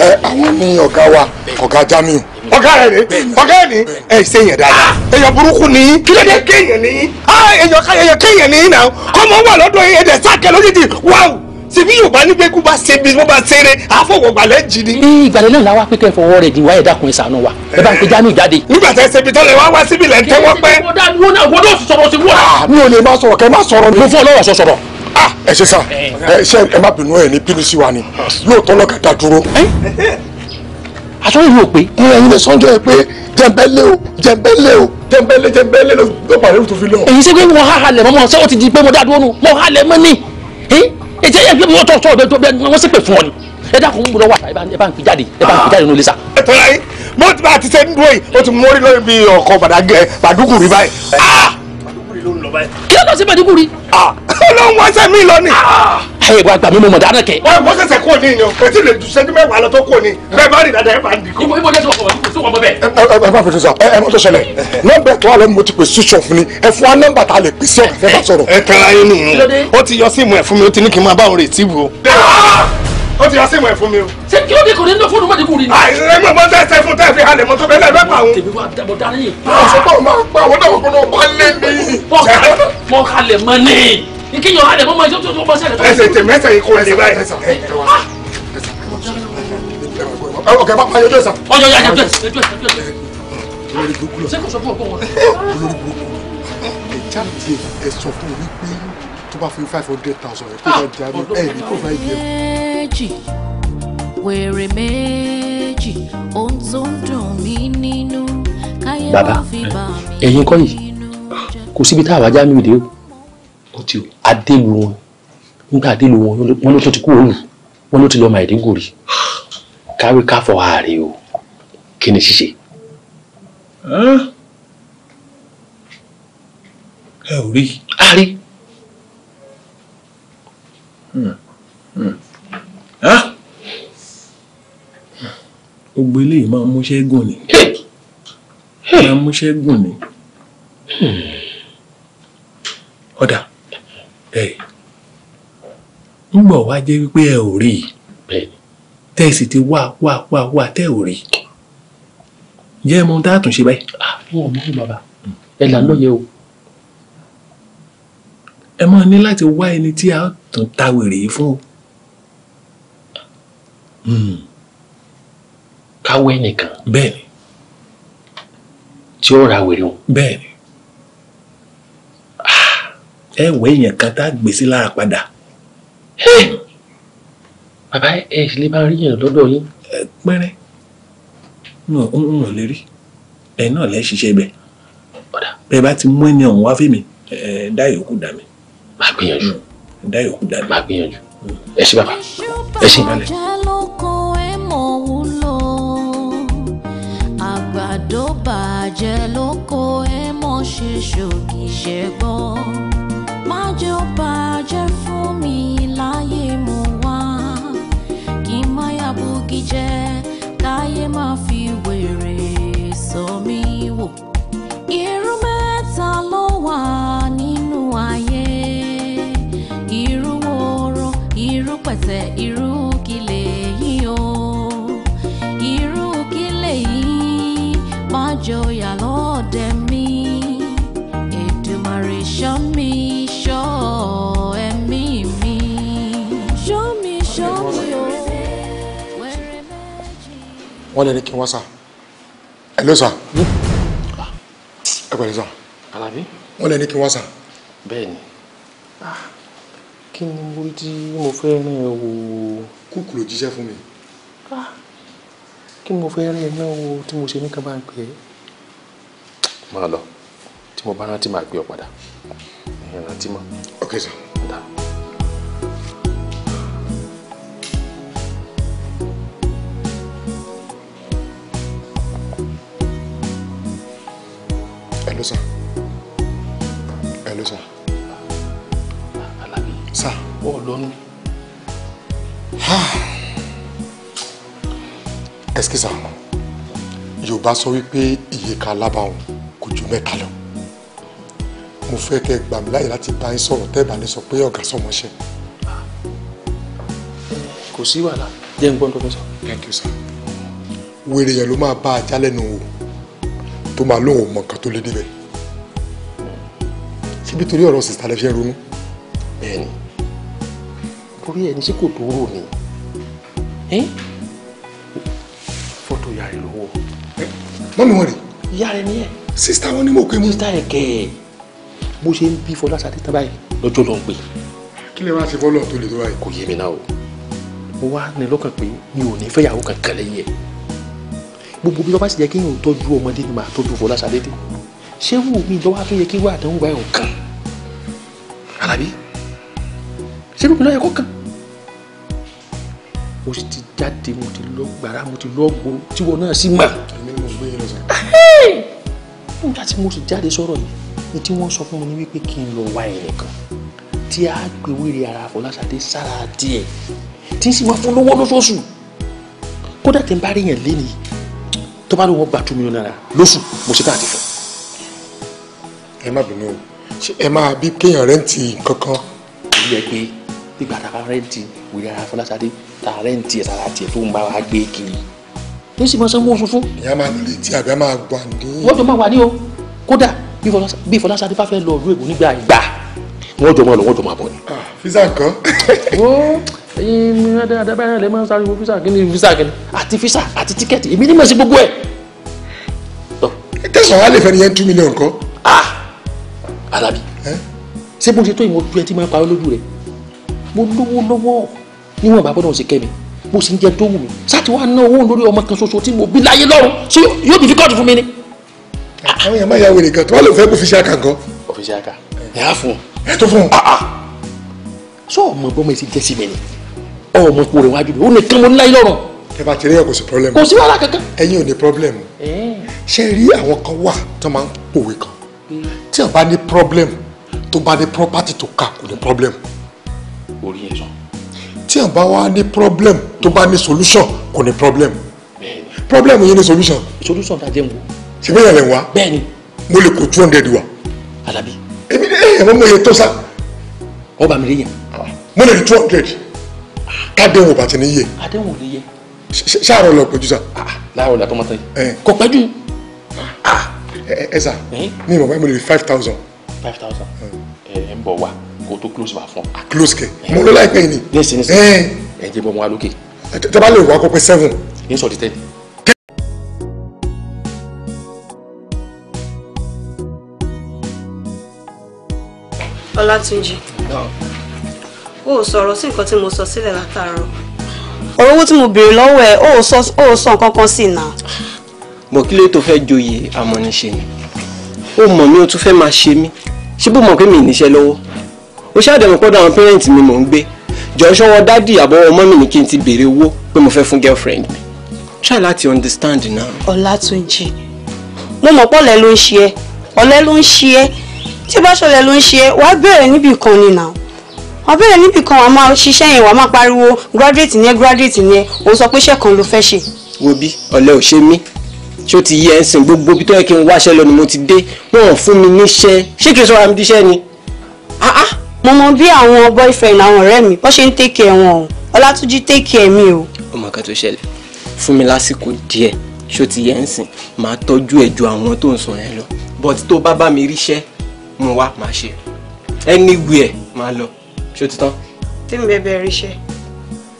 ẹ àwọn ní ọ̀gá wa ọ̀gá Jamiu. ọ̀gá rẹ̀ rè ọ̀gá ẹ̀ ní ẹ̀ ṣe yẹn dáadáa. èèyàn burúkú ni kí ló dé kéèyàn ni. èèyàn ká èèyàn kéèyàn ni náà ọmọ wà lọ́dọ̀ yẹn ẹ̀dẹ̀ sáàkẹ́ lójijì wáwù síbí yorùbá ní pé kó bá ṣe bí wọ́n bá ṣeré àfọwọ́gbàlẹ̀ jì ni. ní ìgbàlẹ̀ náà làwọn akẹ́kẹ́ fọwọ́ rẹ̀ di wáyé dákun ìsànú wa ẹ bá ń pe eh. Jamiu jáde. nígbà tẹ ṣe bitọ́ lẹ wá wá síbi lẹ́ ń tẹ́wọ́ pẹ́. Ah, mi ò lè má sọ̀rọ̀ kẹ́ má sọ̀rọ̀. mo fọ́ ọlọ́wọ́ sọ̀rọ̀ ah ẹ ṣe sá ẹ ṣe ẹ má bínú ẹ ní bínú sí wa ni lóòótọ́ lọ́gà dá dúró. àtọ́yìn yóò pé. ẹ ẹyin lè sọ́njọ́ ẹ pé jẹ̀ǹbẹ́lẹ́ o jẹ̀ǹbẹ́lẹ́ o jẹ̀ǹbẹ́lẹ́ jẹ̀ǹbẹ́lẹ́ ló pàdé tó fi lọ. èyí ṣe pé mo halẹ̀ mọ́ mo ṣé o ti di pé mo dá dúró nu mo halẹ̀ mọ́ ni ẹ jẹ́ yẹ kí mo tọ̀ tọ̀ bẹ́ẹ̀ tó bẹ́ẹ̀ wọ́n sì pè fún ọ ni ẹ dákun ń gbọ́dọ̀ wà ẹ bá ń fi jáde ẹ bá ń fi jáde nínú ilé sá. ẹ tọ́ra yín mo ti bá a ti ṣe ń dúró yìí o ti mórí báyìí. kí ló ah! lọ sí mẹdúkú rí. ọlọ́run wá sẹ́ mi lọ ni. ẹ wá gbà mí mo mọ̀ dáná kẹ. ẹ wọ́n sẹ̀sẹ̀ kúrò ní ìyàn etí lè ju sẹ́jú mẹ́wàá lọ tó kúrò ní bẹ́ẹ̀ bá rìn dáadáa ẹ bá ń dìkú. ibo ibo jẹ́ sọ̀kọ̀ sọ̀kọ̀ bọ̀ bẹ́ẹ̀. ẹ ẹ bá fẹ́ sọ ẹ ẹ mọ́tò ṣẹlẹ̀ nọ́mbà tó alẹ́ mo ti pè switch off ni ẹ fún wa nọ́mbà tá a lè pèsè ọ̀fẹ́ bá sọ̀rọ̀. ẹ kẹra yín nìyẹn ó ti yọ síìmù ẹ fún mi ó ti ní kí n máa bá òun rè tíìbù o ó ti yọ síìmù ẹ̀ fún mi o. ṣé kí ló dé kò ní lọ fóònù mọ́tò rí ni. àìrẹ́ mọ̀ mọ́ tẹ́ fún tẹ́ halẹ̀ mọ́tò bẹ́ẹ̀ lẹ́ẹ̀mẹ́ pa òun. tèmi wá dábọ̀ dáná yìí. ọ̀sẹ̀ pọ̀ máa pa àwọn náà kọ́nà ọba lé mi. mọ halẹ̀ mọ́ ni ìkéyàn halẹ̀ mọ́ máa tó tó bọ́ sẹ́lẹ̀. ẹsẹ̀ tèmi ẹsẹ̀ yìí kò lè bá pa yọjọ́ ìsà. yà jẹ́ tó bá fi five hundred thousand rẹ̀ kó bá di àná ah, ẹ̀ ní kó bá ibi ẹ̀. méjì wèrè méjì ohun tó ń dùn mí nínú káyé wọ́n fi bá mi. bàbá kọ́ yìí kò síbi tá àwájá mi dé o adélu wọn nígbà adélu wọn wọn ló tún ti kú òòlù wọn ló ti lọ màìdíngòrì káwé káfọ ààrẹ o kí ni ṣíṣe. ẹ ò rí. a rí gbogbo eléyìí máa ń múṣẹ́ gùn ni máa ń múṣẹ́ gùn ni ọ̀dà ẹ̀ ń gbọ̀ wá jẹ́ wípé ẹ ò rí i tẹ́ ẹ sì ti wá wá wá wá tẹ́ ò rí i jẹ́ ẹ mọ ohun tá a tún ṣe báyìí. àwọn ah, ọmọ bàbá o ẹ máa ní láti wá ẹni tí a tún ta wèrè yìí fún o. Hmm. káwé nìkan. bẹ́ẹ̀ni. tí ó ra wèrè o. bẹ́ẹ̀ni. Ah, ẹ wẹ èèyàn kan tá a gbèsè lára padà. bàbá ẹ sì lè bá rí yàn lọ́dọ̀ yín. ẹ pẹ́rẹ́ n ò lè rí ẹ náà lẹ́ ṣiṣẹ́ bẹ́ẹ̀ bẹ́ẹ̀ bá ti mú ẹni ọ̀hún wá fèmí ẹ dá yòókù dá mi máa gbìyànjú hmm. máa gbìyànjú ẹ ṣé bàbá ẹ ṣé ìbálẹ̀. àgbàdo bàjẹ́ lóko ẹ mọ̀ ṣe ṣòkì ṣe gbọ́ má jẹ́ ó bàjẹ́ fún mi láyé mọ́. tẹ̀ irú kí lèyí o irú kí lèyí má jọyà lọ́dẹ mi Èdùmàrè ṣọ́ mi ṣọ́ ẹ̀mí mi ṣọ́ mi ṣọ́ mi o wẹ́rẹ́ méjì. wọ́n lè ní kí hmm. ah. wọ́n sà ẹ̀ ló sà ẹ pẹ̀lú sà. wọ́n lè ní kí wọ́n sà. bẹ́ẹ̀ ni. Ah kí ni mo tí mo fẹ́ rìn ẹ wò. kúùkù ló jíṣẹ́ fún mi. Ah, kí ni mo fẹ́ rìn ẹ náà wò tí mo ṣe ní kan bá ń pè é. máa lọ tí mo bá rántí máa gbé ọ padà ẹ̀yìn rántí mọ́. ok sir. Hello sir. Hello sir sá bọ́ọ̀ lọ́nu. ẹ̀sìkìsà yorùbá sọ wípé ìyèká alábàáhùn kò ju mẹ́ta lọ mo fẹ́ kẹ́ gbà mí láyè láti bá yín sọ̀rọ̀ tẹ́ ẹ̀ bá lè sọ pé ọ̀gá sọmọṣẹ́. kò sí wàhálà jẹ́ ń tó fẹ́ sọ. thank you sir. wèrè yẹn ló máa bá ajá lẹ́nu wò tó máa lóun ò mọ nǹkan tó lé níbẹ̀ ṣé bí torí ọ̀rọ̀ sìsítà lẹ fi ń ronú. bẹ́ẹ̀ni orí ẹni sí kò tó rò ní fọ́tò ìyá rẹ̀ lọ́wọ́. mọ́mí wọn rè. ìyá rẹ̀ ni ẹ̀. sísítà wọn ni mo pè mú. sísítà rẹ̀ kẹ́ ẹ̀ bó ṣe ń bí fọláṣadé tán báyìí lọ́jọ́ ló ń pè. kí lè máa ṣe fọ́lọ́ tó lè tó báyìí. kò yé mi náà o mo wá ní lọ́kàn pé mi ò ní fẹ́yàwó kankan lẹ́yìn ẹ̀ gbogbo bí wọ́n bá sì jẹ́ kí n tọ́jú ọmọdé ni màá tọ́jú fọláṣadé dé ṣé wù mí lọ́wọ́ tó yẹ kí wọ́n àdánwò báyìí kan àlàbí ṣé bí kan mo sì ti jáde mo ti lọ gbàrà mo ti lọ gbòòrò tíwọ náà sì mà. èmi ni mo gbé yẹn sọ. nígbà tí mo sì jáde sọ̀rọ̀ yìí ni tí wọ́n sọ fún mi ní wípé kí n lọ wá ẹ̀rẹ̀ kan tí a gbé wèrè ara Fọláṣadé sára díẹ̀ tí n sì máa fún lówó lóṣooṣù kódà tí n bá rí yẹn lé nìyí tó bá lówó gba two million naira lóṣù mo ṣe káàdì fún. ẹ má bínú o ẹ máa bí kéèyàn rẹ́ǹtì kankan. ìyẹn pé rẹ́ǹtì wèrè ara fọláṣadé tá a rẹ̀ ń tiẹ̀ sára tiẹ̀ tó ń bá wa gbé kiri ló sì máa sanwó oṣù fún. ìyá máa lè tí àbí máa gbà ní. wọ́n jọ máa wà ní o kódà bí fọláṣadé bá fẹ́ lọ ìlú èbó nígbà ìgbà wọ́n jọ máa lọ wọ́n jọ máa bọ̀ ni. fisa kan. wọ́n ẹyin adábáyà lè máa ń sáriwo fisa kí ni fisa kí ni àti fisa àti tíkẹ́ẹ̀tì èmi ní mọ̀ sí gbogbo ẹ̀. tẹ̀sán wa lè fẹ́ ni yẹn two million kọ́. ah Alábí ṣé bó ṣe tó ìmọ̀ tó ẹ ti máa parọ́ lójú rẹ̀ mo lówó lọ́wọ́ níwọ̀n bá gbọ́dọ̀ ṣe kẹ́ mi bó ṣe ń jẹ tó wù mí sáti wàá ná owó lórí ọmọ kan ṣoṣo tí mo bí láyé lọ́run ṣé yóò difficult fún mi ni. àwọn èèyàn máa ya wèrè gan tí wọ́n lè fẹ́ kó fi ṣe àkàǹkọ́. kò fi ṣe àkà ẹ̀ á fún un. ẹ tó fún un. sọ ọmọ bọ́mọ ẹ ti jẹ́ sí mi ni ọmọ kò rẹ̀ wájú mi ó nìkan mo ní láyé lọ́run. ẹ bá ti rí ẹ sí problem. kò sí wàhálà kankan. ẹ̀yin ò ní problem. Eh. ṣé rí àwọn kan wà tó máa ń pòwe kan tí ò bá ní problem tó bá ní property tó kà kò ní problem. orí yẹn sàn tí àbá wa ní problem tó bá ní solution kò ní problem problem yìí ní solution. solution ta jẹ́ n wo. síbẹ̀ yẹn lè wá. bẹ́ẹ̀ni. mo lè kó two hundred wa. Àlàbí. èmi ní ẹ̀yẹ̀ eh, mọ́ iye tó sá. wọ́n bá mi lè yàn. Ah, mo lè di two hundred. kádẹ́wò bàtí ní yẹ. kádẹ́wò ní yẹ. ṣáàrọ̀ lọ pẹ̀jú sa. Ah, láàárọ̀ làtọ́ mọ́tò yìí. Eh. kò pẹ́jù. ẹ ah, ẹ eh, sà ní ìmọ̀ báyìí mo lè di five thousand. five thousand ẹ ń bọ̀ wá kó tó close wà fún. a ah, close kẹ mo ló láìpẹ́ yìí ni. ní ìsinmi sí ẹ jẹ́ bọ́ ọmọ wa lókè. tẹ bá lè wá kó pé seven. ní sọ̀rọ̀ tẹ́lẹ̀. Ọlátúnjí o ò sọ̀rọ̀ sí nǹkan tí mo sọ sílẹ̀ látàárọ̀ ọ̀rọ̀ owó tí mo béèrè lọ́wọ́ ẹ̀ o ò sọ nǹkan kan sí náà. mọ̀ kí ló tó fẹ́ joyè amọ̀niṣe ni ó mọ̀ mí O tún fẹ́ máa ṣe mí ṣé bó mọ̀ pé mi ì níṣẹ́ lọ́wọ́ ó ṣàdẹ̀mọ̀ pọ́dọ̀ àwọn pẹ́rẹ́ǹtì mi mò ń gbé jọ ṣọwọ́ dádì àbọ̀wọ́ mọ́mì ní kí n ti béèrè owó pé mo fẹ́ fún girlfriend mi try láti understand now. Ọlátúnjí mo mọ̀ pọ́lẹ̀ ló ń ṣe ẹ́ ọ̀lẹ ló ń ṣe ẹ́ tí bá ṣọlẹ̀ ló ń ṣe ẹ́ wàá bẹ̀rẹ̀ níbì kan ni now wàá bẹ̀rẹ̀ níbì kan wàá máa ṣiṣẹ́ yẹn wàá máa pariwo graduate ni ẹ́ graduate ni ẹ́ òun sọ pé iṣẹ́ kan ló fẹ́ ṣe. wo bí ọ̀lẹ ò ṣe mí ṣó ti yẹ ẹsìn gbogbo bí tó yẹ kí n wáṣẹ́ lọ ni mo ti dé wọn ò fún mi níṣẹ́ ṣé kí n sọ ara mi díṣẹ́ ni ah ah mo mọ bí àwọn boyfriend àwọn ọ̀rẹ́ mi bó ṣe ń take care wọn o ọlátúnjí take care mi o. ó mọ̀ ká tó ṣẹlẹ̀ fún mi lásìkò díẹ̀ ṣó ti yẹ ń sìn máa tọ́jú ẹ̀ ju àwọn tó ń sọ yẹn lọ but tó bá bá mi ríṣẹ́ mo wá máa ṣe anywhere máa lọ ṣó ti tán. tí mi bẹ bẹ ríṣẹ́.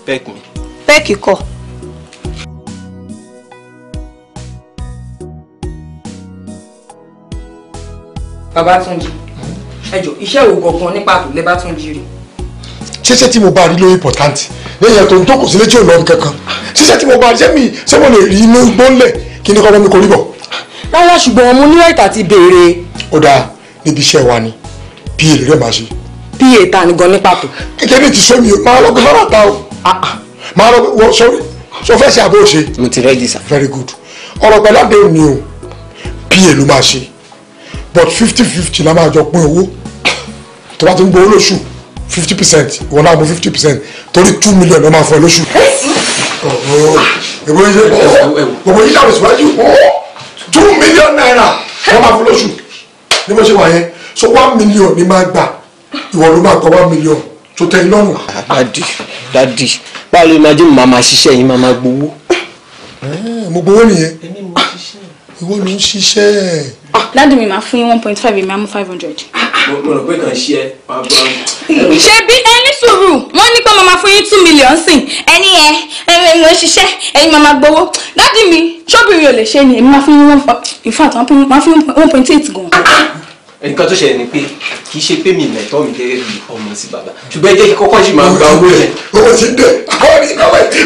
pẹ́ẹ̀kì mi. pẹ́ẹ̀kì kọ̀. Babatunji ẹjọ iṣẹ́ wo gangan ní pàtó lẹ bá tún jírí. ṣíṣe tí mo bá rí ló important lẹ́yìn tó ń jókòó sílé tí ò lọ kankan ṣíṣe tí mo bá rí ṣé mi ṣé mo lè rí inú gbólẹ̀ kí ni kọ́kọ́ mi kò rí bọ̀. rárá ṣùgbọ́n mo ní ẹ̀ta ti béèrè. ó dáa níbi iṣẹ́ wa ni pa èrè rẹ̀ máa ṣe. pa èta ni gan ní pàtó. kékeré ti sọ mi o máa lọ́gbọ́n lọ́rọ̀ ta o ah, ah, máa lọ́gbọ́n wọ sọ́rí sọ fẹ́ ṣe àbó ṣe. mo ti rẹ́ di sa. very good ọ̀rọ̀ pẹ̀lú àdéhùn mi o pa èrè ló máa ṣe but fifty fifty la máa jọ pín owó tó bá ti ń gbowó lóṣù fifty percent ìwọ náà mú fifty percent torí two million ló máa fọ lóṣù. ìwé yé gbogbo yíyá mi síwájú two million naira ló máa fọ lóṣù ní bó ṣe wà yẹn so one million ni máa gbà ìwọ ló máa kọ one million tó tẹ́ ẹ lọ́rùn. dadi dadi báwo ni màá jẹ́ màá máa ṣiṣẹ́ yín màá máa gbowó. Eh, mo gbowó nìyẹn ìwọ ló ń ṣiṣẹ́ ẹ̀ dáàdì mi máa fún yín one point five èmi á mú five hundred. mo rò pé kàn ṣí ẹ máa bá mi. ṣebí ẹni sùúrù wọn ní pé mo máa fún yín two million sìn ẹni ẹ ẹni mo ṣiṣẹ́ ẹni máa máa gbowó dáàdì mi ṣọ́bìnrin ò lè ṣe ni èmi máa fún yín one point in fact máa fún yín one point eight gan nǹkan tó ṣẹlẹ̀ ni pé kì í ṣe pé mi mẹ̀tọ́ mi gẹ́gẹ́ bí ọmọ sí bàbá ṣùgbọ́n ẹ jẹ́ kí kọ́kọ́ ṣì máa gba owó yẹn. owó ti dẹ ọmọ ti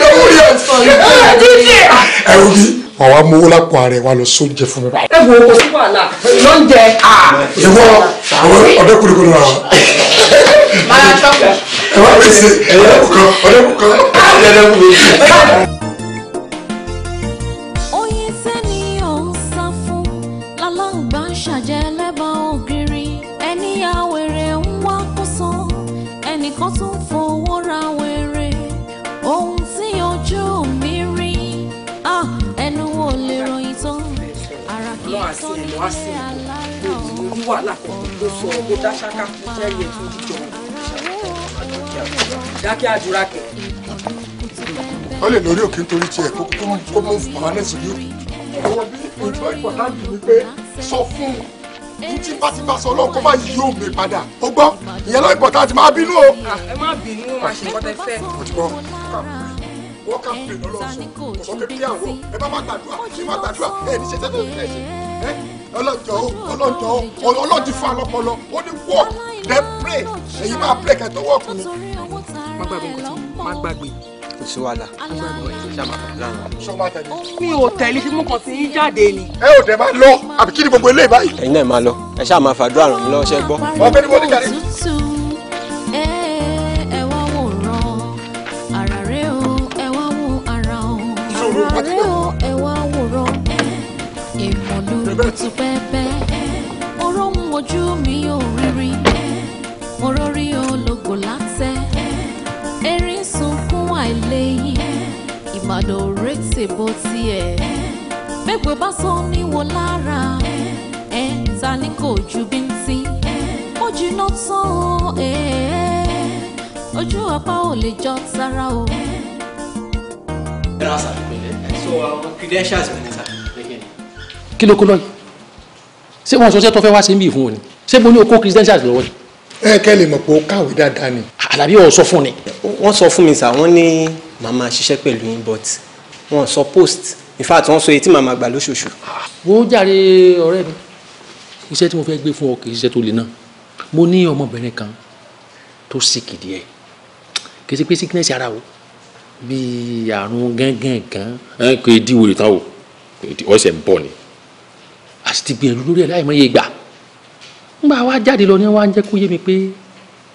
dẹ owó yẹn. ẹ̀rù bíi wà wá mowó lápò ààrẹ wà lọ sóúnjẹ fún mi. ẹ wo kò sí wàhálà lóúnjẹ. ìwọ àwọn ọdẹ kúlùkùlù rà. máa ṣọ́kẹ̀. ẹ wá pèsè ẹ̀yẹ́dẹ́kù kan ọ̀dẹ́kù kan ẹ̀yẹ́dẹ́kù méjì. àti ẹ̀lọ́ àsìkò ló ti ní wàhálà kan ló sọ ọ́ kó dá ṣáká fún jẹ́rìí ẹ̀ tó ti jọ dákẹ́ àdúrà kẹ̀. ó lè lórí òkè nítorí tiẹ̀ kó kó mú bàbá náà sí rí òkè. ọ̀rọ̀ bí ìjọ ìpàdánù ni pé sọ fún un títí bá ti bá sọ ọlọ́run kó má yí òmè padà ó gbọ́ ìyẹn lọ́ọ́ ìbọ̀tà ti máa bínú o. Ah, ẹ má bínú má ṣe nǹkan tẹ fẹ́. mo ti gbọ́ wọ́n ká pè lọ́lọ́sọ̀ kò sọ pé bí àwọn ẹ bá má gbàdúrà ẹ má gbàdúrà ẹ ní ṣe tẹ́tẹ́ ẹ ṣe ọlọ́jọ́ ọlọ́jọ́ ọlọ́jọ́ fún alọ́pọlọ ó ní work then pray èyí máa pray kẹtọ́ work ni. má gbàgbé nǹkan tí má gbàgbé kò sí wàhálà mi ò tẹ̀lé tí mo kàn sí yín jáde ni. ẹ ò tẹ máa lọ àbí kí ni gbogbo eléyìí báyìí. ẹ̀yin náà máa lọ ẹ ṣáà máa fàdúrà ràn mí lọ́wọ́ ṣẹ́ gbọ́. ọ̀gbẹ́ni wọlé jáde. ìṣòro pàtàkì ròtù pẹ́pẹ́ oró ń wojú mi ò rírí ọ̀rọ̀ rí ológo látẹ̀ erin sunkún àìlẹ́yìn ìbàdàn retí bó tiẹ̀ bẹ́gbẹ́ bá sọ ní wo lára ẹ ta ni kò ju bí ń tí ó jiná tán ojú apá ò lè jọ tara o. ẹ ra sàlùpẹ̀lẹ̀ ẹ̀ sọ àwọn credentials mi ní sà kí ló kó lọ yìí ṣé wọn sọ ṣé tó fẹ́ wá sí ń bì fún òní ṣé mo ní okó christian lọ́wọ́ ni. ẹ kẹ́ lè mọ̀ pé ó kàwé dáadáa ni. àlàbí ọ̀ sọ fún ni. wọ́n sọ fún mi sà wọ́n ní màmá ṣiṣẹ́ pẹ̀lú yín but wọ́n sọ post in fact wọ́n sọ èyí tí màmá gbà lóṣooṣù. wo jàre ọ̀rẹ́ mi iṣẹ́ tí mo fẹ́ gbé fún ọ kì í ṣe tó le náà mo ní ọmọbìnrin kan tó sìkì díẹ̀ kì í ṣe pé sickness ara o bíi àrùn gángan kan kò di wòlítàn o ọ̀sẹ̀ ń bọ̀ ni a sì ti gbìyànjú lórí ẹ̀ láìmọye ìgbà ńgbà wá jáde lọ ní wá ń jẹ́ kó yé mi pé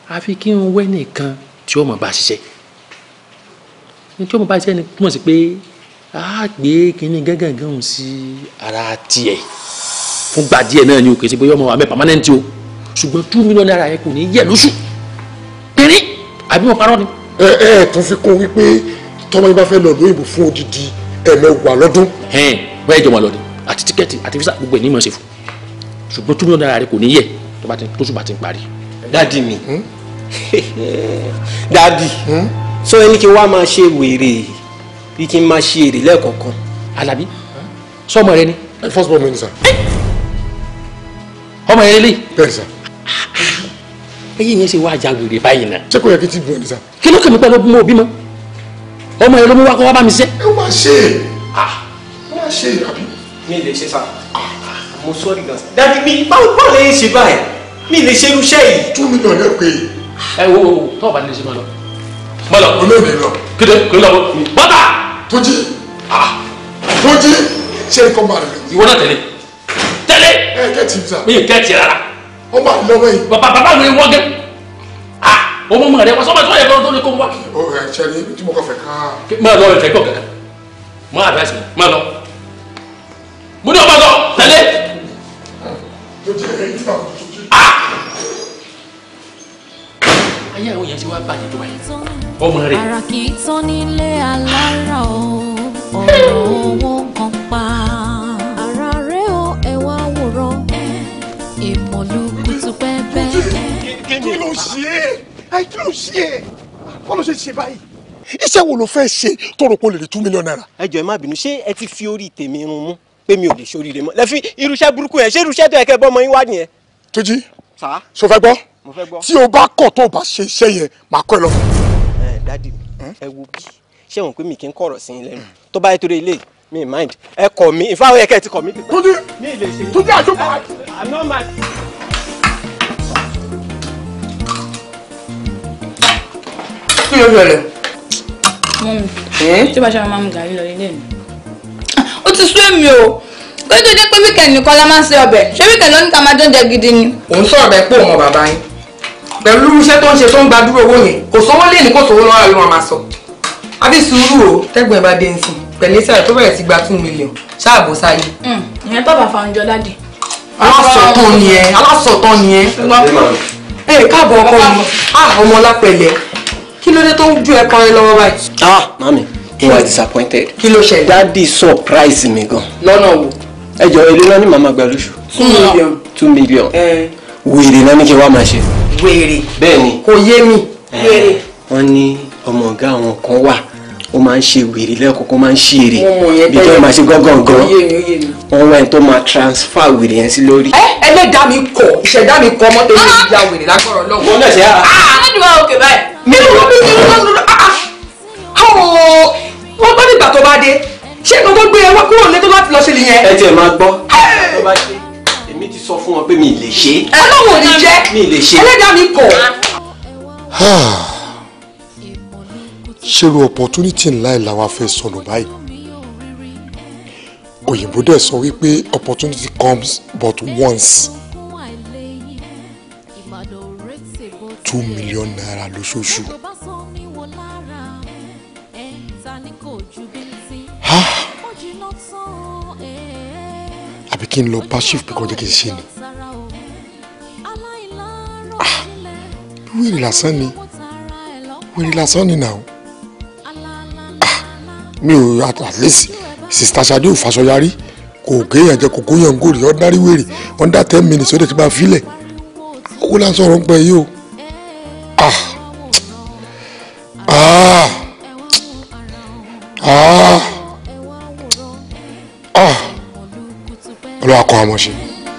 àfi kí n wẹ́ nìkan tí ó mọ̀ bá ṣiṣẹ́ ní tí ó mọ̀ bá ṣiṣẹ́ ni túmọ̀ sí pé a gbé kínní gángan sí ara tiẹ̀ fún gba díẹ̀ náà ni o kì í ṣe pé yọmọ wa mẹ́ pàmánẹ́ntì o ṣùgbọ́n two million naira yẹn kò ní yẹ lóṣù péré àbí wọn parọ́ ni. ẹ ẹ tún fi kún wípé tọ́mọ yín bá fẹ́ lọ lóyìnbó fún odidi ẹ̀mẹwàá lọ́dún. ẹ wọ́n ẹ jọmọ lọ́dún àti tíkẹ́ẹ̀tì àti físà gbogbo ẹ̀ ní ìmọ̀ọ́sẹ̀ fún ṣùgbọ́n two million naira rẹ kò ní yẹ tó bá ti tó ṣùgbọ́n àti ń parí. dáàdì mi dáàdì sọ ẹni kí n wá máa ṣe wèrè bí kí n máa ṣe èrè lẹ́ẹ̀kọ̀ọ̀kan. alábí sọmọ rẹ ni. Eh, first born minister. Eh! ọmọ rẹ lè. bẹ́ẹ̀ sà. ẹyin yẹn ṣe wá jagbèrè báyìí náà. ṣé kò yẹ kí n ti bọ̀ ẹ́ nísà. kí ló kàn mí pẹ̀lú mo bímọ ọmọ rẹ ló mú wá kó wá bá mi ṣe. ẹ wá ṣe é ah! wá ṣe é àbí mi lè ṣe sá mo sọ́ọ̀rì gan sá dadi mi báwo báwo lè ṣe báyìí mi lè ṣe irúṣẹ́ yìí. two million yẹn pé. ẹ wo wo tó o bá nílé ṣe máa lọ. máa lọ. olóòdì lọ. kéde kò ń lọ bọ́tà. tó jí ah! tó jí ṣé nǹkan máa rẹ. ìwọ náà tẹ̀lé tẹ̀lé. ẹ kẹ́tì sá. mi ì kẹ́tì rárá. ó máa lọ́wọ́ yìí. bàbá bàbá mi wọ́n gẹ́ ọmọ mọ rẹ wọn sọ ma sọ yẹ kọ tó ní kó wá. o ẹ ṣe ni tí mo kọ fẹ ká. máa lọ ẹ fẹ kọ kankan máa advice mi máa lọ mo ní ọmọ lọ tẹ̀lé. ayé àwọn yẹn ti wá bàjẹ́ tó báyìí ọmọ rẹ̀. ara kì í tán nílé alára o ọ̀rọ̀ owó kan pa ara rẹ̀ o ẹ wá wòran ìmọ̀lúkútu pẹ́pẹ́. kí ló ṣe é kí ló ṣe é wọ́n ló ṣe ṣe báyìí iṣẹ́ wo ló fẹ́ ṣe tó rò pé o lè rí two million naira. ẹ jọ̀ọ́ ẹ má bínú ṣé ẹ ti fi orí tèmi rún mú pé mi ò lè ṣoríire mọ́ lẹ́fín irúṣẹ́ burúkú yẹn ṣé irúṣẹ́ tó yẹ kẹ́ bọ́mọ yín wá nìyẹn. Túnjí so fẹ́ gbọ́ tí o bá kọ̀ tó o bá ṣe iṣẹ́ yẹn máa kọ́ ẹ lọ. ẹ dádì mi ẹ wo bí ṣé wọn pé mi kì í kọ̀rọ̀ sí i lẹ́nu tó bá yẹ torí ilé mi mind ẹ kọ̀ mi ìfáwọ́ yẹ kẹ́ ẹ ti kọ̀ mi. Túnjí Túnjí àjọpọ̀ kí ló ń lọ rẹ. mọ́mí tí ó bá ṣe máa mú gàrí lọ ilé mi ó ti sú èmi o kó tó jẹ́ pé wíkẹ̀ nìkan la máa ń ṣe ọbẹ̀ ṣé wíkẹ̀ ló ní ká máa dóúnjẹ gidi ni. òun sọ̀rọ̀ bẹ́ẹ̀ pé òun mọ bàbá yín pẹ̀lú iṣẹ́ tó ń ṣe tó ń gbadúró owó yẹn kò sówó lé ní kò sówó lọ́wọ́ ló máa sọ. àbí sùúrù o tẹ́gbọ̀n ẹ̀ bá dé nsìn pẹ̀lú iṣẹ́ tó bẹ̀rẹ̀ sí gba two million ṣáàbò sáyé. Hmm, ìyẹn bàbá fàǹjọ láde. alásọ̀tàn ni ẹ alásọ̀tàn ni ẹ. ẹ káàbọ̀ ọkọ mi ah, ọmọ lápẹ̀lẹ̀ kí ló ah mami You are disappointed. kí ló ṣẹlẹ̀. dádì surprise mi gan. lọ́nà wo. ẹ jọ èlé náà ni màmá gba lóṣù. two million. two million. wèrè náà ni kí n wá máa ṣe. wèrè. bẹ́ẹ̀ ni. kò yé mi. wèrè. wọ́n ní ọmọ ọ̀gá àwọn kan wà ó máa ń ṣe wèrè lẹ́kọ̀ọ́kọ́ máa ń ṣe èrè bí tó máa ṣe gángan gan wọ́n wá ẹni tó máa transfer wèrè yẹn sí lórí. ẹ ẹlẹ́dà mi kọ ìṣẹ̀dá mi kọ ọmọdé mi ah! ìjà wèrè lágbọ̀rọ̀ lọ́wọ́. wọ́n náà ṣe é. Ah! ah ẹni máa ń kè báyìí. mi ò bí mi ò lọ́dún wọ́n bá nígbà tó bá dé ṣé nǹkan tó gbé ẹ wá kúrò lé tó láti lọ ṣe nìyẹn. ẹ tiẹ̀ máa gbọ́ tó bá ṣe èmi ti sọ fún wọn pé mi ì lè ṣe. ọlọ́wọ́ ni jẹ́ mi ì lè ṣe. ẹlẹ́dàá mi kọ̀. ṣerú opportunity ńlá ẹ̀ làwa fẹ́ sọnù báyìí òyìnbó dẹ̀ sọ wípé opportunity comes but once two million naira lóṣooṣù. kí n lọ bá chief pé kó jẹ́ kí n ṣe ni ah, wíìrì lásán ni wíìrì lásán ni náà ah, mi ò at least sista Ṣadé ò faṣọ kò géèyàn jẹ kò góyàn gòrì ọ̀dárí wèrè under ten minutes ó dẹ̀ ti bá filẹ̀ owó lásán ọ̀rọ̀ ń pẹ́ yìí o ah. táwọn ọmọ ṣe.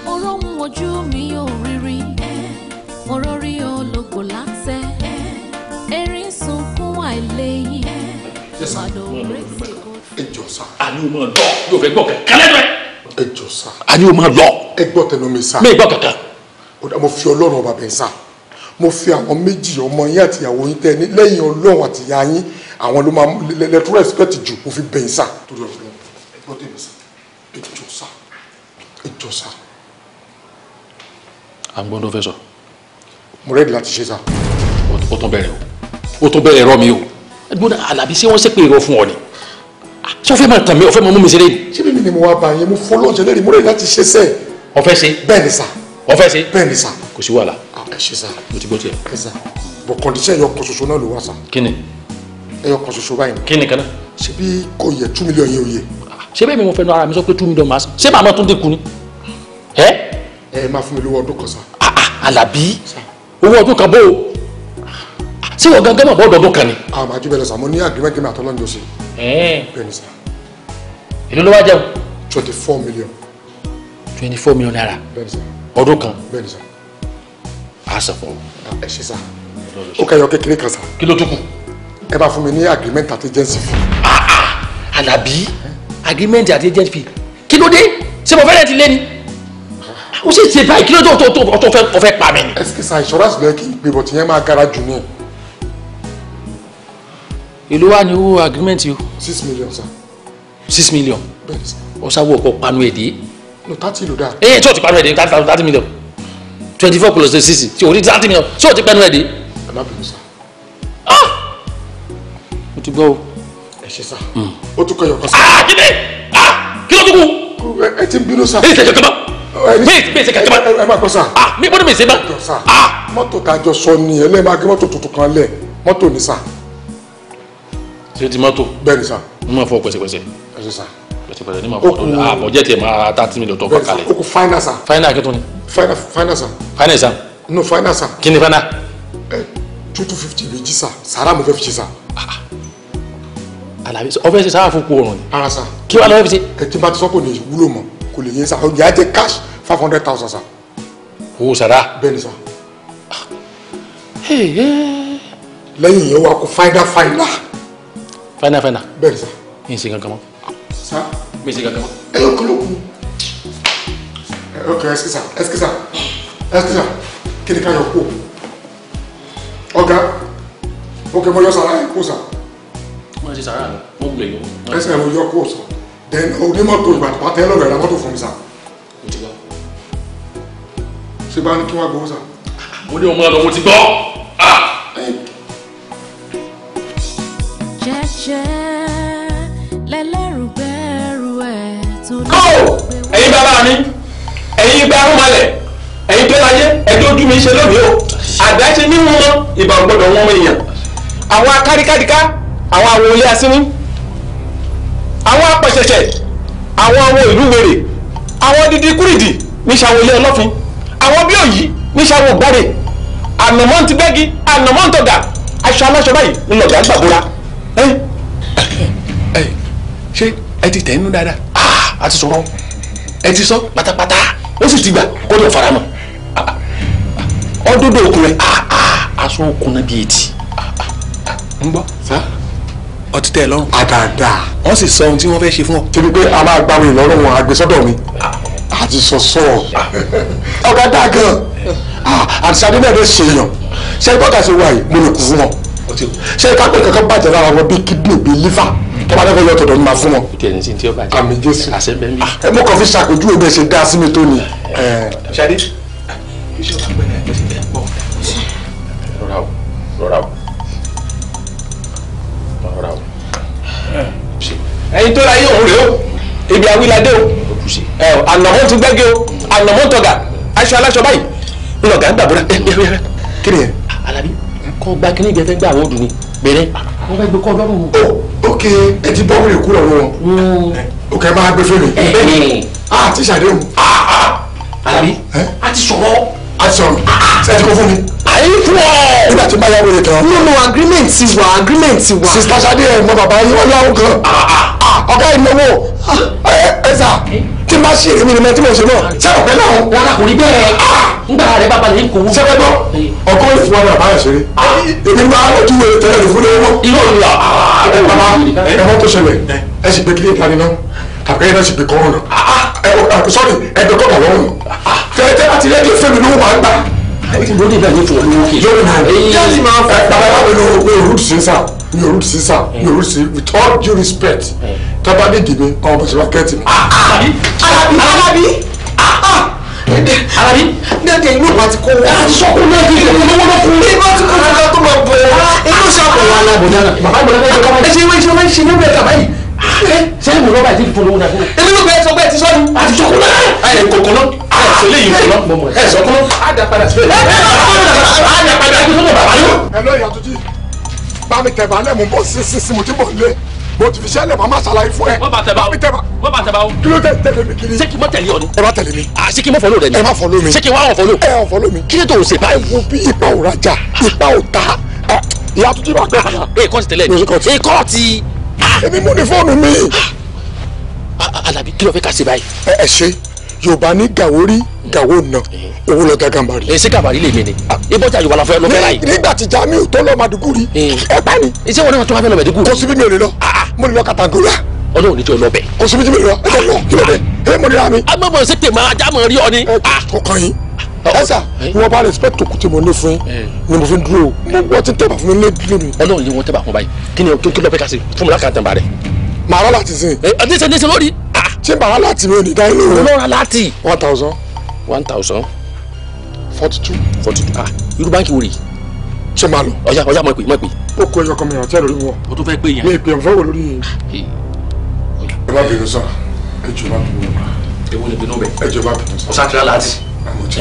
ọ̀rọ̀ ń ojú mi yóò rírí ọ̀rọ̀ rí olóko látẹ̀ erin sunkún àìlẹ́yìn ìbàdàn rẹ̀ ẹ jọ sá. àní o máa lọ yóò fẹ́ gbọ́ kankan lẹ́nu ẹ̀. ẹ jọ sá. àní o máa lọ. ẹ gbọ́ tẹnu mi sá. mi gbọ́ kankan. mo fi ọlọ́run ọba bẹ̀ sá mo fi àwọn méjì ọmọ yín àtìyàwó yín tẹ ní lẹ́yìn ọlọ́run àtìyá yín àwọn ló máa lẹ́tọ́ respect jù mo fi bẹ̀ sá. torí ọ̀rọ̀ àgbọn tó fẹ́ sọ. mo rẹ́ẹ̀dì láti ṣe sá. ó tún bẹ̀rẹ̀ o ó tún bẹ̀rẹ̀ ẹ̀rọ mi o gbọ́dọ̀ alábí ṣé wọ́n ṣépè irọ́ fún ọ ni ah, ṣé o fẹ́ máa tàn mí o fẹ́ máa mú mi ṣeré ni. ṣé mi ni mo wá bá yẹn mo fọ́ lọ́jọ́ lẹ́rìí mo rẹ́ẹ̀dì láti ṣe sẹ́ẹ̀. o fẹ́ ṣe. bẹ́ẹ̀ ni sá. o fẹ́ ṣe. bẹ́ẹ̀ ni sá. kò sí wàhálà. Ah, ẹ ṣe sá. mo ti gbọ́ tiẹ̀. ẹ sá bọ̀ kọ́ndíṣẹ́ ẹyọ kan ṣoṣo náà ló wà sá. kí ni. ẹyọ kan ṣoṣo báyìí. kí ni kan náà. ṣé bí kò yẹ two million yẹn ò yẹ. Ah, ṣé bẹ́ẹ̀ mi mo fẹ́ nu ara mi sọ pé two million máa sàn ṣé màmá tún dínkù ni. ẹ́ ẹ máa fún mi lówó ọdún kan sá. Ah, ah, Àlàbí owó ọdún kan bó o ṣé wọ́n gangan mọ̀ bọ́ ọdọọdún kan ni. Ah, àwọn àjọ bẹ̀rẹ̀ sá mo ní àgbẹ̀mẹ̀gbẹ̀mẹ̀ àtọ́lọ́njọ sí. bẹ́ẹ̀ ni sá. èló ló wá jẹun. twenty four million. twenty four million naira ọdún kan. bẹ́ẹ̀ sá. a sọ fún un. ẹ ṣe sá ó kẹyọ kékeré kan sá. kí ló tún kù. ẹ bá fún mi ní agreement àti agency fee. Àlàbí agreement àti agency fee kí ló dé ṣé mo fẹ́rẹ̀ ti lé ni o sì ṣe báyìí kí ló tó tó tó fẹ́ o fẹ́ pa mí. ẹsikisa insurance lẹ kí n pè bọ̀ tìyẹn máa gara jù ní. èló wà ní owó agreement yìí. six million sir. six million. bẹ́ẹ̀ni sir. ọ̀sáwó ọ̀pọ̀ panu èdè. no thirty ló dáa. ee tí o ti panu èdè thirty thirty million twenty four plus six tí o ní thirty million tí o ti panu èdè. alábìyẹn sir. ah O ti gbọ́ o. ẹ ṣe sá. o tún kọ yọkọ sí. ah kí ni ah kí ló dúkú. ẹ ti ń bínú sá. ẹ ti ń bínú mi ìṣe kẹtẹ ẹ máa gbọ́ sà. ah mi bọ́dọ̀ mi ìṣe bá. ah mọ́tò tàjọ sọ ni ẹ lẹ́ẹ̀ máa gbé mọ́tò tuntun kan lẹ̀ mọ́tò ni sà. ṣé ti mọ́tò. bẹ́ẹ̀ ni sà. n máa fọ pẹ̀sẹ̀pẹ̀sẹ̀. ẹ ṣe sà. pẹ̀sẹ̀pẹ̀sẹ̀ ni màá fọ ọdún ah bọ̀jẹ̀ tiẹ̀ máa tá tí mi lọ tọ́ bá o kò fáínà sà. fáínà kí tó ni. fáínà sà. fáínà sà. no fáínà sà. kí ni fáínà. ẹ two two fifty méjì sà sàrà mo fẹ́ fi ṣe sà alabi ọfẹ ṣe sáà fún kó oorun ni. ara sa kí wàá lọ fẹ́ fi ṣe. ẹ tí n bá ti sọ kò lè wúlò mọ́ kò lè yẹn sa ọjà jẹ cash five hundred thousand sa. owó sara. bẹ́ẹ̀ni sa. lẹ́yìn yẹn wà kó fáínà fáínà. fáínà fáínà. bẹ́ẹ̀ni sa. mi n se kankan mọ́. sa. mi n se kankan mọ́. ẹ yọ kúlò kú. ok ẹsikisa ẹsikisa ẹsikisa kí ni ká yọ kú o ọ̀gá ok mo yọ sara yẹn kú sa. mo ti sara mo gbẹ yọ. ẹsẹ̀ mo yọ kú o sa then onímọ̀tò ìgbà pàtẹ́ lọ́dọ̀ ẹ̀rọ mọ́tò fún ṣe bá ní kí wọ́n gbowó sàn. mo ní ọmọ ọ̀dọ̀ mo ti gbọ́. Ah! jẹ́jẹ́ lẹ́lẹ́rù bẹ́ẹ̀rù ẹ̀ tó lè gbé wá. ẹ̀yin bàbá mi ẹ̀yin igba arúmalẹ̀ ẹ̀yin tó láyé ẹ̀dọ́ ojú mi ṣe lónìí o àdáṣe ní wọn ìbà ògbọ́dọ̀ wọn èèyàn àwọn akáríkáríká àwọn àwọn olé asínú àwọn apẹ̀ṣẹ̀ṣẹ̀ àwọn àwọn ìlú wèrè àwọn dídí kúrìdì níṣàwọlé ọlọ́fin àwọn bí òyì níṣàwọ̀ gbọ́rè ànàmọ́ ti gbẹ́gi ànàmọ́ tó ga aṣọ aláṣọ báyìí ńlọgà gbàgbóra. ṣé ẹ ti tẹ̀ inú dáadáa. Ah, a ti sọ̀rọ̀ ẹ ti sọ pátápátá ó sì ti gbà kó lè fara mọ́ ọdọdọ okun rẹ ah, ah, aṣọ okun náà bíi etí. ń gbọ́ ọtí tẹ ẹ lọ́rùn. àdàdà wọ́n sì sọ ohun tí wọ́n fẹ́ ṣe fún ọ. ṣé bí pé a máa gbàmì lọ́rùn wọn àgbẹ̀sọ́dọ̀ mi àti sọsọ ọgá dá gan àtisade náà lè ṣe èèyàn ṣe é bọ́tà ṣe wà yìí mo lè kú fún wọn ṣe é kápẹ́ kankan bàjẹ́ lára wọn bíi kidney bíi liver tó bá dẹ́ fẹ́ yọ tọ̀dọ̀ ní ma fún wọn. ìtẹ̀yìn sí ti ọba jẹ́ àmì jésù ẹ mọ̀ kàn fi ṣàpèjú ẹgbẹ́ ṣe dá sí mi tó ni. o rọra o rọra o. ẹyin tó la yé òun rèé o ibi awilade o kù sí. ẹ ọ ànàmọ́ ti gbẹ́gẹ́ o ànàmọ́ tọ̀gà aṣọ aláṣọ báyìí ńlọgà ń dàbúrà ẹ ẹ ẹ kí ni ẹ. Alábí kọ́ gba kí ni ìgbẹ́fẹ́ gbà wọ́ọ̀dù ni bẹ̀rẹ̀ wọ́n fẹ́ gbé kọ́ lọ́rùn o. ok ẹ ti bọ́ wílé kúrò lọ́wọ́ mm. ok ẹ máa gbé fèrè. a ti ṣàdéhùn. Alábí a ti sọ̀rọ̀. a ti sọ̀rọ̀ ṣe é ti kó fún mi àyíkú ọ. nígbà tí báyà wọlé kan. nínú agreement ti wà agreement ti wà. sista sade ẹ mọ bàbá yín wọn yà wọn kan. ọgá ìnáwó ah. ẹ ẹ sà tí máa ṣe èmi ni mo ti mọ̀ ṣe náà. ṣé ọ̀pẹ náà. rárá kò rí bẹ́ẹ̀ ah! ngbà rẹ bàbá rẹ kò wú. sẹ́fẹ̀ gbọ́ ọkọ ìfún wa náà báyọ̀ ṣeré. Ah! èmi máa lójú wẹ̀ tẹ́lẹ̀ lè fún lé wọ́n. irọ́ mi là. Ah! ẹ bàbá ẹ mọ́ tó ṣẹlẹ̀ eh. ẹ sì gbé kílé ìtani náà tàbí ẹ náà sì gbé kọ́rùn náà. sọ́ọ̀rì ẹ gbé kọ́kọ̀ lọ́rùn. tẹ́tẹ́ àti rẹ́díò fẹ́mi ló mi ò rí sí sá mi sí with all due respect tábà ní ìdìbò àwọn bàtà bá kẹ́tì Alabi, Alabi Alabi Alabi dẹ́dẹ̀ inú wa ti kó wa. sọ́kù náà ti kó wọn lọ́wọ́ fún mi. ibà tí kò tó ká tó máa bọ̀ ọ́. inú sábà wà lábọ̀ náà bàbá mi lọ́wọ́ ẹ̀ka ẹ̀ṣẹ̀ ìwé ìṣẹ́ ìwé ìṣẹ́ ìwé ìkàbá yìí. sẹ́yìn mi lọ́ba ìdílé polówó náà fún mi. èmi ló bẹ̀rẹ̀ sọ pé ẹ ti sọ́ni. àti sọ́kù náà. ẹ kòkó náà ẹ sọlé yìí kò náà ẹ sọ́kù náà. á dà padà sí bá mi tẹ̀bà lẹ̀ mú bó sísinsin mo ti bọ̀ lé mo ti fi ṣẹ́ lẹ̀ mọ́ máa ṣàlàyé fún ẹ. wọ́n bá tẹ̀bà wọ́n bá tẹ̀bà o. kí ló tẹ̀lé mi kiri. ṣé kí tẹ̀lé ọ ẹ má tẹ̀lé mi. a ṣé kí n má ni. ẹ má fọlọ́ mi. ṣé kí n wá ẹ ọ̀ fọlọ́ mi. kí ló tó báyìí. ẹ wo bí ipa ò rajà ipa ò ta ìyá tuntun bá gbẹ padà. ee kọ́ọ̀tì tẹ́lẹ̀ ni ee kọ́ọ̀tì. èmi mú ni fóònù mi. Àlàbí ah, ah, kí ló fẹ́ ká báyìí. ẹ ẹ ṣe yorùbá ní gàwó rí gàwó nà owó lọ gàgà mbàrí. èsì gàmbàrí lè mi ni ibo tí àyùbá la fẹ́ lọ fẹ́ láyé. nígbà tí jamiu tó lọ maduguri ẹ bá ní. iṣẹ́ wọn ni wọ́n tún fẹ́ lọ maduguri. kò síbi mi ò lè lọ ah, ah. mo lè lọ katangora. ọlọ́run níjọ lọ bẹ̀. kò síbi mi ò lè lọ ẹ lọ kí ló dé ẹ mọ̀ nira mi. agbẹ́bọ̀ ṣe tèmọ̀ ajá mọ̀ rí ọ ni. ẹ ah. yín ẹsà eh. wọn bá respect òkú tí mo ní fún yín eh. ni mo fi dúró mo wọ́n ti tẹ̀bà fún mi lé dúró mi. ọlọ́run yìí wọ́n tẹ̀bà fún báyìí kí ni kí ló fẹ́ ká sí fún mi lákàtàn bá rẹ̀. màá rọ́ láti sìn. ẹ ẹ ní sẹ́ ní sẹ́ lórí ṣé bàbá láti mi ò ní dá ilé rẹ. lọ́ra láti. one thousand. one thousand. forty two. forty two ah irú báńkì wo rè é. ṣé máa lọ. ọ̀ya ọ̀ya mọ̀ pé mọ̀ pé. ó kó ẹyọ kan mi àti ẹ̀rọ ìwọ. o tún fẹ́ pé yẹn. mi ìpè ọ̀fẹ́ wò lórí yẹn. ẹ bá bẹ̀rẹ̀ sọ ẹ jù bá bẹ̀rẹ̀ wà. ewu lè bínú bẹ. ẹ jù bá bẹ̀rẹ̀ sọ. ọ̀sán kìlá láti.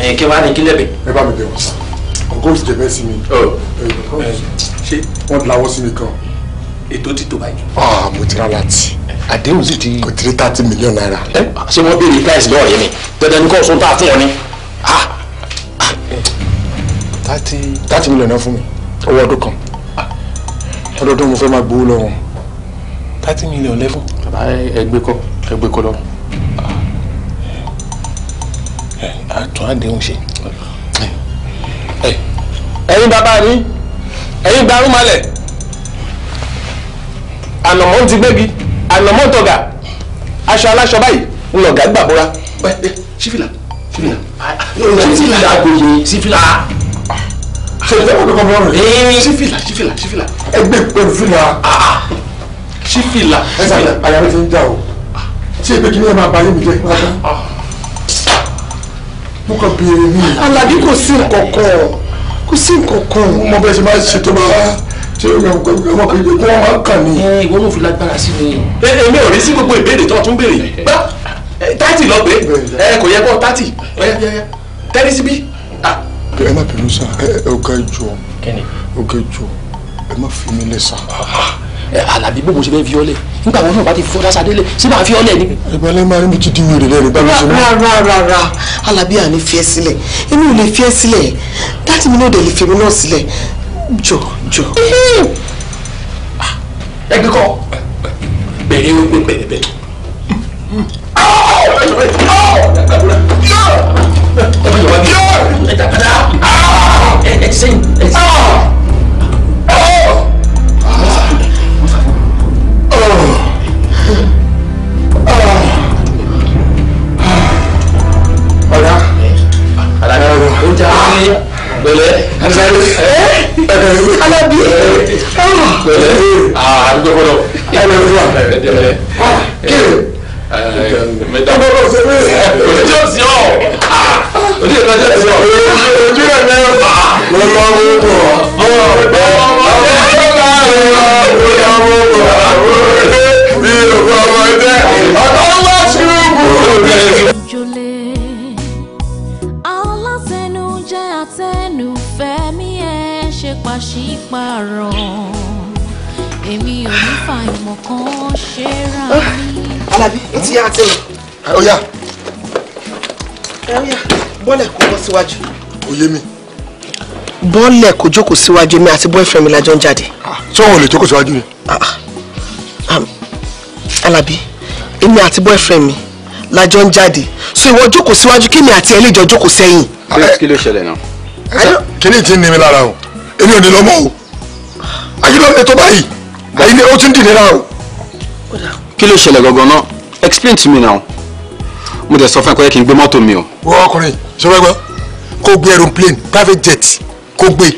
ẹ̀ kí wàá ní kí lẹ́bẹ̀. ẹ bá mi bẹ̀ wọ́n oh. oh. lawọ́ sí ètò ti tó báyìí. ọ ah, mo ti ra láti àdéhùn sì ti. kò tí thirty million naira. ṣé wọ́n béèrè price lọ́wọ́ rẹ ni dandan ni kò sún tá a fún ọ ni. Ah, thirty thirty million náà fún mi owó ọdún kan ọdọọdún mo fẹ́ máa gbowó lọ́wọ́. thirty million lẹ́fún. bàbá ẹgbẹ́ kọ ẹgbẹ́ kọ lọ. àtún ah, àdéhùn ṣe. ẹ̀yin bàbá mi ẹ̀yin darúmalẹ̀ ànàmọ́ ń ti gbégi ànàmọ́ tọ̀gà aṣọ aláṣọ báyìí ńlọ̀gà gbàbọ́ra sífìlà sífìlà sífìlà àgbòye sífìlà sọ̀rọ̀ ìjọba kọ̀ọ̀kan bọ̀rọ̀ rẹ̀ sífìlà sífìlà sífìlà ẹgbẹ́ pẹ̀lú fìlà sífìlà sífìlà àyà mi ti ń dà o tí ebi kìíní ẹ máa bá yé mi jẹ́ mo kàn béèrè mi. Àlàbí kò sí nǹkan kan kò sí nǹkan kan mo mọ bẹ́ẹ̀ ṣe máa ṣètò máa ṣé o yàn kó ọmọ bèbè kó wọn máa ń kàn mí. ẹ ìwọ ló fi lágbára sí mi. èmi ò rí sí gbogbo ìbéèrè tó tún béèrè bá tátì lọ pé ẹ kò yẹ kó tátì tẹ́lí síbí. ẹ má bínú sá ọgá ìjọ ọgá ìjọ ẹ má fi mi lẹ sá. Àlàbí bó mo ṣe fẹ́ fi ọlẹ̀ nígbà wọn náà bá ti fọ́ dáṣà délé sí máa fi ọlẹ̀ ni. ìgbà lẹ́yìn máa rí mi ti di wèrè lẹ́nu ìgbà mi ṣe mọ́. rárá rárá Àlàbí à ní fi ẹ́ sílẹ̀ èmi ò lè fi ẹ́ sílẹ̀ dáàtì mi náà dẹ̀ lè fi mi náà sílẹ̀ jọ jọ. ẹgbẹ́ kọ́ bẹ̀rẹ̀ ó gbé bẹ̀rẹ̀ bẹ̀rẹ̀. Yeah pẹ̀lẹ́ alábí alábí pẹ̀lẹ́ àgbẹ̀bọ̀lọ̀ pẹ̀lẹ́ kiri mẹdàbọ̀ ojú sí ọ ojú ìlú ọjọ́ sí ọ ojú rẹ̀ mẹ́rin mo lọ mú bọ̀ ọ bọ̀ ọjọ́ láàrin ọ mo lọ mú bọ̀ ọ bí ọgbọ̀n ọmọ ẹgbẹ́ ọ̀dọ́ wá sí ọgbọ̀n. pàṣípààrọ̀ èmi ò ní fa ìmọ̀ kan ṣe ra ah, mi. Alábí ó ti yá àtẹ̀wò. Ah, eh, ó yá. bọ́lẹ̀ kò bọ́ síwájú. òye mi. bọ́lẹ̀ kò jókòó síwájú mi àti boyfriend mi la jọ ń jáde. sọ́wọ́n ah, lè jókòó síwájú ni. Alábí èmi àti boyfriend mi la jọ ń jáde so ìwọ jókòó síwájú kí mi àti ẹ lè jọ jókòó sẹ́yìn. Eh. kí ló ṣẹlẹ̀ náà. kí ni ìtì ń ní mi lára o èmi ò ní lọ́mọ o ayélujára tó báyìí àyílé ó ti ń dìde náà o. kí ló ṣẹlẹ̀ gangan náà explain to me now mo dẹ̀ sọ fún ẹ pé kí n gbé mọ́tò mi o. wọ́n ọkùnrin ṣọlá ẹgbẹ́ kó gbé aeroplane private jet kó gbé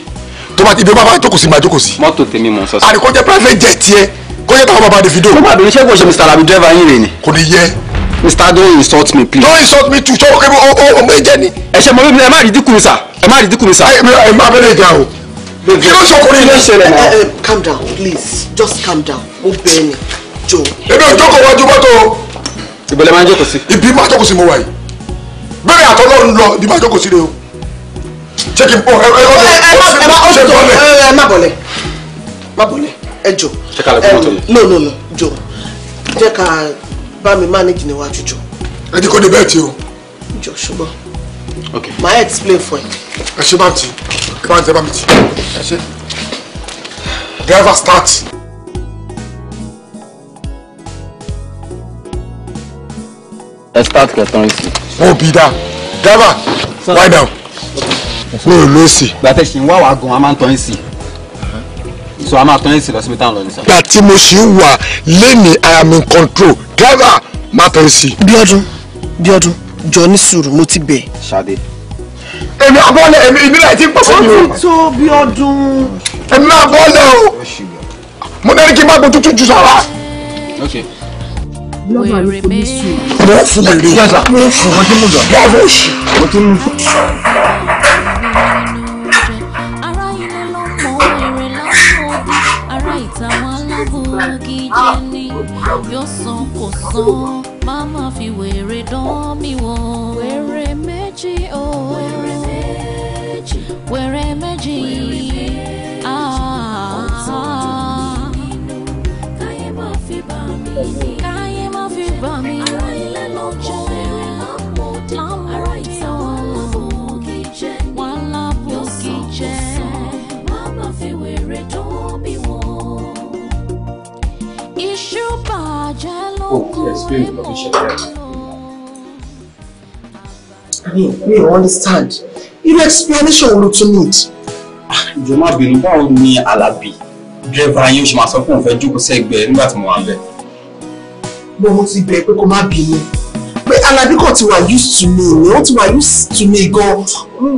tó bá ti ibi bàbá jókòó sí máa jókòó sí. mọ́tò tèmi mò ń sọ sí. àdìkò jẹ́ private jet yẹ kó yẹ táwọn bàbá Davido. mo máa dùn iṣẹ́ kò ṣe Mr. Alabi driver yín rè ni. kò ní yẹ. Mr. don't insult me please. don't insult me too sọ́wọ́ kébí ọmọ ẹ̀jẹ̀ ni. ẹ̀ṣẹ̀ mọ̀ mi ẹ má rí dínkù mi sá ẹ má rí dínkù mi sá. ẹ má bẹ́ẹ̀ lè ga o kí ló ṣọkùnrin yìí. ṣẹlẹ̀ náà. Eh, eh, eh, calm down please just calm down mo bẹ̀ ẹ́ ni jọ. ebi òjókòó wájú mọ́tò. ìbẹ̀lẹ̀ máa ń jókòó sí. ibi máa jókòó sí mo wà yìí bẹ́ẹ̀ àtọ́lọ́run lọ ibi máa jókòó sí ni o ṣé kí n bọ̀ ẹ ẹ ẹ má bọ̀lẹ̀ má bọ̀lẹ̀ ẹ jọ. ṣé ká lọ bí mọ́tò mi. no no no jọ jẹ́ ká bá mi manage níwájú jọ. ẹ ti kó de bẹ́ẹ̀ tí o. jọ ṣùgbọ́n ok máa explain fún ẹ. ẹ ṣe bá mi tì í bá mi tì í bá mi tì í ẹ ṣe driver start. ẹ start kẹtàn yìí sí. mo bí dáa driver why down mi ò lóòsì. gbàtẹ́ ṣì ń wá wàá gan a máa ń tọ́ yín sí i so a máa tọ́ yín sí i lọ síbi táwọn lọ ní sọ. gbà tí mo ṣì ń wà lẹ́nìí i am in control driver máa tọ́ yín sí i. Bíọ́dún Bíọ́dún jọ ní sùúrù mo ti bẹ̀. ṣáde. èmi àbọ̀lẹ̀ èmi ìbílẹ̀ ti pọ̀ sí mi tó bí ọdún. èmi náà o mo ní kí n má gbé tútù jù sára. lọ́wọ́ àlùfò ní sùúrù. mo fún mi rè é mo fún mi rè é mo sì. mo ti mú. ìtàwọn alábòógì jẹ ní yóò san kò san. kò kí explain nǹkan tó ṣẹlẹ̀ mi mi ò understand Your explanation will ló tún need. ìjọ ah, má bínú báwo ni me dírẹ́fà yín ó ṣe máa sọ fún òun fẹ́ jókòó sẹ́gbẹ̀ẹ́ nígbà tí mo wà ń bẹ̀. mo ti bẹ̀ pé Alabi kan ti wà used to me ni wọ́n ti wà used to me gan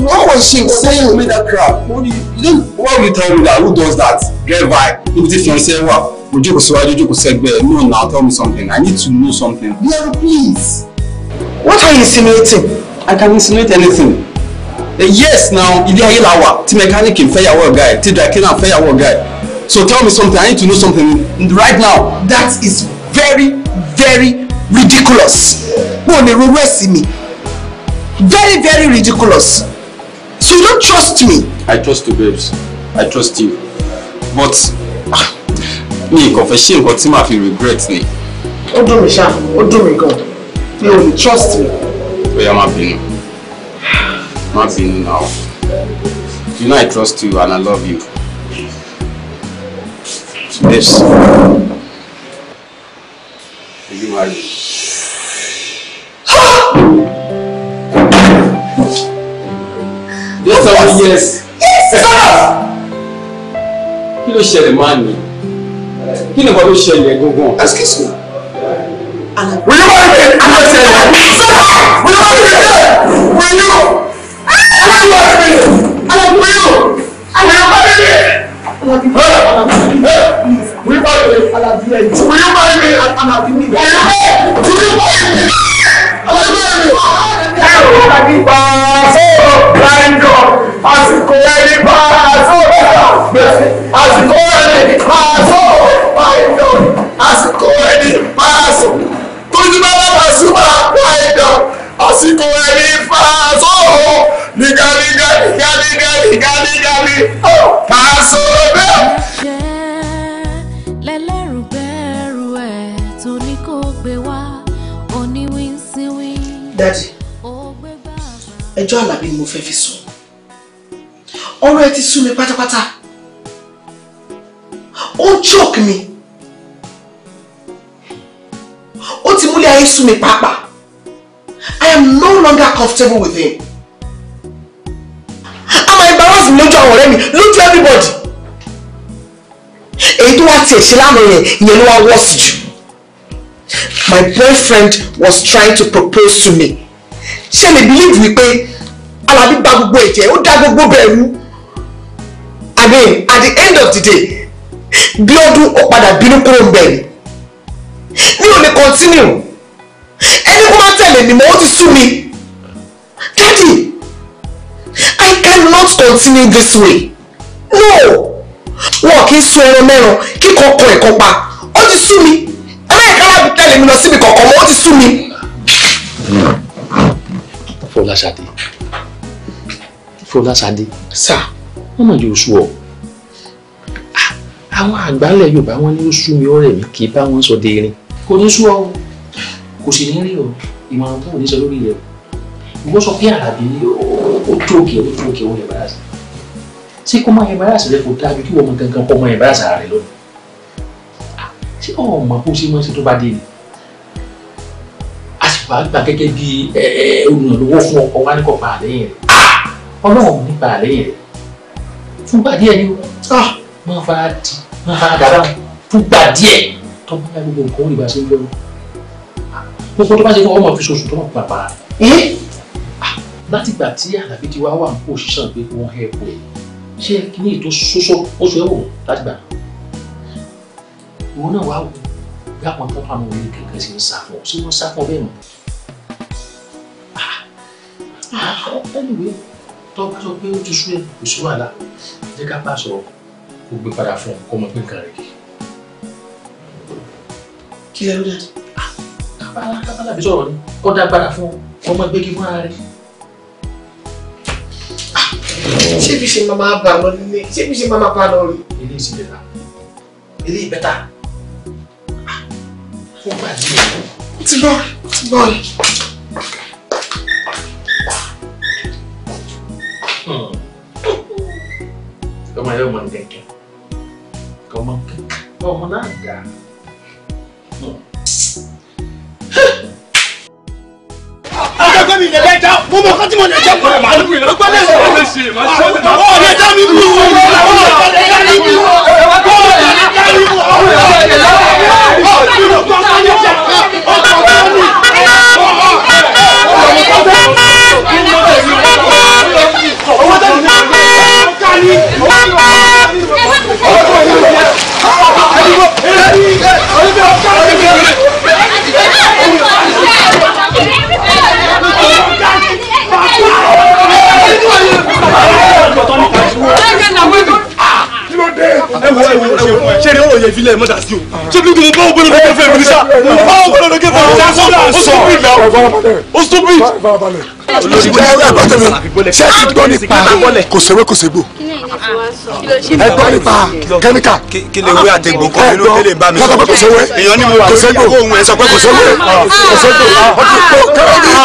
wọ́n kàn ṣe nǹkan sẹ́yìn omi that crap why you tell me that who does that get by níbi tí fiancé wà mo jókòó síwájú jókòó sẹ́gbẹ́ no now tell me something I need to know something. yeah please. what are you insinuating. I can insinuate anything. Uh, yes now ilé ayé la wà tí mechanic ń fẹ́yàwó ọ̀gá ẹ̀ tí dry cleaner ń fẹ́yàwó ọ̀gá ẹ̀ so tell me something I need to know something right now. that is very very ridiculous mo ò lè ronú ẹ̀ sí mi very very ridiculous so you don't trust me. I trust you babes I trust you but ah, mi kàn fẹ́ ṣe nǹkan tí màá fi regret ni. ó dùn mí ṣá ó dùn mí gan mi ò lè trust me. bóyá má bínú má bínú now you know I trust you and I love you. Babes. Are you married? me? yes or yes? Yes, sir! Kí ló ṣẹlẹ̀ máa ní? Kí ni nǹkan ló ṣẹlẹ̀ gangan? Excuse me. Will you marry me? Àwọn ṣẹlẹ̀. Sir! Will you marry me? Will you? Will you marry me? Will you? Will you marry me? Will you? wíwáyé alábí ẹ̀yìn. wíwáyé alábí mi. wíwáyé alábí mi. ẹ ò tàbí pàṣẹ láńjọ àsìkò ẹni pàṣẹ gbèsè àsìkò ẹni pàṣẹ láńjọ àsìkò ẹni pàṣẹ tójúmọ́ bàbá súnmọ́ láńjọ àsìkò ẹni pàṣẹ ní gàdígàdí gàdígàdí gàdígàdí pàṣẹ bẹ́ẹ̀. Daddy, ẹjọ́ Àlàbí ni mo fẹ́ fi sùn ọ̀rọ̀ ẹ ti sú mi pátápátá ó ń choke mi ó ti múlẹ̀ ayé sú mi pàápàá I am no longer comfortable with him a máa embarrass mi lójú àwọn mi lójú everybody èyí tó wá tiẹ̀ ṣe lánàá yẹn ìyẹn ló wá worse jù my boyfriend was trying to propose to me ṣé lè believe wípé Alabi bà gbogbo ẹ̀jẹ̀ ó dá gbogbo bẹ̀rù i mean at the end of the day bí ọdún ó padà bínú kúrò ń bẹ̀rẹ̀ mi ò lè continue ẹni kó máa tẹ̀lé ni mo ó ti sú mi daddy i cannot continue this way no wọn kì í sun ẹran mẹ́ran kíkọ́ kan ẹ̀kọ́ pa ó ti sú mi tẹ̀lé mi lọ síbi kọ̀ọ̀kan mọ́ ó ti sú mi. Fọláṣadé Fọláṣadé sá wọ́n mọ̀ yóò sú ọ ah, àwọn àgbálẹ̀ Yorùbá wọn ni ó sú mi ọ̀rẹ́ mi kì í bá wọn sọ de irin kò ní sú ọ kò sì ní rí ọ ìmọ̀ràn tó ní sọ lórí rẹ ìwọ sọ pé àràbí ó tóòkè ó tóòkè ó yẹ bára sí sí kó má yẹ bára sí rẹ kò dájú kí wọ́n mọ gangan kó má yẹ bára sí rẹ lónìí ṣé ọmọ bó ṣe mọ́ ṣe tó bá dé ni a sì wá gbà gẹ́gẹ́ bí olùrànlọ́wọ́ fún ọkọ wa nípa àlẹ́yìn rẹ̀ ah! ọlọ́run nípa àlẹ́yìn rẹ̀ fún gbà díẹ̀ ni ó ah! máa fara di máa fara dára fún gbà díẹ̀ tó bá yà gbogbo nǹkan ó lè bá ṣe ń lọ́rùn ah! gbogbo tó bá ṣe fún ọmọ fi ṣoṣù tó wà pàpà rẹ̀ látìgbà tí àlàbí ti wá wà ń kó òṣìṣẹ́ ìgbé wọn ẹ̀ pọ̀ ṣé kí ní ètò sọ́sọ́ oṣù ẹ̀wọ̀n látìgbà òun náà wà wò dápọ̀ nǹkan tó àwọn orin kankan ṣe ń sá fún ọ ṣé wọ́n sá tu ọ bẹ́ẹ̀ mọ́. ẹnìwé ah, ah, tó bá sọ pé ó ti sú ẹ kò sí wàhálà jẹ́ ká bá sọ kó gbé padà fún ọ kó mọ pé nǹkan rẹ̀ kì í. Ah, ni kó dá padà fún ọ ọmọ gbé kí fún kó gbà tí o. ti bọ́ ti bọ́ ni. ọmọ yẹn mọ nkẹkẹ ọmọ nkẹkẹ ọmọ náà ga. akẹ́kọ̀ọ́ mi lè lẹ́jà mo mọ̀ kọ́tí mo lè jẹ́ kọ́ ẹ̀ máa ń gbìyànjú. ọgbọ́n lè ṣe é máa ṣe é. ọ̀rọ̀ ẹja mi bú. ọ̀rọ̀ ẹja mi bú. Wait, wait, wait ẹwọ ẹwọ ẹwọ ṣe ni ọ̀rọ̀ yẹ ìfilẹ mọdà sí o ṣe bí mo bá wọn bọlọ lókè fẹmi nísà mo bá wọn bọlọ lókè fẹmi nísà sọ náà ó stupid náà ó stupid. olórí jẹ ẹgbẹ́ ẹgbẹ́ tẹ̀lé ṣé ti gbọ́ nípa kòsèwé kòsègbò ẹ gbọ́ nípa kẹ́míkà kílè wé àtẹ̀gbò kọ́ mi ló kílè bá mi sọ pé kòsèwé èèyàn ní mo wà kòsègbò kó òun ẹ sọ pé kòsèwé kòsègbò kẹ́míkà.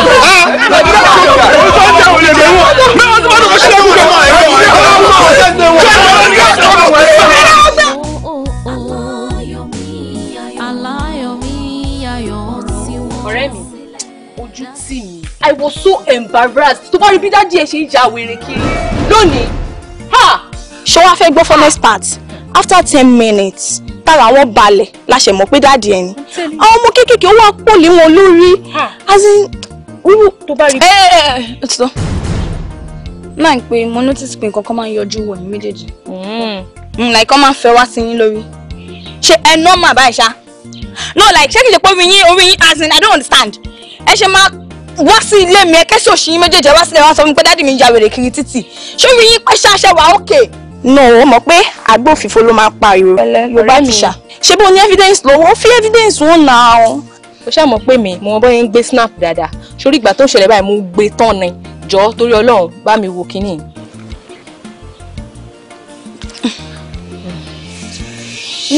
ọ̀rẹ́ mi ojú tì mí i was so embarrassed to bá rí bí dájú ẹ ṣe ń ja wèrè kiri lónìí. ṣé wàá for next part after ten minutes tára wọn balẹ̀ la ṣe mọ̀ pé dáàdì ẹ̀ ni àwọn ọmọ kéékèèké wà pọ̀ lé wọn lórí as in gúrú tó bá rí. ẹ ẹ ẹ ó ti tọ́ náà pé mo notice pé nǹkan kan máa ń yọjú wọ̀ ní méjèèjì hmm. Hmm, like kọ́ máa ń fẹ́ wá sí yín lórí ṣe ẹ nọ́mà báyìí ṣá no like ṣé kìí ṣe pé orí yín orí yín as in i don't understand ẹ ṣe máa wá sí ilé mi ẹ kẹ́sì òṣì yín méjèèjì ẹ wá sílẹ̀ wá sọ wípé dáàdì mi ń ya wèrè kiri títì ṣé orí yín pẹ́ ṣáṣẹ wà ókè. no o mọ̀ pé àgbófinfo ló máa pariwo yorùbá ti ṣá ṣé bó ní evidence lòun ó fi evidence wọn nà ó ṣàmọ̀ pé mi mo bọ́ yẹn ń gbé snap dáadáa sórí ìgbà tó ṣẹlẹ̀ báyìí mo gbé tán ni jọ torí ọlọ́run bá mi wo kínní.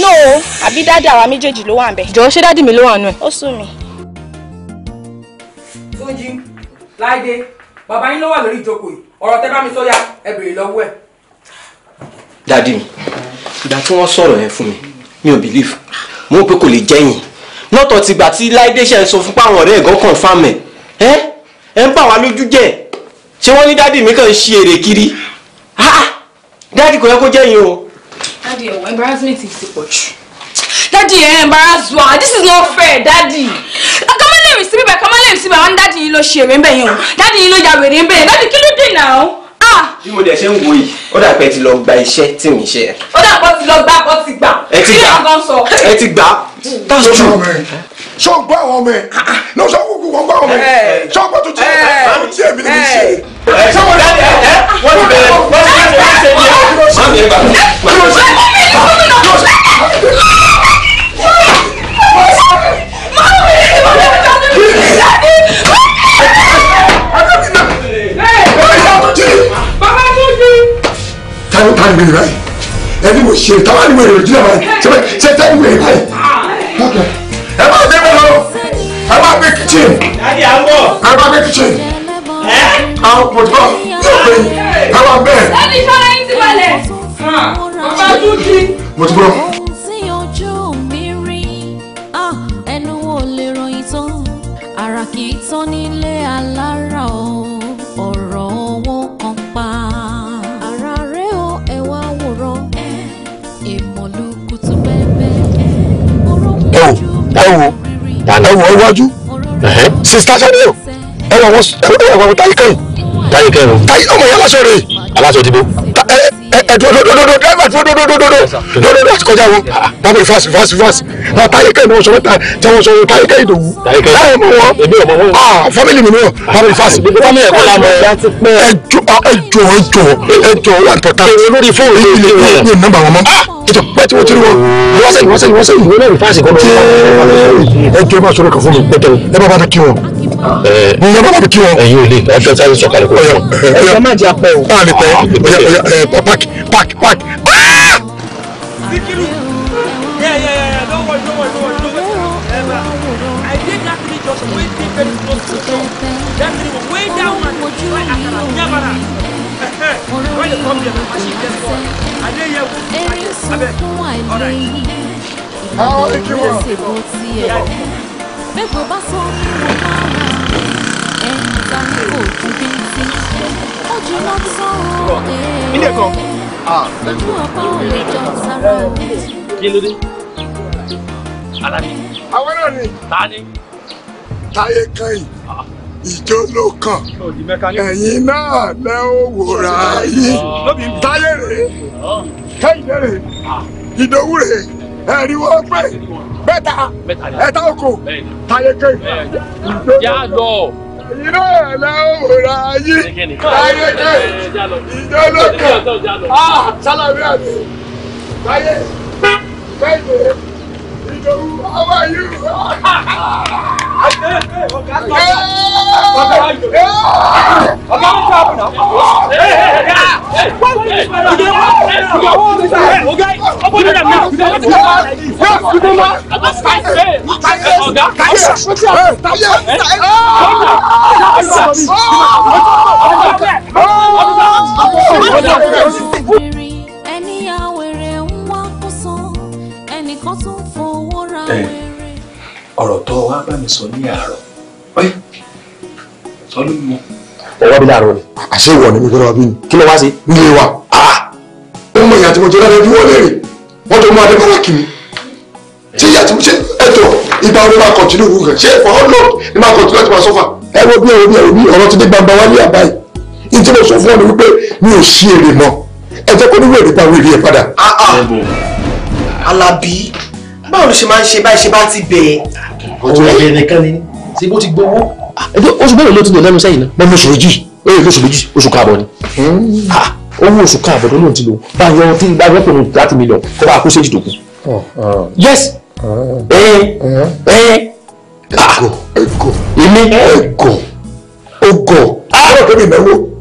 no àbí dáàdì àwa méjèèjì ló wà ń bẹ. jọ ṣé dáàdì mi ló wà nù ẹ. ó sú mi. túnjí láìdé bàbá yín ló wà lórí ìjókòó yìí ọ̀rọ̀ tẹ́ bá mi sọ́yà ẹ bèrè lọ́wọ́ ẹ̀. dáàdì mi ìgbà tí wọ́n sọ̀rọ̀ yẹn fún mi mi ò bìlíf mo ń pé kò lè jẹ́yìn lọ́tọ̀ tìgbà tí láìdé ṣe ń sọ fún páwọn ọ̀rẹ́ ẹ̀gán kan fáàmì ẹ̀ ẹ̀ ń bà wá lójú jẹ́ ṣé wọ́n ní dádì mi kàn ń ṣe èrè kiri dádì kò yẹ kó jẹ́ yín o. dádì ẹ̀wọ̀n embarrassment ti pọ̀ jù. dádì ẹ̀ embarrass wa this is not fair dádì. kọ́mọ́lẹ́rìn síbí bẹ́ẹ̀ kọ́mọ́lẹ́rìn síbí àwọn dádì yìí ló ṣe èrè ń bẹ̀ yẹn o dádì yìí ló ya wèrè ń bẹ̀ yẹn dádì kí ló dé náà bí mo dẹ̀ ṣe ń wo yìí ó dà pé ti lọ gba iṣẹ́ tí mi ṣe. ó dà pé ti lọ gbá bọ́ ti gbà. ẹ ti gbà ẹ ti gbà that's true. sọ gbọ́ àwọn ọmọ ẹ̀ náà sọ kúkú wọ́n gbọ́ àwọn ọmọ ẹ̀ sọ gbọ́ tó tiẹ̀ tó tiẹ̀ mi lè ṣe. ẹ ṣé wọn dáadé ẹ wọn ti bẹ̀rẹ̀ wọn ti bẹ̀rẹ̀ ṣe ni ẹ má mi gbà. Daddy! táwa ni wèrè báyìí ẹni mo ṣe táwa ni wèrè ojú náà báyìí ṣe ṣe táwa ni wèrè báyìí. ẹ máa gbé bọ́lá o ẹ máa gbé kíchìn ẹ máa gbé kíchìn àwọn pòtùbọ̀ yóò gbé ẹ máa bẹ́ẹ̀. ẹni sọ́ra yín ti wọlé ọba tún ti. mo ti bọ́. ẹ wò ẹ wò iwájú sista sadiyo ẹ wò àwọn táyì kẹyìn. táyì kẹyìn o. táyì ọmọ yẹn aláṣọ rẹ. aláṣọ dìbò. ẹ ẹ ẹ dúró dúró dúró dáìbà dúró dúró dúró dúró dúró dúró láti kọjá wọn. bàbá ah. mi fásitì fásitì fásitì náà táyì kẹyìn ni wọn sọ wọn ta tí wọn sọ wọn táyì kẹyìn dòwú. táyì kẹyìn láwọn ọmọ wọn. èmi ọmọ wọn. aa ah, fámìlì mi náà bàbá mi fásitì. bàbá mi ẹ̀kọ́ la mọ̀ ẹ jọ ẹ jọ ẹ jọ ẹ jọ wà tọ́ta. èrè lórí fóònù ètò pẹ́ tí wọ́n ti rí wọn wọ́n sẹ́yìn wọ́n sẹ́yìn wọ́n sẹ́yìn wọ́n lẹ́rìí fáṣẹ̀ kọ́nà ẹ jẹ́ bá sọ̀rọ̀ kan fún mi ẹ bá bá mi kí wọn. ẹ bá bá kí wọn. ẹyin ò ẹ fẹ́ sáré sọ̀kalẹ̀ kó fún un. ẹ má jẹ́ apẹ́ o. a lè pẹ́ ẹ pákì pákì pákì. sunkún àìlèyìn ìgbàgbọ́ ìgbésẹ̀ bó ah, táyé kan yìí ah. ló kàn ẹ̀yin náà lẹ́ ò wòrà yìí oh. táyé rèé. Oh kẹ́hìndé rè ìdòwú rè ẹ̀ríwó pé bẹ́tà ẹ̀ta oko tayeke ah, ìdòwú iná ẹ̀lẹ́ òwòrán ayé tayeke ìdòlókè sálábí àti taye kẹ́hìndé ìdòwú how are ẹnìkan tún fowó ra ẹ ọ̀rọ̀ tó wá bá mi sọ ní àárọ̀ ọ̀yẹ́ sọ ló mọ. ọwọ́ bí láàárọ̀ ni àṣé ìwọ ni mi gbọ́dọ̀ wá bí ni kí ló wá sí nílé wa ah! ó mọ ìyá tí mo jẹ lálẹ́ bí wọ́n lè rìn wọ́n tó máa dé bá wà kì mí ṣé ìyá tí mo ṣe ẹ̀tọ́ ìgbà wo ni máa kọ̀tínú wù kàn ṣé ẹ̀fọ́ ọ̀nà ni máa kọ̀tínú láti máa sọ́fà. ẹ wo bí ẹ̀rọ bí ẹ̀rọ bí ọ̀rọ̀ ti dé gbangba wá ní àbáyé ní tí mo sọ fún ọ ni wípé mi ò ṣí èrè mọ́ ẹ jẹ́ kó ní wèrè bá wèrè ẹ̀ padà. Ah, ah. Alábí báwo ló ṣe máa ń ṣe báyìí ṣe bá ti bẹ̀ẹ́. ọ̀rọ̀ ẹ̀yẹ nìkan ni ṣé bó ti gbowó. Ah, oṣù mélòó ló ti lò lẹ́nu sẹ́yìn náà lẹ́nu oṣù méjì èyí eh, lóṣù méjì oṣù káàbọ̀ ni hmm. ah, owó oṣù káàbọ̀ ló lóun ti lò bá yọ tí bá yọ pẹ̀lú láti mílíọ̀n kó bá kó ṣéjì tó kù. yes ẹ̀ẹ́n ẹ̀ẹ́n ẹ̀ẹ́n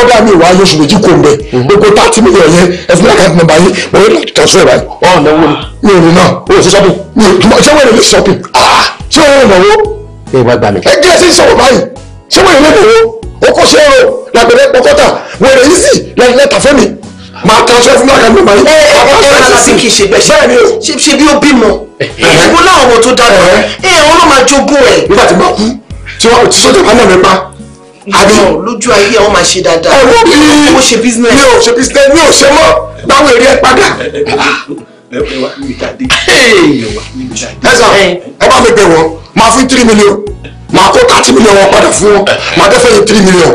ọ̀dà mi wà yóò ṣùgbọ́n jí kò ń bẹ̀ gbogbo mhm. thirty million yẹn ẹ̀fún àkáǹtì nọ́mbà yín wọ́n yóò láti transfer ẹ̀ báyìí. ọ̀hún náwó ni. mi ò ní náà. o ò sí shopping. mi ò tún ṣé wọ́n lè shopping. Ah, ṣé wọ́n lè náwó. ẹ wá gbà mí. ẹ jẹ́ sí sọ̀rọ̀ báyìí ṣé wọ́n lè náwó. o kò ṣe é ro làgbẹ̀rẹ̀ pọ̀kọ́tà wẹ̀rẹ̀ yìí sì lẹ́tà fẹ́mi máa transfer fún àkáǹtì nọ́mbà yín. ẹ ẹ ẹ ẹ ẹ ẹ ẹ àbí lójú ayé àwọn máa ṣe dáadáa ẹ wo bí mo ṣe business mi ò ṣe business mi ò ṣe mọ báwo èrè ẹ padà. ẹ wá níbi jáde ẹ sà ẹ bá mi bẹ̀ wọ́n máa fún three million máa kó thirty million wọn padà fún wọn máa dẹ́fẹ́ yín three million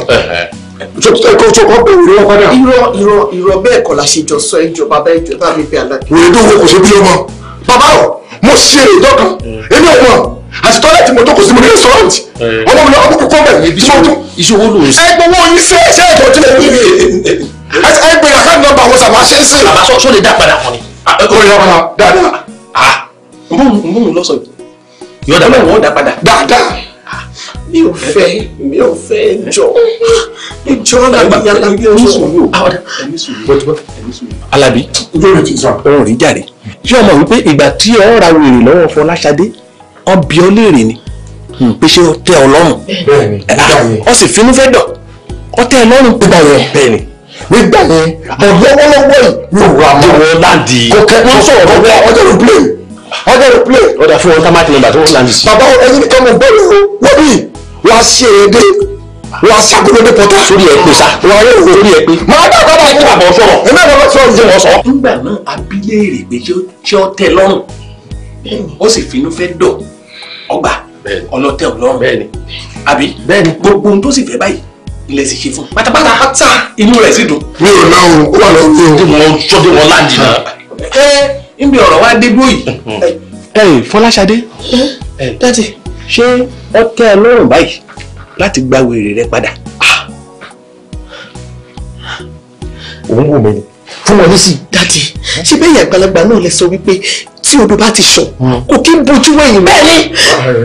irọ́ irọ́ irọ́ bẹ́ẹ̀ kọ́ la ṣe jọ sọ ẹjọ́ bàbá ẹjọ́ bá mi bẹ̀ aláàbí. wèrè tó wọ kò ṣe bí ọmọ bàbá ọ mo ṣe èrè dọ́kan èmi ò mọ̀ àti tọ́lẹ̀tì mo jókòó sí mo ní restaurant eh. ọmọ mi lọ ọmọ kókó bẹ̀ tí mo tún. ìṣòwò ló ń sọ. ẹgbẹ́ owó yín ṣe ṣe ètò ìtúlẹ̀ yìí ẹgbẹ́ àká nọ́mbà wọn sàmà ṣe é sí. bàbá sọ lè dá padà fún ni. Ah, ó yẹ ọmọ dáadáa. n bó mu lọ sọ dá yọ̀dà náà wọ́n dá padà. dáadáa ah, mi ò fẹ́ mi ò fẹ́ jọ ìjọ alábi alábi ọsọ. alábi ọ̀rọ̀ rí jàre ṣé ọmọ wípé ìgbà tí ọ ra wèrè lọ́wọ́ Fọláṣadé ọbẹ̀ ọ léèrè ni hmm. pé ṣé ó tẹ́ ọ lọ́rùn ọ ah, ah, sì finú fẹ́ dọ̀ ọ tẹ́ ẹ lọ́rùn pé bẹ́ẹ̀ ni nígbà yẹn ọ̀dọ́wọ́lọ́wọ́ yìí yóò wà mọ́ wọn láǹdì kòkẹ́ wọn sọ̀rọ̀ lọ́wọ́ ọjọ́ ló play ọjọ́ ló play. ọ̀dà fún wọn ká má tẹ̀lé ìgbà tó wọ́n láǹdì sí. bàbá ẹni ní kọ́mọ bọ́ọ̀lù wọ́n bí wọ́n á ṣe é dé wọ́n á ṣàkóso dé pọ̀tà. sórí ẹ pé sa wọ́n á yẹ wò sórí ẹ pé. màá bá bàbá yìí bàbá sọ̀rọ̀ ẹ̀mí bàbá sọ̀rọ̀ ṣe wọ́n sọ. nígbà náà abilé rè pé ṣé ó tẹ́ lọ́rùn ó sì finú fẹ́ dọ̀ ọgbà ọlọ̀tẹ̀ ọlọ́run bẹ́ẹ̀ni àbí bẹ́ẹ̀ni gbogbo ohun tó sì fẹ́ báyìí ilẹ̀ sì ṣe fún pátápátá pátá inú rẹ̀ sì dùn. mi ò náà o wà lọ sí o. dìmọ̀ sọ́dẹ̀ wọn láǹdì náà. ẹ ẹ ń bí ọ̀rọ̀ wa dé dúró yìí. ẹ ẹ Fọláṣadé dátì ṣé ọ tẹ́ ẹ lọ́rùn báyìí láti gba wèrè rẹ padà. Ah. òun wò mí ni fún wọn ní sí. dátì ṣé bẹ́ẹ̀ yàgbàlagbà náà lè sọ wípé tí odò bá ti sọ kò kí n bojú wẹ̀yìn bẹ́ẹ̀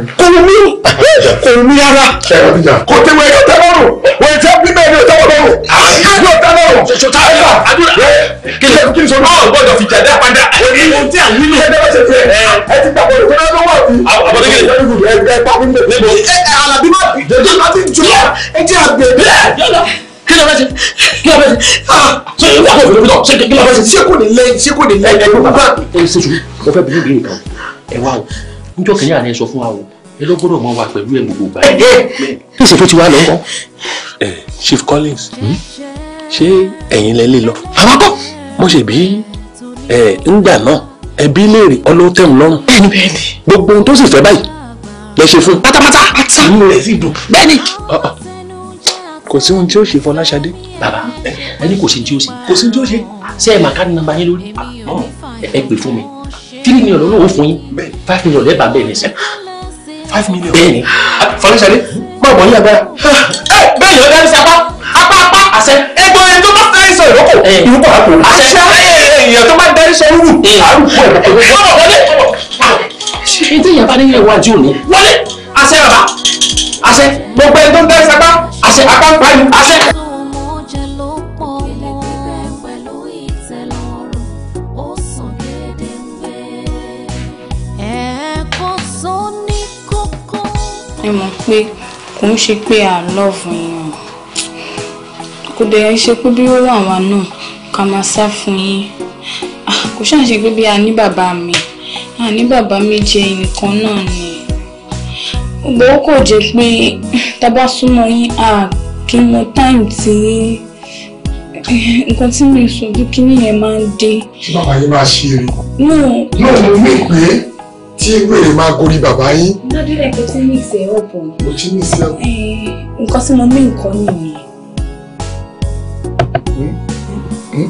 ni kò mí kò mí rárá. kò tí wọ́n yóò tẹ́lọ̀ rò wọ́n yóò tẹ́ bí bẹ́ẹ̀ ni yóò tẹ́lọ̀ rò yóò tẹ́lọ̀ rò ṣòṣòtà ẹ̀fà àdúrà kí lè kí n sọ náà gbọ́dọ̀ fi jàdá padà èyí ló ti à nínú. ẹ dẹ́gbẹ́ ṣe fẹ́ ẹ ti gbà pọ̀ lọ́wọ́ lọ́wọ́ àbọ̀dẹ́gẹ́ ẹ ẹ pa mí bẹ́ẹ̀. ẹ kí ló fẹ́ ṣe kí ló ah ṣe ìwé àwọn òfin lóbitọ̀ ṣe kí ló fẹ́ ṣe ṣé kò ní lẹ́yìn ṣé kò ní lẹ́yìn ẹ̀rọ bá. ẹ ṣe ṣùgbọ́n mo fẹ́ bínú bínú o níjọ́ kẹ́yìn àná ẹ sọ fún wa o ẹ lọ gbọ́dọ̀ mọ wa pẹ̀lú ẹ gbogbo gbà yẹn. kí ìṣètò ti wá lọ Chief Collins ṣé ẹ̀yin lẹ lè mo ṣe bí ẹ ńgbà náà ẹbí léèrè ọlọ́tẹ̀hún lọ́rùn. bẹ́ẹ̀ni bẹ́ẹ̀ni. gbogbo ohun tó sì fẹ́ báyìí lẹ ṣe fún. pátápátá. inú rẹ̀ sì dùn. bẹ́ẹ̀ni kò sí ohun tí ó ṣe fọláṣadé. bàbá ẹni kò sí ohun tí ó ṣe kò sí ohun tí ó ṣe ṣe é máa ká ní nàmbá yín lórí ah, àmọ́ ẹ fẹ́ pè fún mi three million lọ́nà ó fún yín five million lẹ́bàá bẹ́ẹ̀ ni sẹ́. five million bẹ́ẹ̀ ni ah, fọláṣadé má bọ̀ yín agbára. Ah, bẹ́ẹ̀ yóò dárí sí apá apá apá àṣẹ egbò ẹni tó bá fẹ́ẹ́ sọ ìrókò ìrókò àpò àṣẹ èèyàn tó bá dárí sọ rúrù àrùkù ẹ̀ àṣẹ bàbá àṣẹ gbogbo ẹni tó ń tẹ́sí apá àṣẹ apá ń pa ìlú àṣẹ. ẹ mọ̀ pé kò ń ṣe pé à ń lọ́ọ̀fù yín o kò dẹ̀ ṣe pé bí ó wà wá náà ká máa sá fún yín ah, kò ṣàǹṣe pé bí a ní bàbá mi a ní bàbá méjì ẹnìkan náà ni ṣùgbọ́n kò jẹ́ pé tá bá súnmọ́ yín a kì í mọ táìmù tí nǹkan tí mi sojú kíní yẹn máa ń dé. tí bàbá yín máa ṣe eré. náà náà mo mú ìpè tí wèrè máa gorí bàbá yín. lọ́dún rẹ̀ pé tí mi ìṣe ọ̀pọ̀. mo ti ní ìṣe eh, ọ̀pọ̀. nǹkan tí mo mú nǹkan nìyẹn. Mm-hmm. Hmm?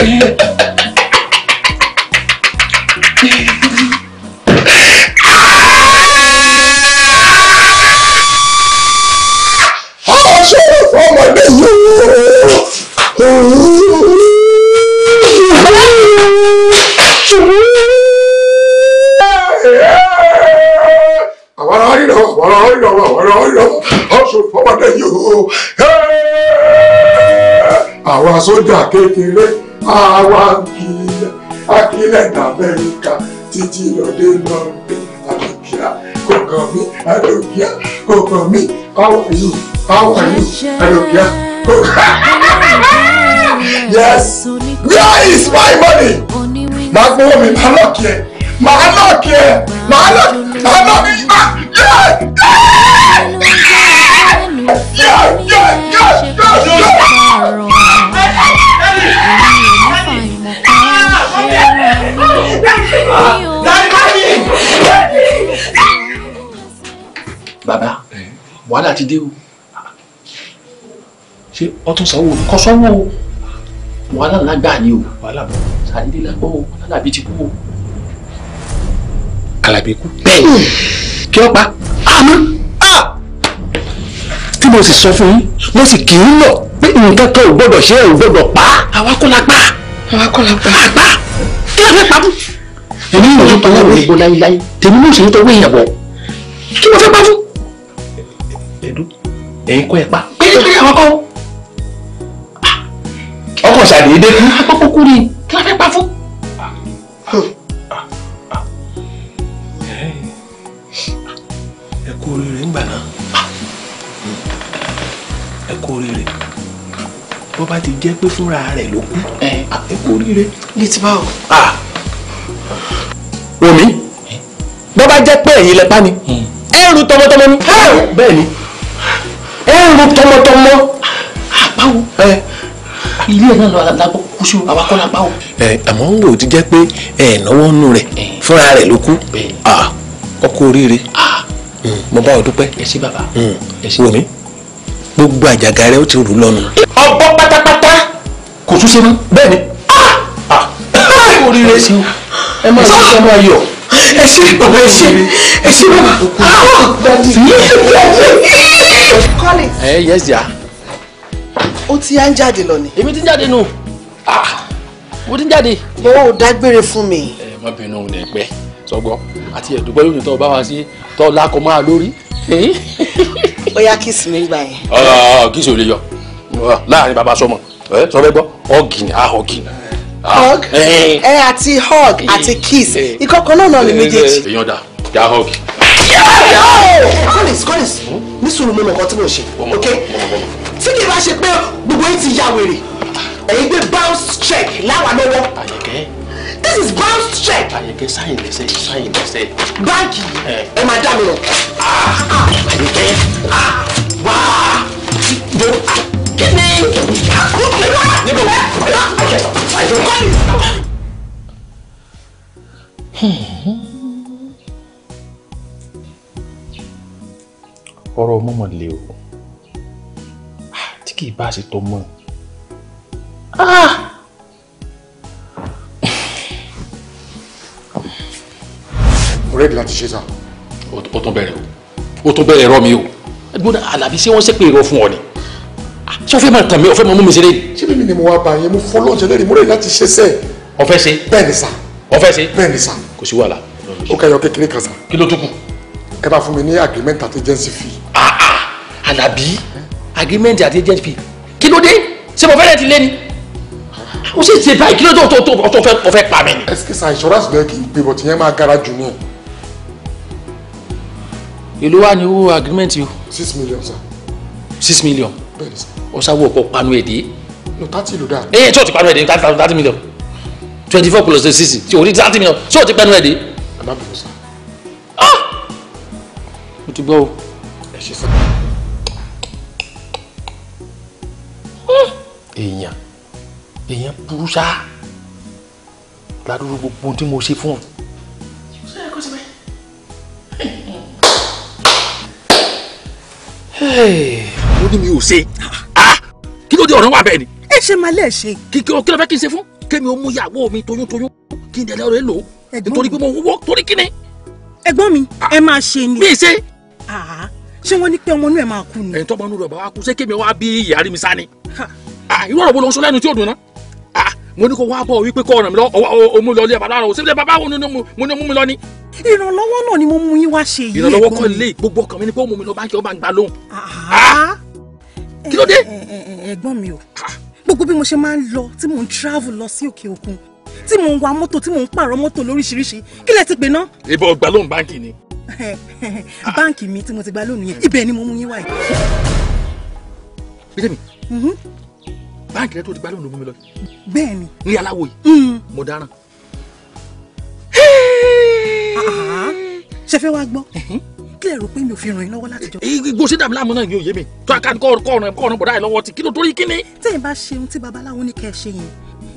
Eh, sójà kékeré àwa kìlẹ̀ akílẹ̀ d'Amẹ́ríkà títí lọ́dẹ lọ́dún àdókìá kọ̀ọ̀kan mi àdókìá kọ̀ọ̀kan mi how are you yes where is my money máa gbowó mi máa lọ́ọ̀kì ẹ̀ máa lọ́ọ̀kì ẹ̀ máa lọ́ọ̀kì máa lọ́ọ̀kì ah yeah yeah yeah yeah yeah yeah. bàbá wàhálà ti dé o ṣé ọtún sanwó kọ sanwó o wàhálà ńlá gbà ni o wàhálà bọ sàdédé lágbọ o alábí ti kú o. alábí kú. bẹ́ẹ̀ kí ọ pa àmọ́ tí mo sì sọ fún yín mo sì kì í lọ pé nǹkan kan ò gbọ́dọ̀ ṣe é ò gbọ́dọ̀ pa. àwa kọ́ la pa àwa kọ́ la pa àgbà kí la fẹ́ pa fún. èmi yóò tọwọ́ ìbò láyéláyé tèmi yóò sì ń tọwọ́ ìyàbọ̀ kí mo fẹ́ pa fún pẹ̀lú ẹ̀yin kọ́ ẹ pa pérépéré àwọn kan ọkọ̀ ṣàdédé kú àpapọ̀ kú ni kí la fẹ́ pa fún. ẹ kú oríire ńgbà náà ẹ kú oríire bó bá ti jẹ́ pé fúnra rẹ̀ ló kú ẹ kú oríire. bí ti báwo. omi ah. bó bá jẹ́ pé ẹ̀yin lẹ pa ni ẹ tọmọtọmọ ni. bẹ́ẹ̀ ẹ ń ro tọmọtọmọ àpáwo ilé ẹ̀ náà lábọ́ kú sí àwa kọ́ lápá o. ẹ àmọ́ ń wò ti jẹ́ pé ẹ náwó nù rẹ̀ fúnra rẹ̀ ló kú ọkọ oríire hmm, mo bá ọ dúpẹ́. ẹ ṣé bàbá hmm, ẹ ṣé wòmí gbogbo àjàgà rẹ ó ti rù lọ́nu. ọgbọ́n pátápátá kò tún ṣe mọ́ bẹ́ẹ̀ ni ọkọ oríire ẹ máa ṣe ẹ máa ẹ ṣé bàbá ẹ ṣé ẹ ṣé bàbá. Collins. ẹ eh, yes dear. o ti à ń jáde lọ ni. èmi ti ń jáde nù ah, mo ti ń jáde. mo ò dágbére fún mi. ẹ má bínú òun so sọgbọ àti ẹdùgbọ lónìí tó o bá wa sí tó o lákọ máa lórí. kiss me, kíìsì mi gbà yẹn. kíìsì ò lè yọ láàrin bàbá So sọ fẹ gbọ ọgìn ahọgìn hug ah, ah, ẹ àti hug àti kiss eh. ìkọkọ náà náà ni méjèèjì. èèyàn dà já hug. Yeah, Collins Collins ní sùúrù mú nǹkan tí mo ṣe ok tí kì í bá ṣe pé gbogbo yìí ti ya wèrè ẹ̀yin gbé bounce check láwa lọ́wọ́ this is bounce check. àyẹ̀kẹ́ sáyìn lẹ́sẹ̀ sáyìn lẹ́sẹ̀. báńkì ẹ máa dá mi lọ. àyẹ̀kẹ́ wá jo kíni. níbo àyẹ̀kẹ́. Hmm. ọ̀rọ̀ mọ́mọ́ le o ah, tí kì bá ṣe tó mọ́ ah! rẹ́ẹ̀dì láti ṣe sá. ó tún bẹ̀rẹ̀ o ó tún bẹ̀rẹ̀ ẹ̀rọ mi o gbọ́dọ̀ alábí ṣé wọ́n ṣépè irọ́ fún ọ ni ah, ṣé o fẹ́ máa tàn mí o fẹ́ máa mú mi ṣeré. ṣé mímí ni mo wá bá yẹn mo fọ́ lọ́ọ̀jẹ̀ lẹ́rìí mo rẹ̀ láti ṣe sẹ́. o ṣe. bẹ́ẹ̀ ni sá. o ṣe. bẹ́ẹ̀ ni sá. kò sí wàhálà. ó kẹyọ kékeré kan sá. kí ló tún kù. ẹ bá fún mi ní agreement agency fee. Àlàbí agreement àti agent fee kí ló dé ṣé mo fẹ́rẹ̀ ti lé ni ó sì ṣe báyìí kí ló dé tó tó fẹ́ pa mí ni. ẹsikẹsà insurance bẹ́ẹ̀ kì í pé bọ tìyẹn máa gara jù ní. èló wà ní owó agreement yìí. six million sir. six million. bẹ́ẹ̀ni sir. ọ̀sáwó ọ̀pọ̀ panu èdè. no thirty ló dáa. ee eh, tí o ti panu èdè thirty thirty million twenty four plus the six tí o ní thirty million tí o ti panu èdè. alábìyẹn sir. ah mo ti gbọ́ o. ẹ ṣe sẹ́yìn. èèyàn èèyàn burú sá ládùúgbò gbogbo tí mo ṣe fún un. mo ní mi ò ṣe ah, kí ló dé ọ̀rọ̀ wà bẹ́ẹ̀ ni. ẹ ṣe máa lẹ́ẹ̀ ṣe. kí kí ló fẹ́ kí n ṣe fún kémi ó mú ìyàwó mi toyúntoyún kí n dẹ̀lẹ́ rẹ̀ lò ó nítorí pé mo wọ́ torí kíni. ẹ̀gbọ́n mi ah. ẹ máa ṣe ni. mi ṣe. Ah, ṣé wọ́n ní pé ọmọ inú ẹ̀ máa kú ni. ẹ̀yin tọ́mọ inú rẹ̀ bá wá kú ṣé kémi wá bí ìyá rí mi sá ni. Ah, irú ọ̀rọ̀ wo ló ń sọ lẹ́nu tí ò dùn ná ah, mo ní kó wá bọ̀ wípé kọ́ ọ̀ràn mi lọ ọmú lọ ilé bàbá rẹ o sílẹ̀ bàbá wo ni mo ní mú mi lọ ni. ìrànlọ́wọ́ náà ni mo mú yín wá ṣe yìí. ìrànlọ́wọ́ kọ́ ilé gbogbo ọkàn mi ni pé ó mú mi lọ báńkì ọba ń gbà lóhùn. Ah! kí ló dé. Eh, eh, eh, ẹ̀gbọ́n mi o gbogbo bí mo ṣe máa ń lọ tí mò ń travel lọ sí òkè òkun tí mò ń wa mọ́tò tí mò ń pààrọ̀ mọ́tò lóríṣiríṣi kí lẹ ti pè náà. ìbọn ọgbà lóhùn báńkì ni. báńkì mi tí mo ti gba lónìí ibẹ̀ ni mo mú yín wá yìí. bídẹ́mi mm-hmm báńkì rẹ tó ti gbá lónìí omi lọ. bẹ́ẹ̀ni. ní aláwo yìí. Hmm. mo dáràn. ṣe fẹ́ wá gbọ́ kí lè rò pé mi ò fi ràn yín lọ́wọ́ láti jọ. igbó ṣé dàbí láàmú náà yóò yé mi tó a ká kọ́ ọ̀ràn kọ́ ọ̀ràn bọ̀dá yìí lọ́wọ́ ti kí ló torí kí ni. tẹ́yìn bá ṣe ohun tí babaláwo ní kẹ́ ẹ ṣe yẹn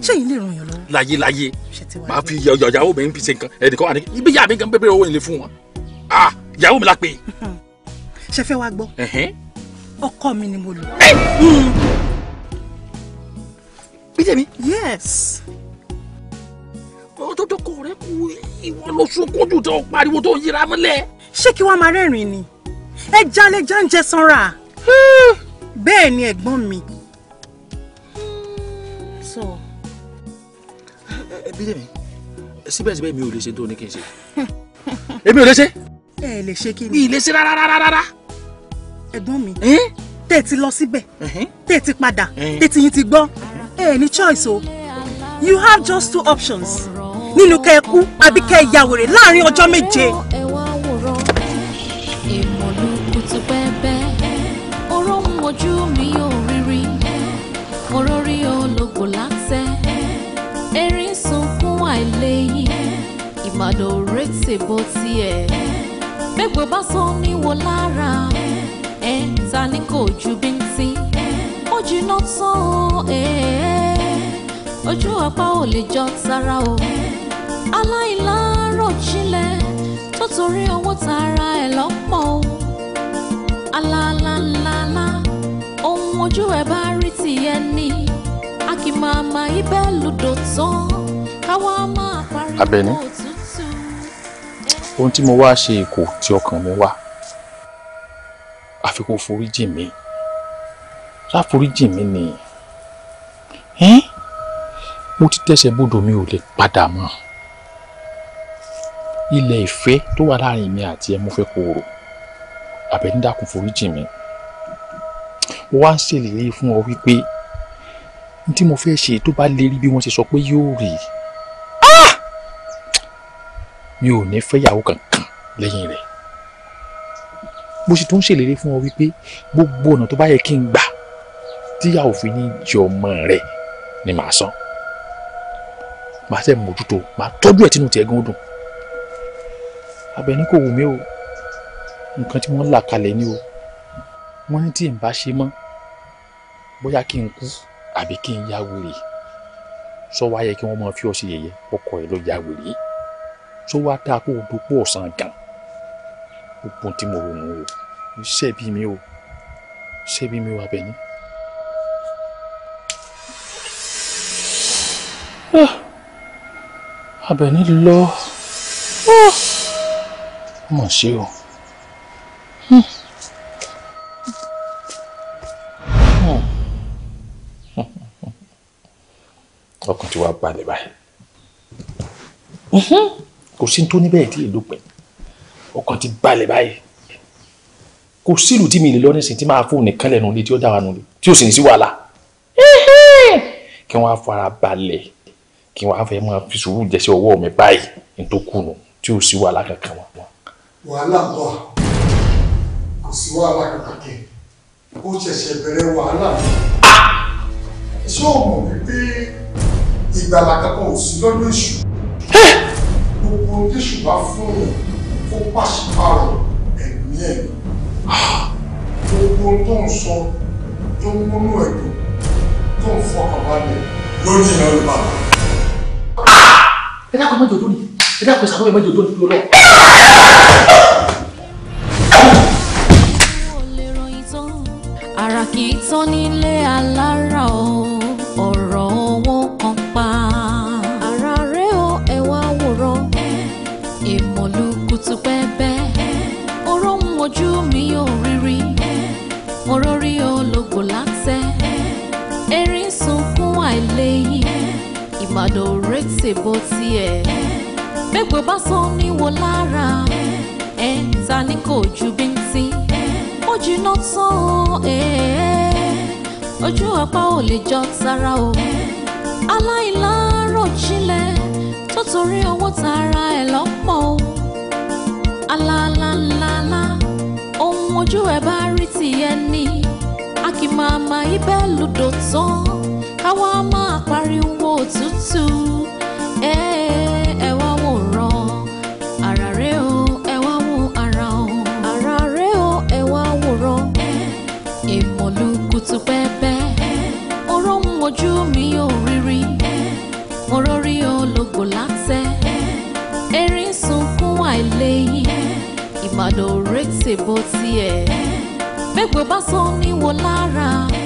ṣé lè ràn yín lọ́wọ́. láyé láyé máa fi yàyàwó mi fi ṣe nǹkan ẹnìkan wà ní ibi yà mí gan bẹ́ẹ̀ owó ìlé fún wọn ah yàwó mi la pè. ṣe fẹ́ wá gbọ́ ọkọ mi ni mo lò bíjẹ̀mí. yes. ọjọ́ dọ́kọ̀ rẹ kú ìwọ ló sunkún jù tó pariwo tó yíra mọ́lẹ̀. ṣé kí wọ́n máa rẹ́rìn-ín ni ẹ jalè jáǹjẹ sanra. Hmm. bẹ́ẹ̀ ni ẹ̀gbọ́n mi. sọ. ẹ bíjẹ̀mí síbẹ̀síbẹ̀ mi ò lè ṣe tó ní kí n ṣe. èmi ò lè ṣe. ẹ lè ṣe kí ni. mi ì lè ṣe rárá rárá rárá. ẹ̀gbọ́n mi tẹ́ ẹ ti lọ síbẹ̀ tẹ́ ẹ ti padà tẹ́ ti yín ti gbọ́ ẹ ní choice o you have just two options nínú kẹ́ ẹ kú àbí kẹ́ láàrin ọjọ́ méje. ojú mi ò rírí orórí ológo láṣẹ erin bá sọ níwò lára ẹ ta ni kò ju bí ń tín ó jiná tán o ojú apá ò lè jọ tara o aláìlárò jinlẹ̀ tó torí owó tara ẹ̀ lọ́pọ̀ o alálàlálà ohun ojú ẹ̀ bá rí tìyẹ ni a kì máa ma ibẹ̀ lùdò tán káwá máa pariwo òtútù. ohun tí mo wá ṣe èkó tí ọkàn mi wá àfikún foríjì mi ṣàforíjì mi ni mo ti tẹ̀sẹ̀ bodò mi ò lè padà mọ́ ilẹ̀ ìfẹ́ tó wà láàrin mi àti ẹ mo fẹ́ kóró àbẹ̀ní dákun foríjì mi ó wá ń ṣèlérí fún ọ wípé n tí mo fẹ́ ṣe tó bá lè rí bí wọ́n ṣe sọ pé yóò rí ah! mi ò ní fẹ́yàwó kankan lẹ́yìn rẹ̀ mo sì tún ṣèlérí fún ọ wípé gbogbo ọ̀nà tó bá yẹ kí n gbà tíyà òfin ní jẹ ọmọ rẹ ni màá san màá sẹ mójútó màá tọ́jú ẹ̀ tínú tiẹ̀ gan dùn Àbẹ̀ní kò wù mí o nǹkan tí wọ́n là kalẹ̀ ni o wọ́n ní tí n bá ṣe mọ́ bóyá kí n kú àbí kí n ya wèrè sọ wá yẹ kí wọ́n máa fi ọ sí yẹ̀yẹ́ ọkọ ẹ̀ ló ya wèrè sọ wá dáa kó o dopò ọ̀sán gan gbogbo tí mo rò nù o ṣẹ́bi mi o ṣẹ́bi mi o Àbẹ̀ní. Àbẹ̀ní ah, lọ ah, mọ̀ ṣe o. Hmm. Hmm. ọkàn ti wá balẹ̀ báyìí hmm. kò sí tó níbẹ̀ tí èlò pẹ̀ ọkàn ti balẹ̀ báyìí kò sílùú tí mi lè lọ nísìnyí tí máa fóònù kálẹ̀ nulẹ̀ tí ó dára nulẹ̀ tí ó sì ní sí wàhálà kí wọ́n á fara balẹ̀ kí wọ́n á fẹ́ máa fi sùúrù jẹ́ sí ọwọ́ mi báyìí ní tó kù nù tí o sí wàhálà kankan wọn. wàhálà wà kò sí wàhálà kankan kẹ ó ṣẹ̀ṣẹ̀ bẹ̀rẹ̀ wàhálà ṣé o mọ̀ wípé ìgbàlà kankan ò sí lọ́dún èṣù gbogbo oníṣù bá fún un ó pàṣípààrọ̀ ẹ̀mí ẹ̀ gbogbo tó ń sọ tó ń múnú ẹ̀dùn tó ń fọkàn balẹ̀ lórí ìnáwó bàbá ẹ dákun mọ́jọ tó ní ẹ dákun sàbọ̀ mọ́jọ tó ní tó lọ. ara kì í tán nílé. gbọ́dọ̀ retí bó tiẹ̀. bẹ́gbẹ́ bá sọ níwò lára ẹ̀ ta ni kò ju bí ń tí ó jiná tán ojú apá ò lè jọ tara o aláìlárò jinlẹ̀ tó torí owó tara ẹ̀ lọ́pọ̀ o alálàlálà ohun ojú ẹ̀ bá rí tìyẹ ni a kì máa máa ibẹ̀ lùdò tán káwa máa pariwo òtútù ẹ ẹ wá wò ràn ara rẹ o ẹ wá wò ara o ara rẹ o ẹ wá wò ràn ìmọ̀lúkutu pẹ́pẹ́ ọ̀rọ̀ ń mi ò rírí ọ̀rọ̀ rí ológo látẹ erin sunkún àìlẹ́yìn ìbàdàn ò retí bó tiẹ̀ bẹ́ẹ̀ pé bá sọ níwò lára. Eh.